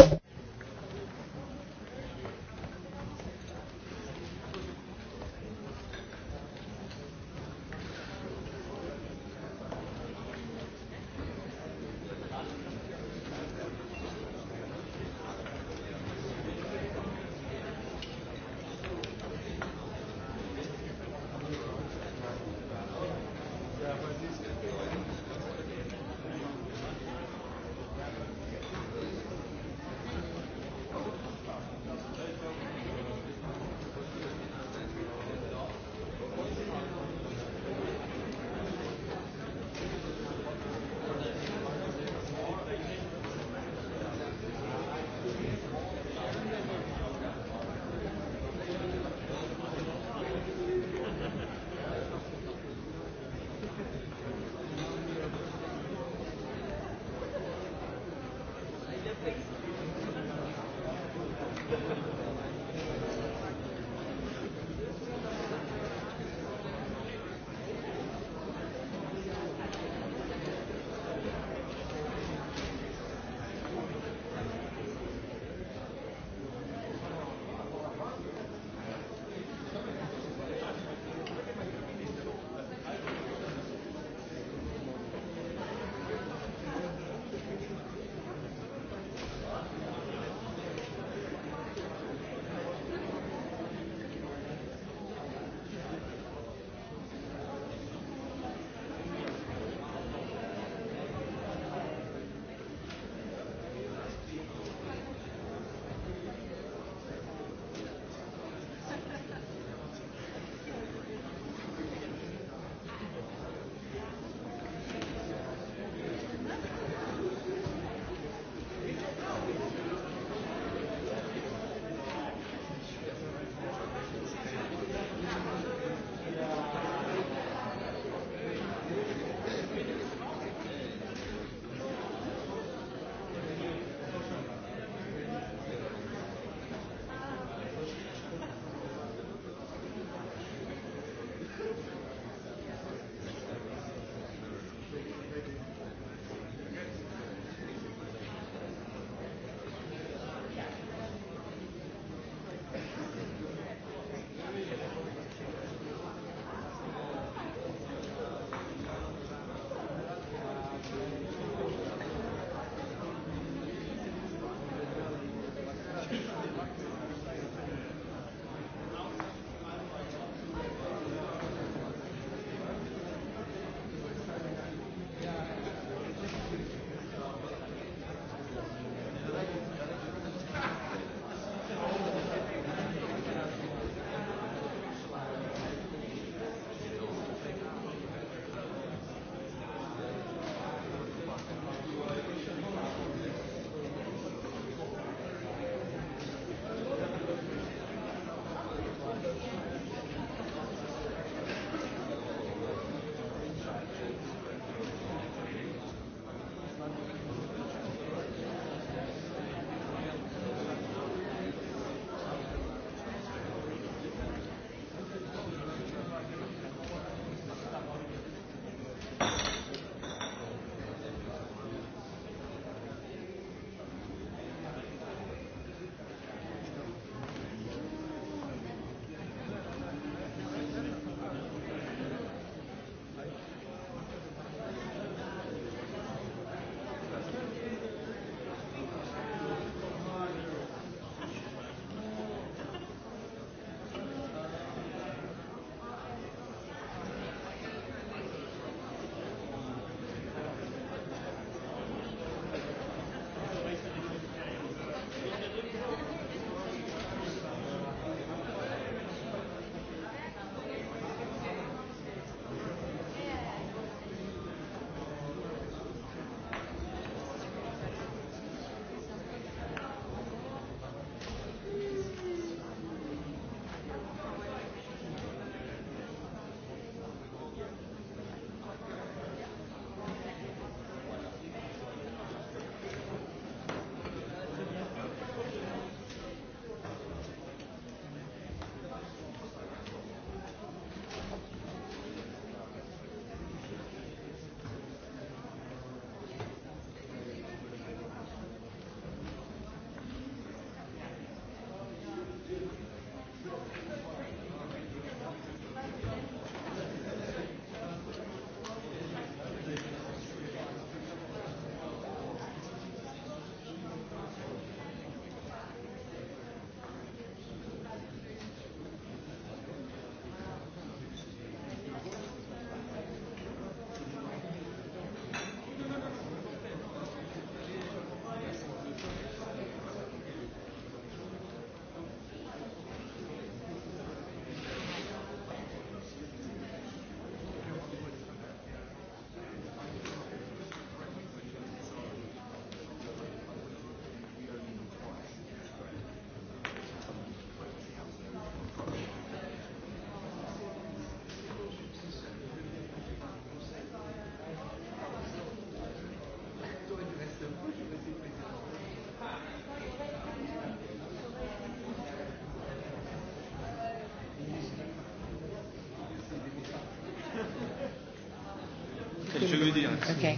Okay.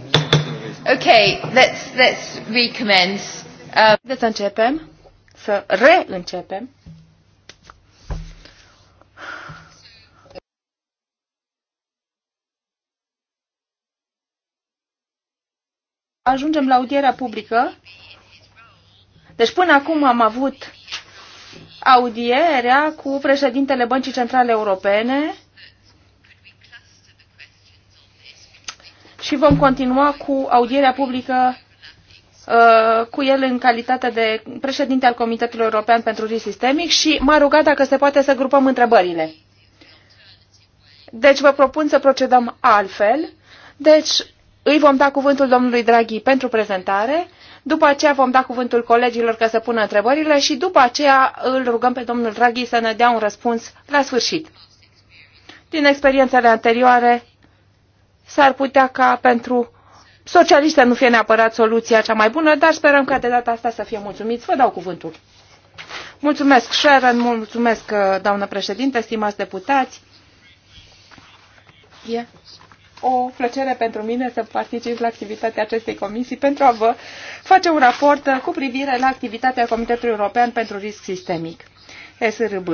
Okay, let's, let's recommence. uh... să începem, să reîncepem. Ajungem la audierea publică. Deci până acum am avut audierea cu președintele Băncii Centrale Europene, și vom continua cu audierea publică uh, cu el în calitate de președinte al Comitetului European pentru Risc Sistemic și m-a rugat dacă se poate să grupăm întrebările. Deci vă propun să procedăm altfel. Deci îi vom da cuvântul domnului Draghi pentru prezentare, după aceea vom da cuvântul colegilor ca să pună întrebările și după aceea îl rugăm pe domnul Draghi să ne dea un răspuns la sfârșit. Din experiențele anterioare, S-ar putea ca pentru socialiști să nu fie neapărat soluția cea mai bună, dar sperăm ca de data asta să fie mulțumiți. Vă dau cuvântul. Mulțumesc, Sharon, mulțumesc, uh, doamnă președinte, stimați deputați. E o plăcere pentru mine să particip la activitatea acestei comisii pentru a vă face un raport uh, cu privire la activitatea Comitetului European pentru Risc Sistemic, SRB.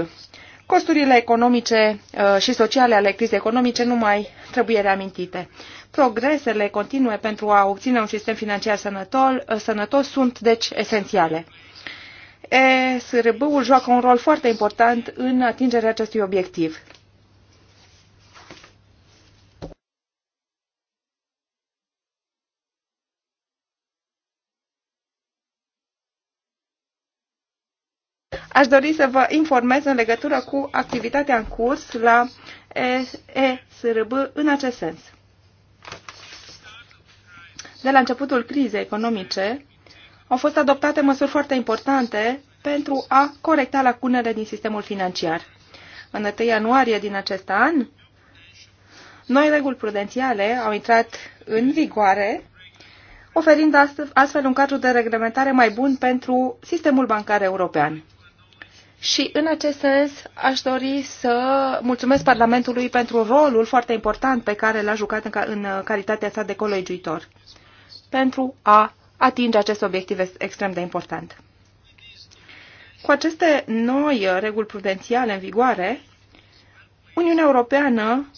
Costurile economice uh, și sociale ale crizei economice nu mai trebuie reamintite. Progresele continue pentru a obține un sistem financiar uh, sănătos sunt deci esențiale. SRB-ul joacă un rol foarte important în atingerea acestui obiectiv. Aș dori să vă informez în legătură cu activitatea în curs la ESRB în acest sens. De la începutul crizei economice, au fost adoptate măsuri foarte importante pentru a corecta lacunele din sistemul financiar. În 1 ianuarie din acest an, noi reguli prudențiale au intrat în vigoare, oferind astfel un cadru de reglementare mai bun pentru sistemul bancar european. Și în acest sens aș dori să mulțumesc Parlamentului pentru rolul foarte important pe care l-a jucat în, în uh, calitatea sa de colegiuitor pentru a atinge acest obiectiv extrem de important. Cu aceste noi uh, reguli prudențiale în vigoare, Uniunea Europeană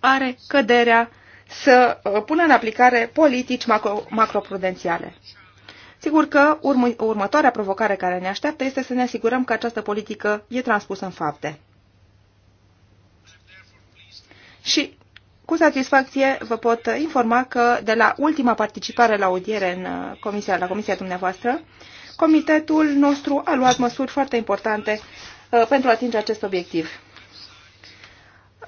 are căderea să uh, pună în aplicare politici macro, Sigur că urm- următoarea provocare care ne așteaptă este să ne asigurăm că această politică e transpusă în fapte. Și cu satisfacție vă pot informa că de la ultima participare la audiere în uh, comisia, la comisia dumneavoastră, comitetul nostru a luat măsuri foarte importante uh, pentru a atinge acest obiectiv. Uh,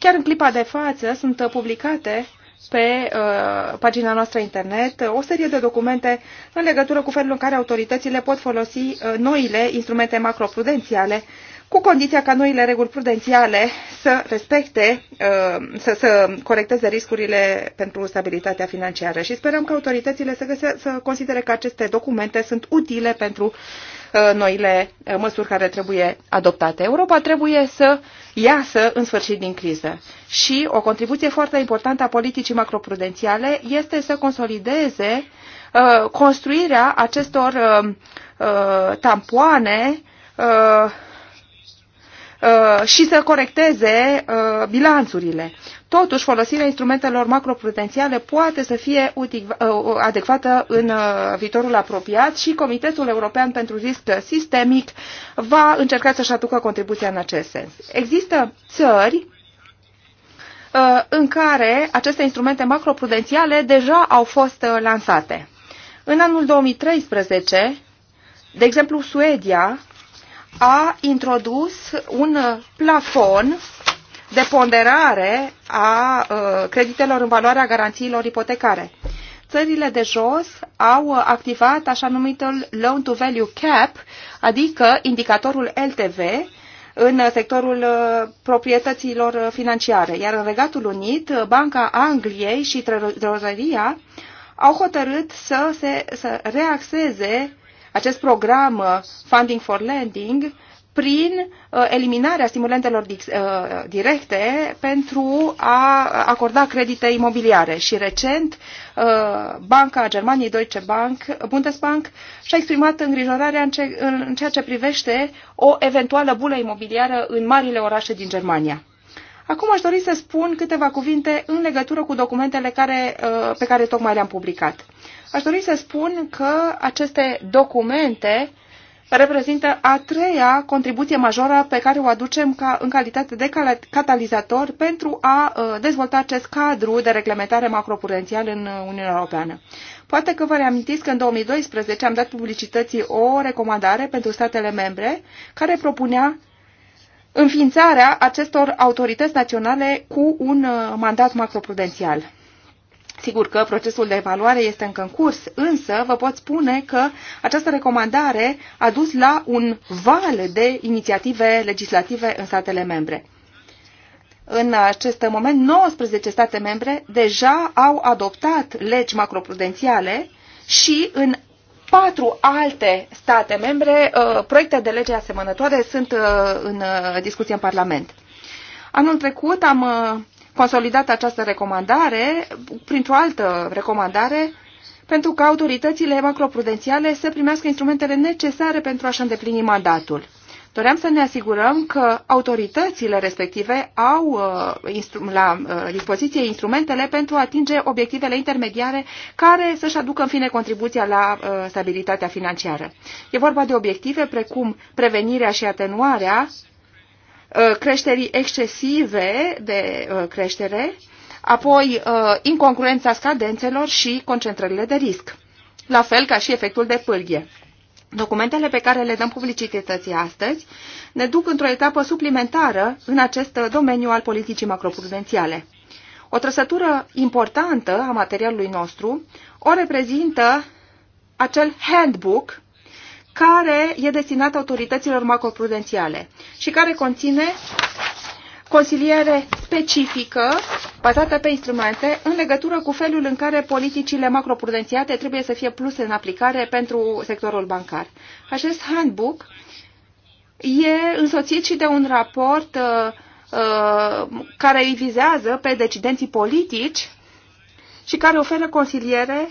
chiar în clipa de față sunt publicate pe uh, pagina noastră internet o serie de documente în legătură cu felul în care autoritățile pot folosi uh, noile instrumente macroprudențiale, cu condiția ca noile reguli prudențiale să respecte, uh, să, să corecteze riscurile pentru stabilitatea financiară. Și sperăm că autoritățile să, găse, să considere că aceste documente sunt utile pentru Uh, noile uh, măsuri care trebuie adoptate. Europa trebuie să iasă în sfârșit din criză și o contribuție foarte importantă a politicii macroprudențiale este să consolideze uh, construirea acestor tampoane Uh, și să corecteze uh, bilanțurile. Totuși, folosirea instrumentelor macroprudențiale poate să fie uh, adecvată în viitorul apropiat și Comitetul European pentru Risc Sistemic va încerca să-și aducă contribuția în acest sens. Există țări în care aceste instrumente macroprudențiale deja au fost lansate. În anul 2013, de exemplu, Suedia a introdus un plafon de ponderare a uh, creditelor în valoarea garanțiilor ipotecare. Țările de jos au activat așa numitul Loan to Value Cap, adică indicatorul LTV, în sectorul uh, proprietăților financiare, iar în Regatul Unit, Banca Angliei și Trezoreria au hotărât să se să reaxeze acest program uh, Funding for Lending prin uh, eliminarea stimulentelor uh, directe pentru a acorda credite imobiliare. Și recent, Banca Germaniei Deutsche Bank, Bundesbank, și-a exprimat îngrijorarea în, ceea ce privește o eventuală bulă imobiliară în marile orașe din Germania. Acum aș dori să spun câteva cuvinte în legătură cu documentele care, pe care tocmai le-am publicat. Aș dori să spun că aceste documente reprezintă a treia contribuție majoră pe care o aducem ca, în calitate de catalizator pentru a ă, dezvolta acest cadru de reglementare macroprudențial în Uniunea Europeană. Poate că vă reamintiți că în 2012 am dat publicității o recomandare pentru statele membre care propunea înființarea acestor autorități naționale cu un ă, mandat macroprudențial. Sigur că procesul de evaluare este încă în curs, însă vă pot spune că această recomandare a dus la un val de inițiative legislative în statele membre. În acest moment, 19 state membre deja au adoptat legi macroprudențiale și în patru alte state membre, uh, proiecte de lege asemănătoare sunt uh, în uh, discuție în Parlament. Anul trecut am consolidat această recomandare printr-o altă recomandare pentru ca autoritățile macroprudențiale să primească instrumentele necesare pentru a-și îndeplini mandatul. Doream să ne asigurăm că autoritățile respective au uh, la uh, dispoziție instrumentele pentru a atinge obiectivele intermediare care să-și aducă în fine contribuția la uh, stabilitatea financiară. E vorba de obiective precum prevenirea și atenuarea Uh, creșterii excesive de uh, creștere, apoi uh, incongruența scadențelor și concentrările de risc, la fel ca și efectul de pârghie. Documentele pe care le dăm publicității astăzi ne duc într-o etapă suplimentară în acest domeniu al politicii macroprudențiale. O trăsătură importantă a materialului nostru o reprezintă acel handbook care e destinat autorităților macroprudențiale și care conține consiliere specifică bazată pe instrumente în legătură cu felul în care politicile macroprudențiate trebuie să fie pluse în aplicare pentru sectorul bancar. Acest handbook e însoțit și de un raport uh, uh, care îi vizează pe decidenții politici și care oferă consiliere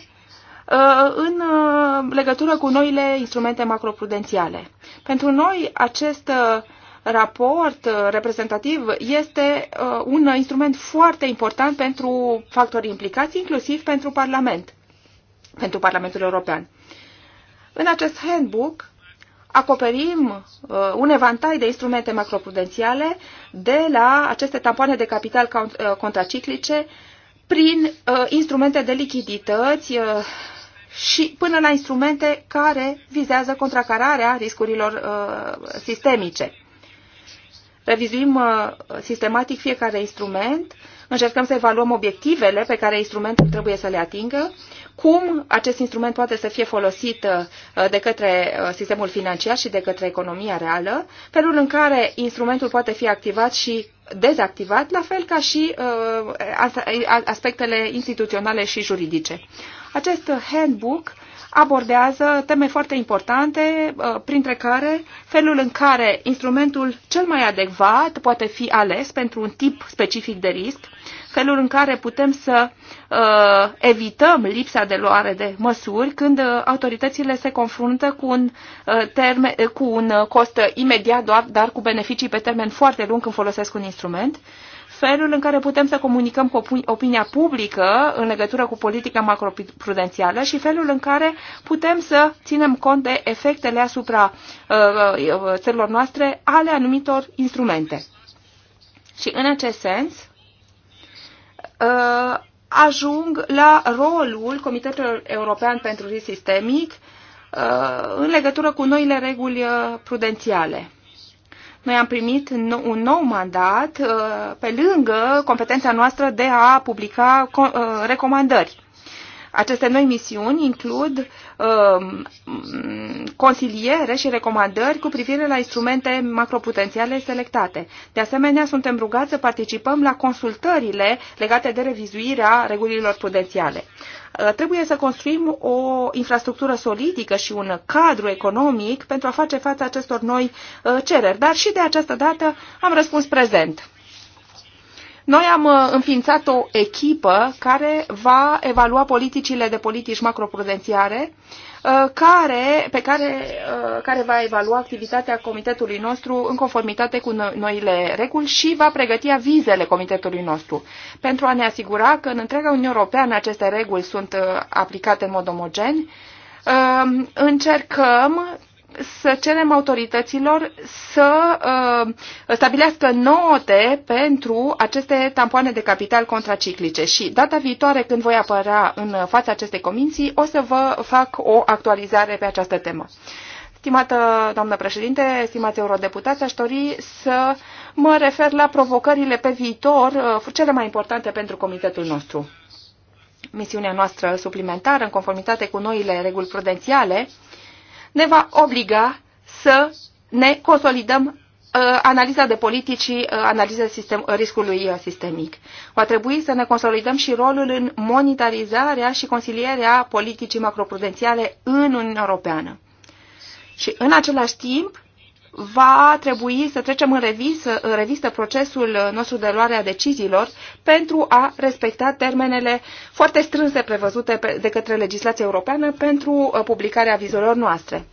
Uh, în uh, legătură cu noile instrumente macroprudențiale. Pentru noi, acest uh, raport reprezentativ este un instrument foarte important pentru factorii implicați, inclusiv pentru Parlament, pentru Parlamentul European. În acest handbook acoperim uh, un evantai de instrumente macroprudențiale de la aceste tampoane de capital cont, uh, contraciclice prin uh, instrumente de lichidități, uh, și până la instrumente care vizează contracararea riscurilor uh, sistemice. Revizuim uh, sistematic fiecare instrument, încercăm să evaluăm obiectivele pe care instrumentul trebuie să le atingă, cum acest instrument poate să fie folosit uh, de către uh, sistemul financiar și de către economia reală, felul în care instrumentul poate fi activat și dezactivat, la fel ca și uh, aspectele instituționale și juridice. Acest handbook abordează teme foarte importante, uh, printre care felul în care instrumentul cel mai adecvat poate fi ales pentru un tip specific de risc, felul în care putem să uh, evităm lipsa de luare de măsuri când uh, autoritățile se confruntă cu un, uh, termen, cu un uh, cost imediat, doar, dar cu beneficii pe termen foarte lung când folosesc un instrument. Uh, felul în care putem să comunicăm cu opinia publică în legătură cu politica macroprudențială și felul în care putem să ținem cont de efectele asupra uh, uh, țărilor noastre ale anumitor instrumente. Și în acest sens, uh, ajung la rolul Comitetului European pentru Risc Sistemic în legătură cu noile reguli prudențiale. Noi am primit un nou mandat uh, pe lângă competența noastră de a publica uh, recomandări. Aceste noi misiuni includ Um, consiliere și recomandări cu privire la instrumente macroputențiale selectate. De asemenea, suntem rugați să participăm la consultările legate de revizuirea regulilor prudențiale uh, trebuie să construim o infrastructură solidică și un cadru economic pentru a face față acestor noi uh, cereri. Dar și de această dată am răspuns prezent. Noi am uh, înființat o echipă care va evalua politicile de politici macroprudențiare uh, care, pe care, uh, care va evalua activitatea comitetului nostru în conformitate cu noile reguli și va pregăti avizele comitetului nostru pentru a ne asigura că în întreaga Uniune Europeană aceste reguli sunt aplicate în mod omogen. Încercăm să cerem autorităților să uh, stabilească note pentru aceste tampoane de capital contraciclice și data viitoare când voi apărea în fața acestei comisii o să vă fac o actualizare pe această temă. Stimată doamnă președinte, stimați eurodeputați, aș dori să mă refer la provocările pe viitor, uh, cele mai importante pentru comitetul nostru. Misiunea noastră suplimentară, în conformitate cu noile reguli prudențiale, ne va obliga să ne consolidăm uh, analiza de politici și uh, analiza sistem, uh, riscului sistemic. Va trebui să ne consolidăm și rolul în monitorizarea și consilierea politicii macroprudențiale în Uniunea Europeană. Și în același timp va trebui să trecem în, revistă, în revistă procesul nostru de luare a deciziilor pentru a respecta termenele foarte strânse prevăzute de către legislația europeană pentru uh, publicarea vizorilor noastre.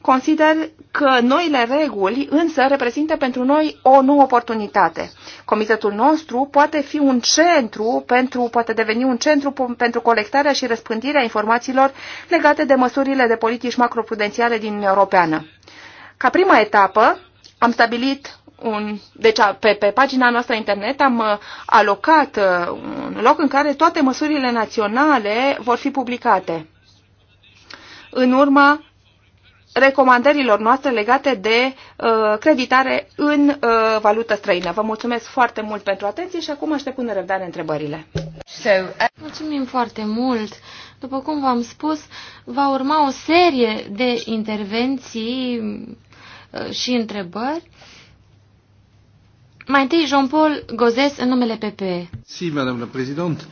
Consider că noile reguli însă reprezintă pentru noi o nouă oportunitate. Comitetul nostru poate fi un centru pentru, poate deveni un centru pentru colectarea și răspândirea informațiilor legate de măsurile de politici macroprudențiale din Uniunea Europeană. Ca prima etapă am stabilit un, deci pe, pe pagina noastră internet am uh, alocat uh, un loc în care toate măsurile naționale vor fi publicate. În urma recomandărilor noastre legate de uh, creditare în uh, valută străină. Vă mulțumesc foarte mult pentru atenție și acum aștept cu nerăbdare
întrebările. Uh, Mulțumim foarte mult! După cum v-am spus, va urma o serie de intervenții Uh, și întrebări. Mai întâi, Jean-Paul Gozes, în numele PPE. Si,
doamnă președinte.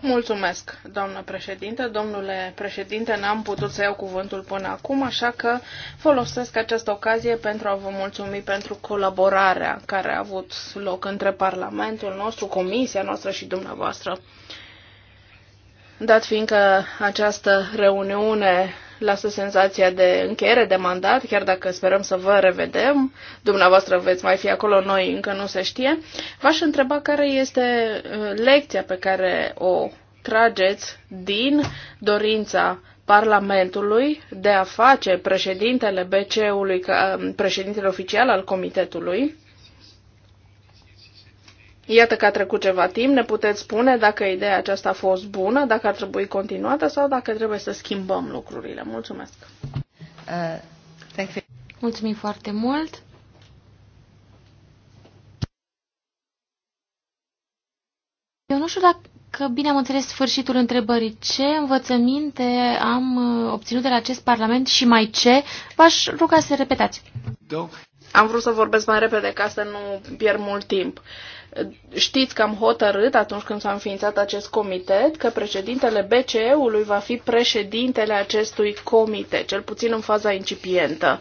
Mulțumesc, doamnă președinte. Domnule președinte, n-am putut să iau cuvântul până acum, așa că folosesc această ocazie pentru a vă mulțumi pentru colaborarea care a avut loc între Parlamentul nostru, Comisia noastră și dumneavoastră. Dat fiindcă această reuniune lasă senzația de încheiere de mandat, chiar dacă sperăm să vă revedem. Dumneavoastră veți mai fi acolo, noi încă nu se știe. V-aș întreba care este uh, lecția pe care o trageți din dorința Parlamentului de a face președintele BC-ului um, președintele oficial al Comitetului Iată că a trecut ceva timp, ne puteți spune dacă ideea aceasta a fost bună, dacă ar trebui continuată sau dacă trebuie să schimbăm
lucrurile. Mulțumesc! Uh, Mulțumim foarte mult! Eu nu știu dacă bine am înțeles sfârșitul întrebării. Ce învățăminte am uh, obținut de la acest Parlament și mai ce? V-aș ruga să repetați.
Da. Am vrut să vorbesc mai repede ca să nu pierd mult timp. Uh, Știți că am hotărât atunci când s-a înființat acest comitet că președintele BCE-ului va fi președintele acestui comitet, cel puțin în faza incipientă.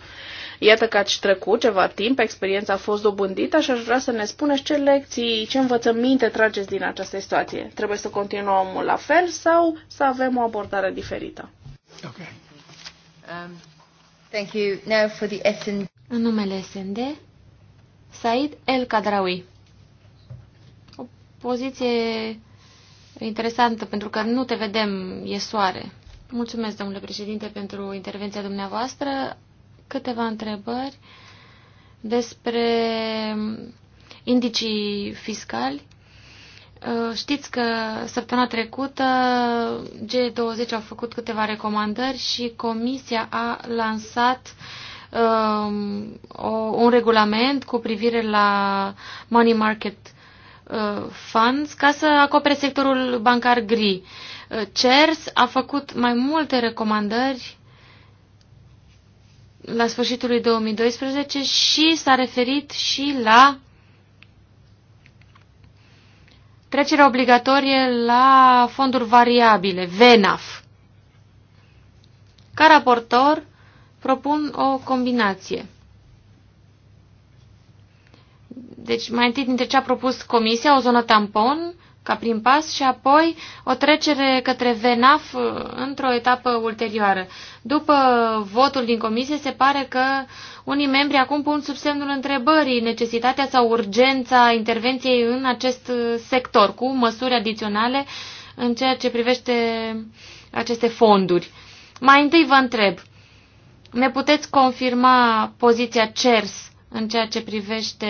Iată că ați trecut ceva timp, experiența a fost dobândită și aș vrea să ne spuneți ce lecții, ce învățăminte trageți din această situație. Trebuie să continuăm la fel sau să avem o abordare diferită? Okay.
Um, thank you. Now for the SND. În numele SND, Said El Kadraoui poziție interesantă, pentru că nu te vedem, e soare. Mulțumesc, domnule președinte, pentru intervenția dumneavoastră. Câteva întrebări despre indicii fiscali. Uh, știți că săptămâna trecută G20 au făcut câteva recomandări și Comisia a lansat um, o, un regulament cu privire la money market Uh, funds ca să acopere sectorul bancar gri. Uh, CERS a făcut mai multe recomandări la sfârșitul lui 2012 și s-a referit și la trecerea obligatorie la fonduri variabile, VENAF. Ca raportor propun o combinație. Deci mai întâi dintre ce a propus Comisia, o zonă tampon, ca prin pas, și apoi o trecere către VNAF uh, într-o etapă ulterioară. După votul din Comisie, se pare că unii membri acum pun sub semnul întrebării necesitatea sau urgența intervenției în acest uh, sector, cu măsuri adiționale în ceea ce privește aceste fonduri. Mai întâi vă întreb, ne puteți confirma poziția CERS în ceea ce privește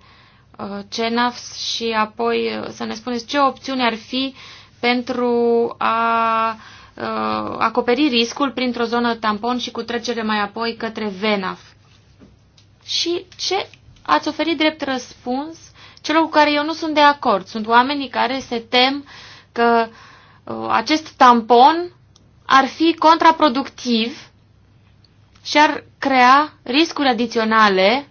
uh, Uh, CENAFS și apoi uh, să ne spuneți ce opțiuni ar fi pentru a uh, acoperi riscul printr-o zonă tampon și cu trecere mai apoi către VENAF. Și ce ați oferit drept răspuns celor cu care eu nu sunt de acord. Sunt oamenii care se tem că acest tampon ar fi contraproductiv și ar crea riscuri adiționale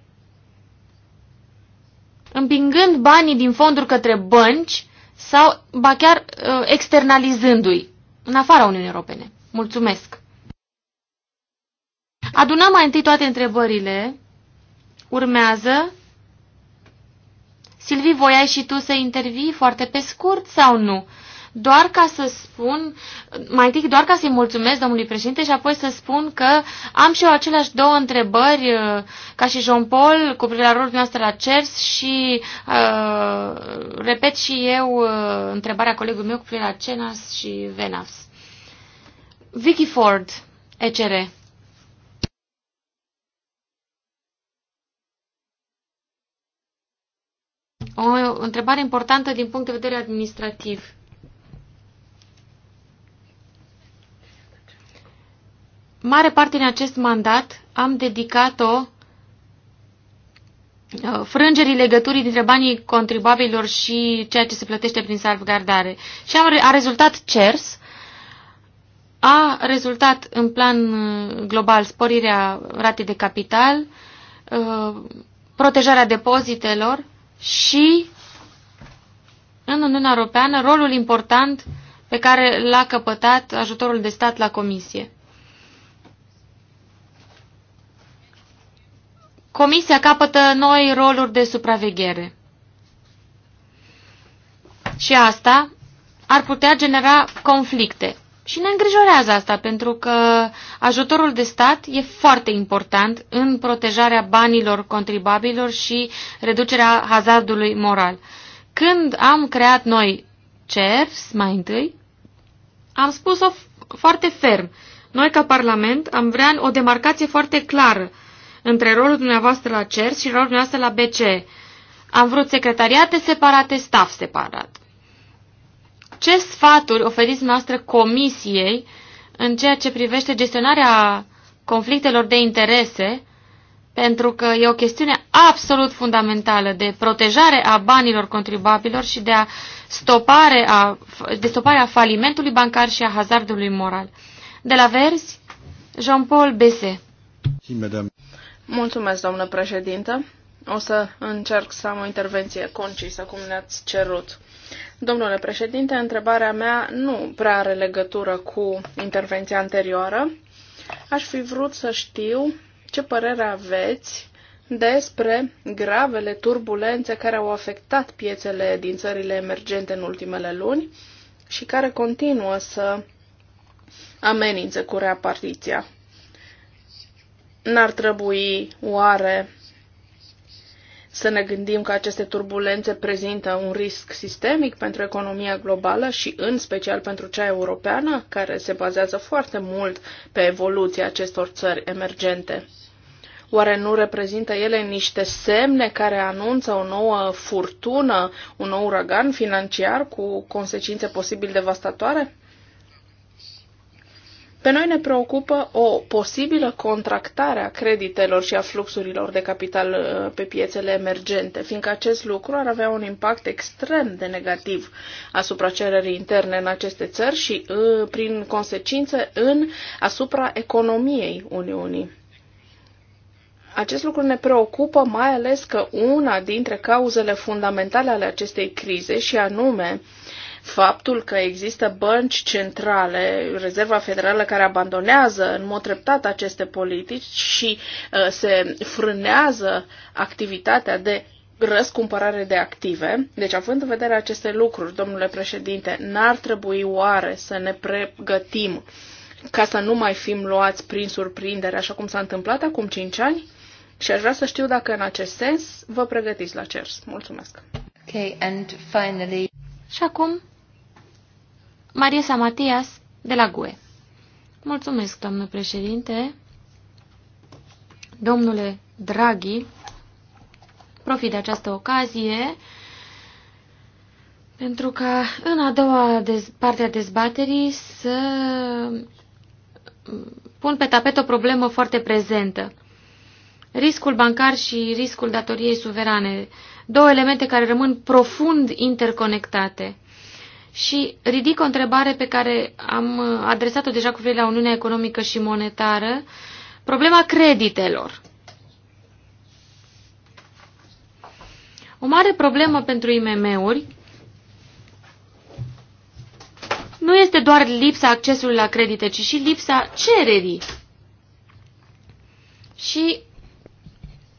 împingând banii din fonduri către bănci sau ba chiar uh, externalizându-i în afara Uniunii Europene. Mulțumesc! Adunăm mai întâi toate întrebările. Urmează. Silvi, voiai și tu să intervii foarte pe scurt sau nu? doar ca să spun, mai întâi doar ca să-i mulțumesc domnului președinte și apoi să spun că am și eu aceleași două întrebări uh, ca și Jean-Paul cu privire la rolul dumneavoastră la CERS și uh, repet și eu uh, întrebarea colegului meu cu privire la CENAS și Venas. Vicky Ford, ECR. O întrebare importantă din punct de vedere administrativ. mare parte din acest mandat am dedicat-o uh, frângerii legăturii dintre banii contribuabililor și ceea ce se plătește prin salvgardare. Și am, a rezultat CERS, a rezultat în plan uh, global sporirea ratei de capital, uh, protejarea depozitelor și în Uniunea Europeană rolul important pe care l-a căpătat ajutorul de stat la Comisie. Comisia capătă noi roluri de supraveghere. Și asta ar putea genera conflicte. Și ne îngrijorează asta, pentru că ajutorul de stat e foarte important în protejarea banilor contribuabilor și reducerea hazardului moral. Când am creat noi CERS mai întâi, am spus-o foarte ferm. Noi, ca Parlament, am vrea o demarcație foarte clară între rolul dumneavoastră la CERS și rolul dumneavoastră la BC. Am vrut secretariate separate, staff separat. Ce sfaturi oferiți noastră comisiei în ceea ce privește gestionarea conflictelor de interese, pentru că e o chestiune absolut fundamentală de protejare a banilor contribuabilor și de, a stopare a, de stopare a falimentului bancar și a hazardului moral. De la Verzi, Jean-Paul Bese. Si, madame.
Mulțumesc, domnule președintă. O să încerc să am o intervenție concisă, cum ne-ați cerut. Domnule președinte, întrebarea mea nu prea are legătură cu intervenția anterioară. Aș fi vrut să știu ce părere aveți despre gravele turbulențe care au afectat piețele din țările emergente în ultimele luni și care continuă să amenințe cu reapariția N-ar trebui oare să ne gândim că aceste turbulențe prezintă un risc sistemic pentru economia globală și în special pentru cea europeană, care se bazează foarte mult pe evoluția acestor țări emergente. Oare nu reprezintă ele niște semne care anunță o nouă furtună, un nou uragan financiar cu consecințe posibil devastatoare? Pe noi ne preocupă o posibilă contractare a creditelor și a fluxurilor de capital uh, pe piețele emergente, fiindcă acest lucru ar avea un impact extrem de negativ asupra cererii interne în aceste țări și, uh, prin consecință, în asupra economiei Uniunii. Acest lucru ne preocupă mai ales că una dintre cauzele fundamentale ale acestei crize, și anume uh, faptul că există bănci centrale, Rezerva Federală care abandonează în mod treptat aceste politici și uh, se frânează activitatea de răscumpărare de active. Deci, având în vedere aceste lucruri, domnule președinte, n-ar trebui oare să ne pregătim ca să nu mai fim luați prin surprindere, așa cum s-a întâmplat acum 5 ani? Și aș vrea să știu dacă în
acest sens vă pregătiți la CERS. Mulțumesc! Okay, and finally... Și acum Mariesa Matias, de la GUE. Mulțumesc, doamnă președinte. Domnule Draghi, profit de această ocazie pentru ca în a doua parte a dezbaterii să pun pe tapet o problemă foarte prezentă. Riscul bancar și riscul datoriei suverane, două elemente care rămân profund interconectate și ridic o întrebare pe care am adresat-o deja cu privire la Uniunea Economică și Monetară, problema creditelor. O mare problemă pentru IMM-uri nu este doar lipsa accesului la credite, ci și lipsa cererii. Și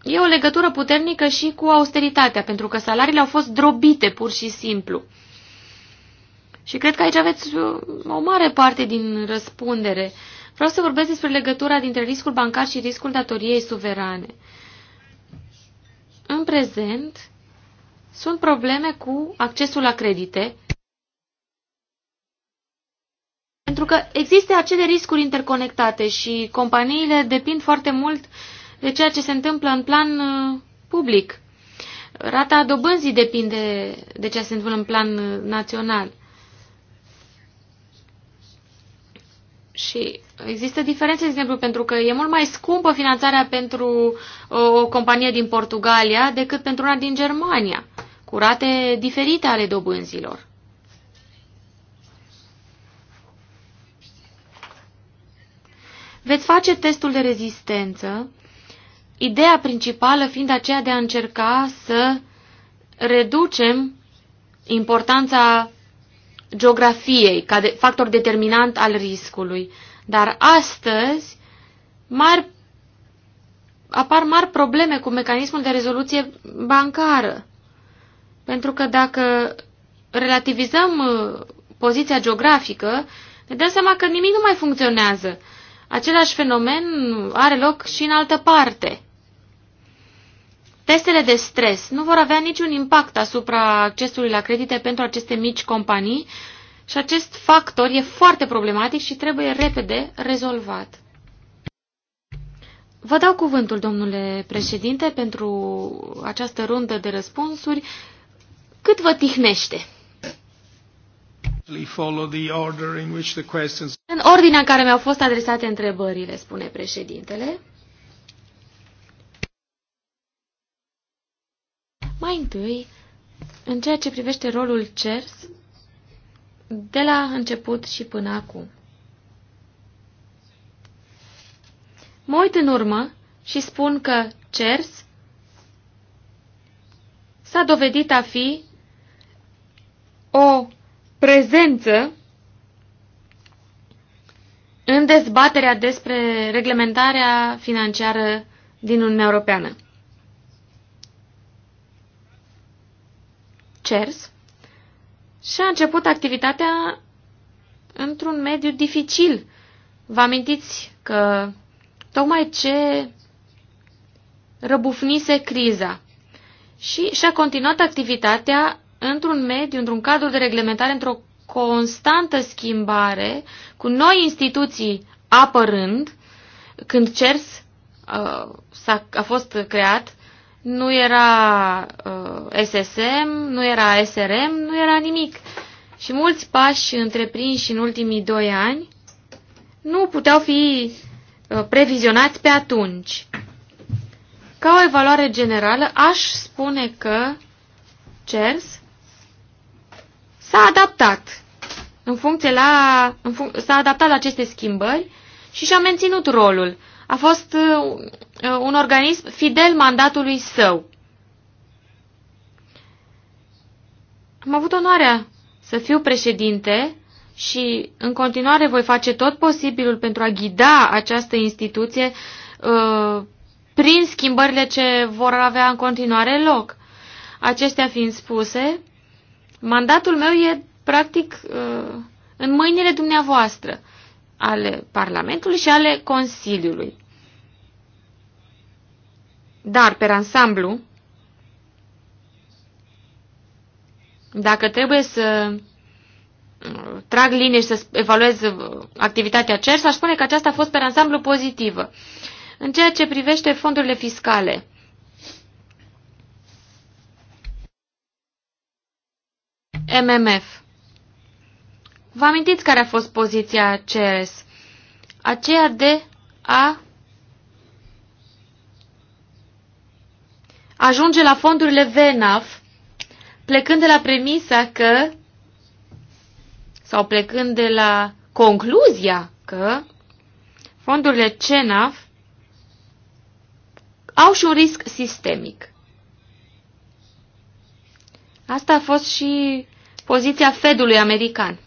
e o legătură puternică și cu austeritatea, pentru că salariile au fost drobite pur și simplu. Și cred că aici aveți uh, o mare parte din răspundere. Vreau să vorbesc despre legătura dintre riscul bancar și riscul datoriei suverane. În prezent, sunt probleme cu accesul la credite, pentru că există acele riscuri interconectate și companiile depind foarte mult de ceea ce se întâmplă în plan uh, public. Rata dobânzii depinde de ceea ce se întâmplă în plan uh, național. Și există diferențe, de exemplu, pentru că e mult mai scumpă finanțarea pentru o companie din Portugalia decât pentru una din Germania, cu rate diferite ale dobânzilor. Veți face testul de rezistență, ideea principală fiind aceea de a încerca să reducem importanța geografiei ca de, factor determinant al riscului. Dar astăzi mari, apar mari probleme cu mecanismul de rezoluție bancară. Pentru că dacă relativizăm uh, poziția geografică, ne dăm seama că nimic nu mai funcționează. Același fenomen are loc și în altă parte. Testele de stres nu vor avea niciun impact asupra accesului la credite pentru aceste mici companii și acest factor e foarte problematic și trebuie repede rezolvat. Vă dau cuvântul, domnule președinte, pentru această rundă de răspunsuri. Cât vă tihnește? În ordinea în care mi-au fost adresate întrebările, spune președintele. Mai întâi, în ceea ce privește rolul CERS, de la început și până acum. Mă uit în urmă și spun că CERS s-a dovedit a fi o prezență în dezbaterea despre reglementarea financiară din Uniunea Europeană. CERS, și-a început activitatea într-un mediu dificil. Vă amintiți că tocmai ce răbufnise criza și și-a continuat activitatea într-un mediu, într-un cadru de reglementare, într-o constantă schimbare, cu noi instituții apărând, când CERS uh, a a fost creat, nu era uh, SSM, nu era SRM, nu era nimic. Și mulți pași întreprinși în ultimii doi ani nu puteau fi uh, previzionați pe atunci. Ca o evaluare generală, aș spune că CERS s-a adaptat în funcție la, în func- s-a adaptat la aceste schimbări și și-a menținut rolul. A fost uh, Uh, un organism fidel mandatului său. Am avut onoarea să fiu președinte și în continuare voi face tot posibilul pentru a ghida această instituție uh, prin schimbările ce vor avea în continuare loc. Acestea fiind spuse, mandatul meu e practic uh, în mâinile dumneavoastră, ale Parlamentului și ale Consiliului. Dar, pe ansamblu, dacă trebuie să uh, trag linie și să evaluez uh, activitatea CER, aș spune că aceasta a fost pe ansamblu pozitivă. În ceea ce privește fondurile fiscale, MMF. Vă amintiți care a fost poziția CERS? Aceea de a ajunge la fondurile VNAF, plecând de la premisa că, sau plecând de la concluzia că, fondurile CENAF au și un risc sistemic. Asta a fost și poziția Fedului american.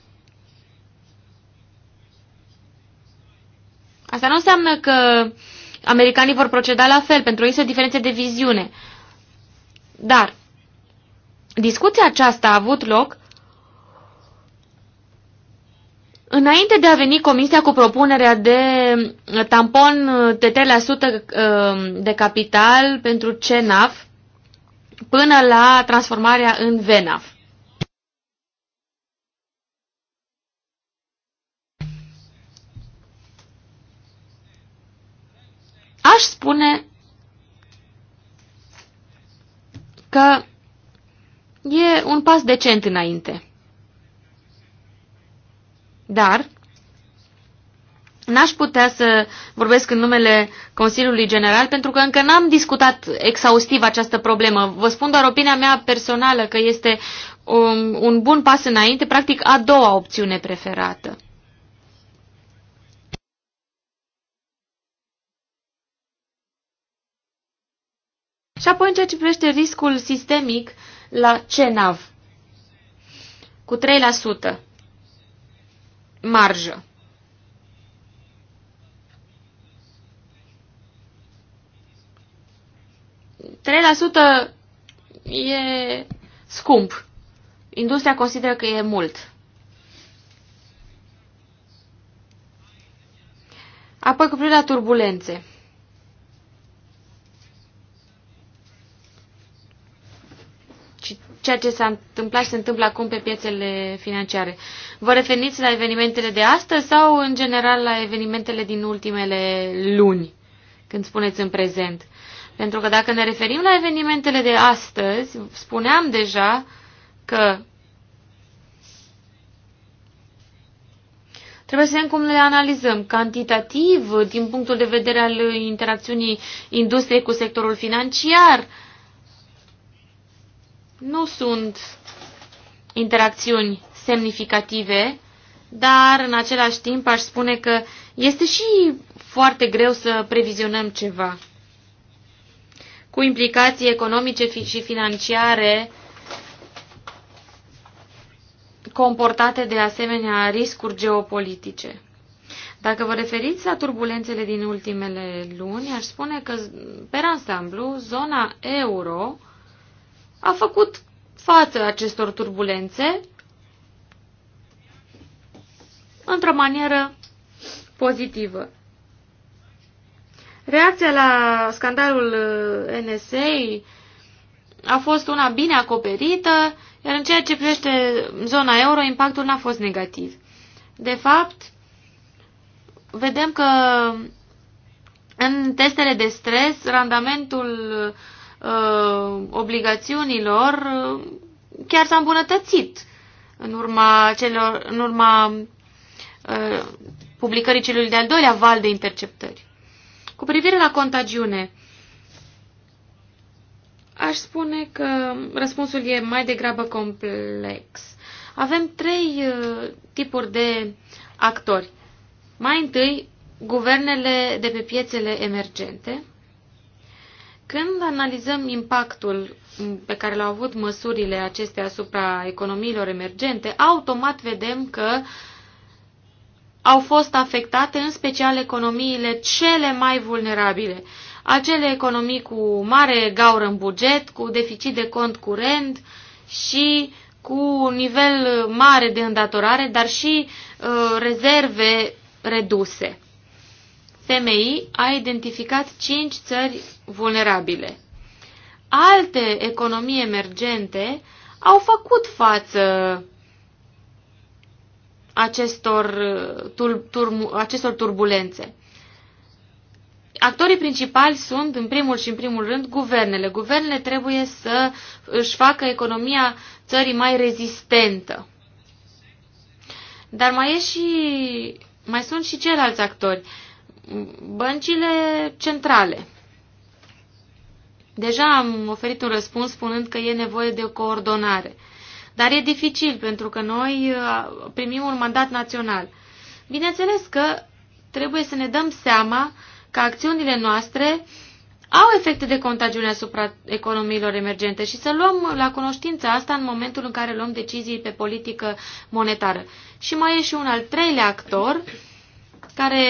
Asta nu înseamnă că americanii vor proceda la fel, pentru ei o diferențe de viziune. Dar discuția aceasta a avut loc Înainte de a veni comisia cu propunerea de tampon de 3% uh, de capital pentru CNAF până la transformarea în VNAF. Aș spune că e un pas decent înainte. Dar n-aș putea să vorbesc în numele Consiliului General pentru că încă n-am discutat exhaustiv această problemă. Vă spun doar opinia mea personală că este un, un bun pas înainte, practic a doua opțiune preferată. Și apoi în ceea ce privește riscul sistemic la CENAV, cu 3% marjă. Trei la sută e scump. Industria consideră că e mult. Apoi cu privire la turbulențe. ceea ce s-a întâmplat și se întâmplă acum pe piețele financiare. Vă referiți la evenimentele de astăzi sau în general la evenimentele din ultimele luni, când spuneți în prezent? Pentru că dacă ne referim la evenimentele de astăzi, spuneam deja că Trebuie să vedem cum le analizăm cantitativ, din punctul de vedere al interacțiunii industriei cu sectorul financiar, nu sunt interacțiuni semnificative, dar în același timp aș spune că este și foarte greu să previzionăm ceva. Cu implicații economice și financiare comportate de asemenea riscuri geopolitice. Dacă vă referiți la turbulențele din ultimele luni, aș spune că, pe ansamblu, zona euro a făcut față acestor turbulențe într-o manieră pozitivă. Reacția la scandalul uh, NSA a fost una bine acoperită, iar în ceea ce privește zona euro, impactul n-a fost negativ. De fapt, vedem că în testele de stres, randamentul uh, obligațiunilor uh, chiar s-a îmbunătățit în urma, celor, în urma uh, publicării celui de-al doilea val de interceptări. Cu privire la contagiune, aș spune că răspunsul e mai degrabă complex. Avem trei uh, tipuri de actori. Mai întâi, guvernele de pe piețele emergente, când analizăm impactul pe care l-au avut măsurile acestea asupra economiilor emergente, automat vedem că au fost afectate în special economiile cele mai vulnerabile. Acele economii cu mare gaură în buget, cu deficit de cont curent și cu un nivel mare de îndatorare, dar și uh, rezerve reduse. FMI a identificat cinci țări vulnerabile. Alte economii emergente au făcut față acestor, tur, tur, acestor turbulențe. Actorii principali sunt, în primul și în primul rând, guvernele. Guvernele trebuie să își facă economia țării mai rezistentă. Dar mai, e și, mai sunt și ceilalți actori. Uh, băncile centrale. Deja am oferit un răspuns spunând că e nevoie de o coordonare. Dar e dificil pentru că noi uh, primim un mandat național. Bineînțeles că trebuie să ne dăm seama că acțiunile noastre au efecte de contagiune asupra economiilor emergente și să luăm la cunoștință asta în momentul în care luăm decizii pe politică monetară. Și mai e și un al treilea actor care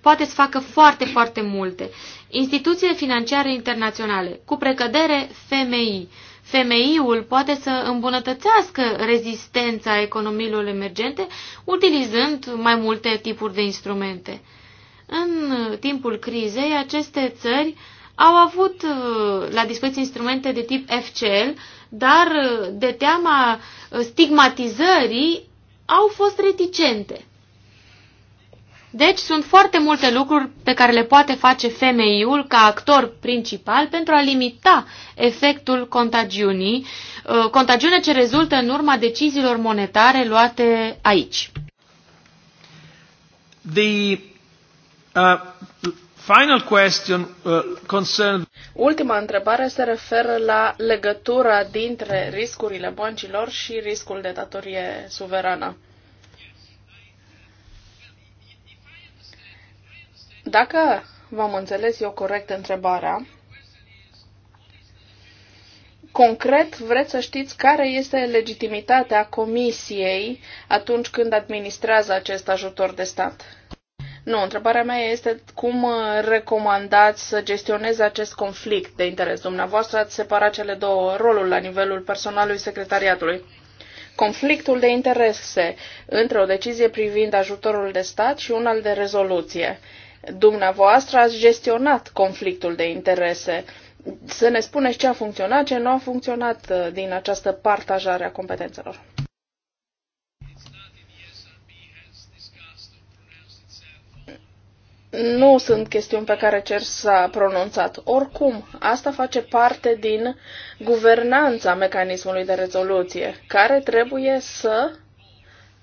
poate să facă foarte, foarte multe. Instituțiile financiare internaționale, cu precădere FMI. FMI-ul poate să îmbunătățească rezistența economiilor emergente utilizând mai multe tipuri de instrumente. În timpul crizei, aceste țări au avut uh, la dispoziție instrumente de tip FCL, dar uh, de teama uh, stigmatizării au fost reticente. Deci sunt foarte multe lucruri pe care le poate face femeiul ca actor principal pentru a limita efectul contagiunii, uh, contagiune ce rezultă în urma deciziilor monetare luate aici. The uh, final question uh, concern...
Ultima întrebare se referă la legătura dintre riscurile băncilor și riscul de datorie suverană. Dacă v-am înțeles eu corect întrebarea, concret vreți să știți care este legitimitatea comisiei atunci când administrează acest ajutor de stat. Nu, întrebarea mea este cum uh, recomandați să gestioneze acest conflict de interes. Dumneavoastră ați separat cele două roluri la nivelul personalului secretariatului. Conflictul de interese între o decizie privind ajutorul de stat și un al de rezoluție. Dumneavoastră ați gestionat conflictul de interese. Să ne spuneți ce a funcționat, ce nu a funcționat uh, din această partajare a competențelor. nu sunt chestiuni pe care cer s-a pronunțat. Oricum, asta face parte din guvernanța mecanismului de rezoluție, care trebuie să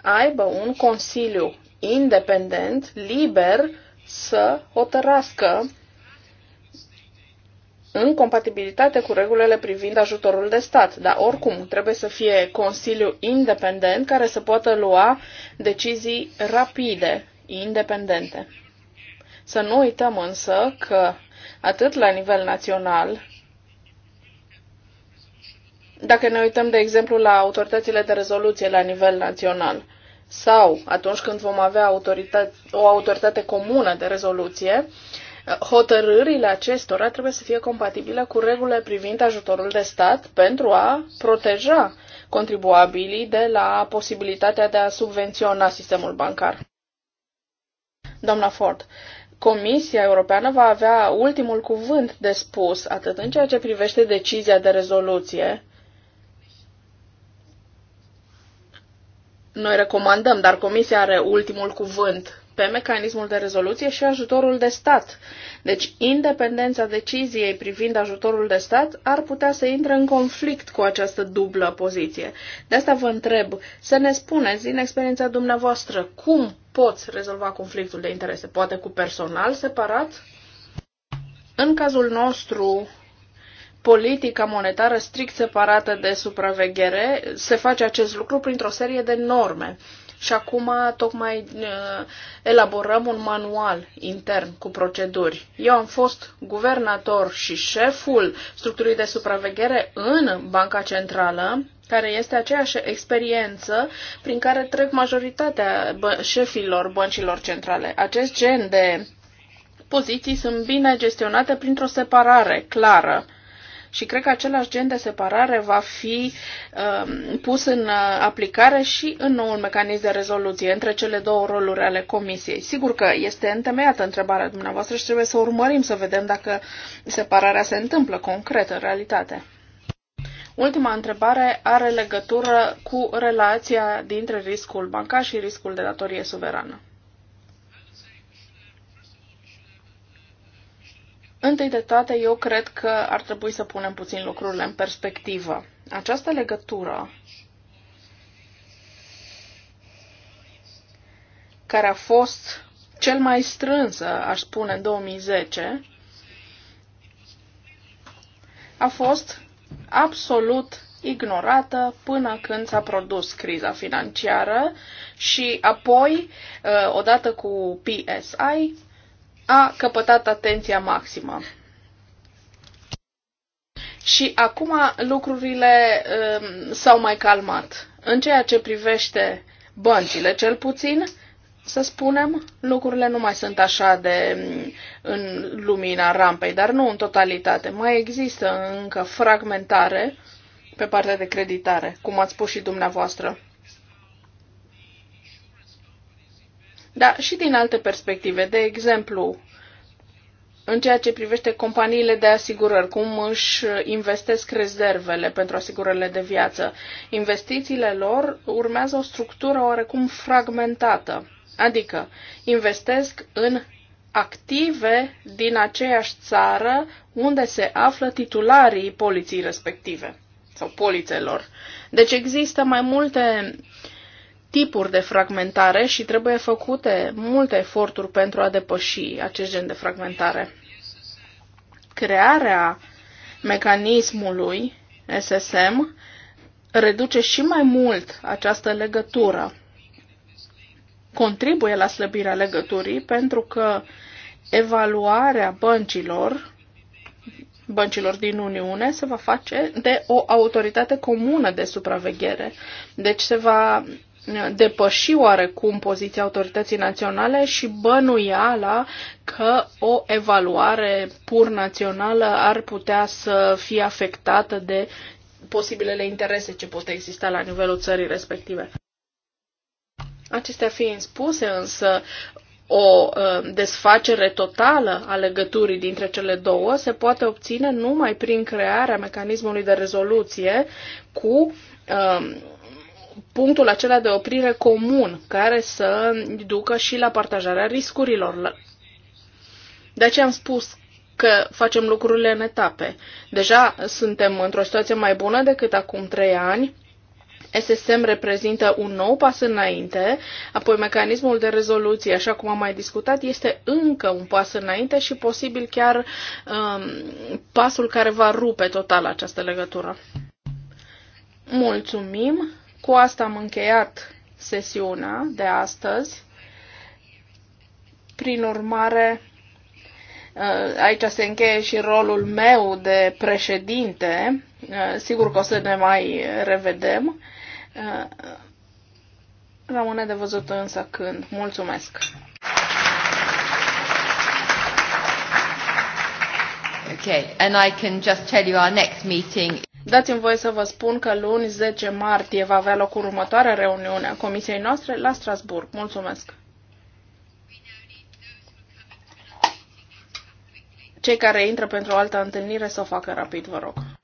aibă un consiliu independent, liber, să hotărască în compatibilitate cu regulile privind ajutorul de stat. Dar oricum trebuie să fie Consiliu independent care să poată lua decizii rapide, independente. Să nu uităm însă că atât la nivel național, dacă ne uităm de exemplu la autoritățile de rezoluție la nivel național, sau atunci când vom avea autoritate, o autoritate comună de rezoluție, hotărârile acestora trebuie să fie compatibile cu regulile privind ajutorul de stat pentru a proteja contribuabilii de la posibilitatea de a subvenționa sistemul bancar. Doamna Ford, Comisia Europeană va avea ultimul cuvânt de spus atât în ceea ce privește decizia de rezoluție Noi recomandăm, dar Comisia are ultimul cuvânt pe mecanismul de rezoluție și ajutorul de stat. Deci, independența deciziei privind ajutorul de stat ar putea să intre în conflict cu această dublă poziție. De asta vă întreb să ne spuneți din experiența dumneavoastră cum poți rezolva conflictul de interese, poate cu personal separat? În cazul nostru, politica monetară strict separată de supraveghere, se face acest lucru printr-o serie de norme. Și acum tocmai uh, elaborăm un manual intern cu proceduri. Eu am fost guvernator și șeful structurii de supraveghere în Banca Centrală, care este aceeași experiență prin care trec majoritatea bă- șefilor băncilor centrale. Acest gen de poziții sunt bine gestionate printr-o separare clară și cred că același gen de separare va fi um, pus în uh, aplicare și în noul mecanism de rezoluție între cele două roluri ale Comisiei. Sigur că este întemeiată întrebarea dumneavoastră și trebuie să urmărim să vedem dacă separarea se întâmplă concret în realitate. Ultima întrebare are legătură cu relația dintre riscul bancar și riscul de datorie suverană. Întâi de toate, eu cred că ar trebui să punem puțin lucrurile în perspectivă. Această legătură care a fost cel mai strânsă, aș spune, în 2010, a fost absolut ignorată până când s-a produs criza financiară și apoi, uh, odată cu PSI, a căpătat atenția maximă. Și acum lucrurile uh, s-au mai calmat. În ceea ce privește băncile, cel puțin, să spunem, lucrurile nu mai sunt așa de um, în lumina rampei, dar nu în totalitate. Mai există încă fragmentare pe partea de creditare, cum ați spus și dumneavoastră. dar și din alte perspective. De exemplu, în ceea ce privește companiile de asigurări, cum își investesc rezervele pentru asigurările de viață. Investițiile lor urmează o structură oarecum fragmentată, adică investesc în active din aceeași țară unde se află titularii poliții respective sau polițelor. Deci există mai multe tipuri de fragmentare și trebuie făcute multe eforturi pentru a depăși acest gen de fragmentare. Crearea mecanismului SSM reduce și mai mult această legătură. Contribuie la slăbirea legăturii pentru că evaluarea băncilor băncilor din Uniune se va face de o autoritate comună de supraveghere. Deci se va depăși oarecum poziția autorității naționale și bănuiala că o evaluare pur națională ar putea să fie afectată de posibilele interese ce pot exista la nivelul țării respective. Acestea fiind spuse, însă, o ă, desfacere totală a legăturii dintre cele două se poate obține numai prin crearea mecanismului de rezoluție cu um, punctul acela de oprire comun care să ducă și la partajarea riscurilor. De aceea am spus că facem lucrurile în etape. Deja suntem într-o situație mai bună decât acum trei ani. SSM reprezintă un nou pas înainte, apoi mecanismul de rezoluție, așa cum am mai discutat, este încă un pas înainte și posibil chiar um, pasul care va rupe total această legătură. Mulțumim! Cu asta am încheiat sesiunea de astăzi. Prin urmare, uh, aici se încheie și rolul meu de președinte. Uh, sigur că o să ne mai revedem. Uh, rămâne de văzut însă când. Mulțumesc!
Okay, and I can just tell you our next meeting.
Dați-mi voie să vă spun că luni 10 martie va avea loc următoarea reuniune a comisiei noastre la Strasburg. Mulțumesc! Cei care intră pentru o altă întâlnire să o facă rapid, vă rog.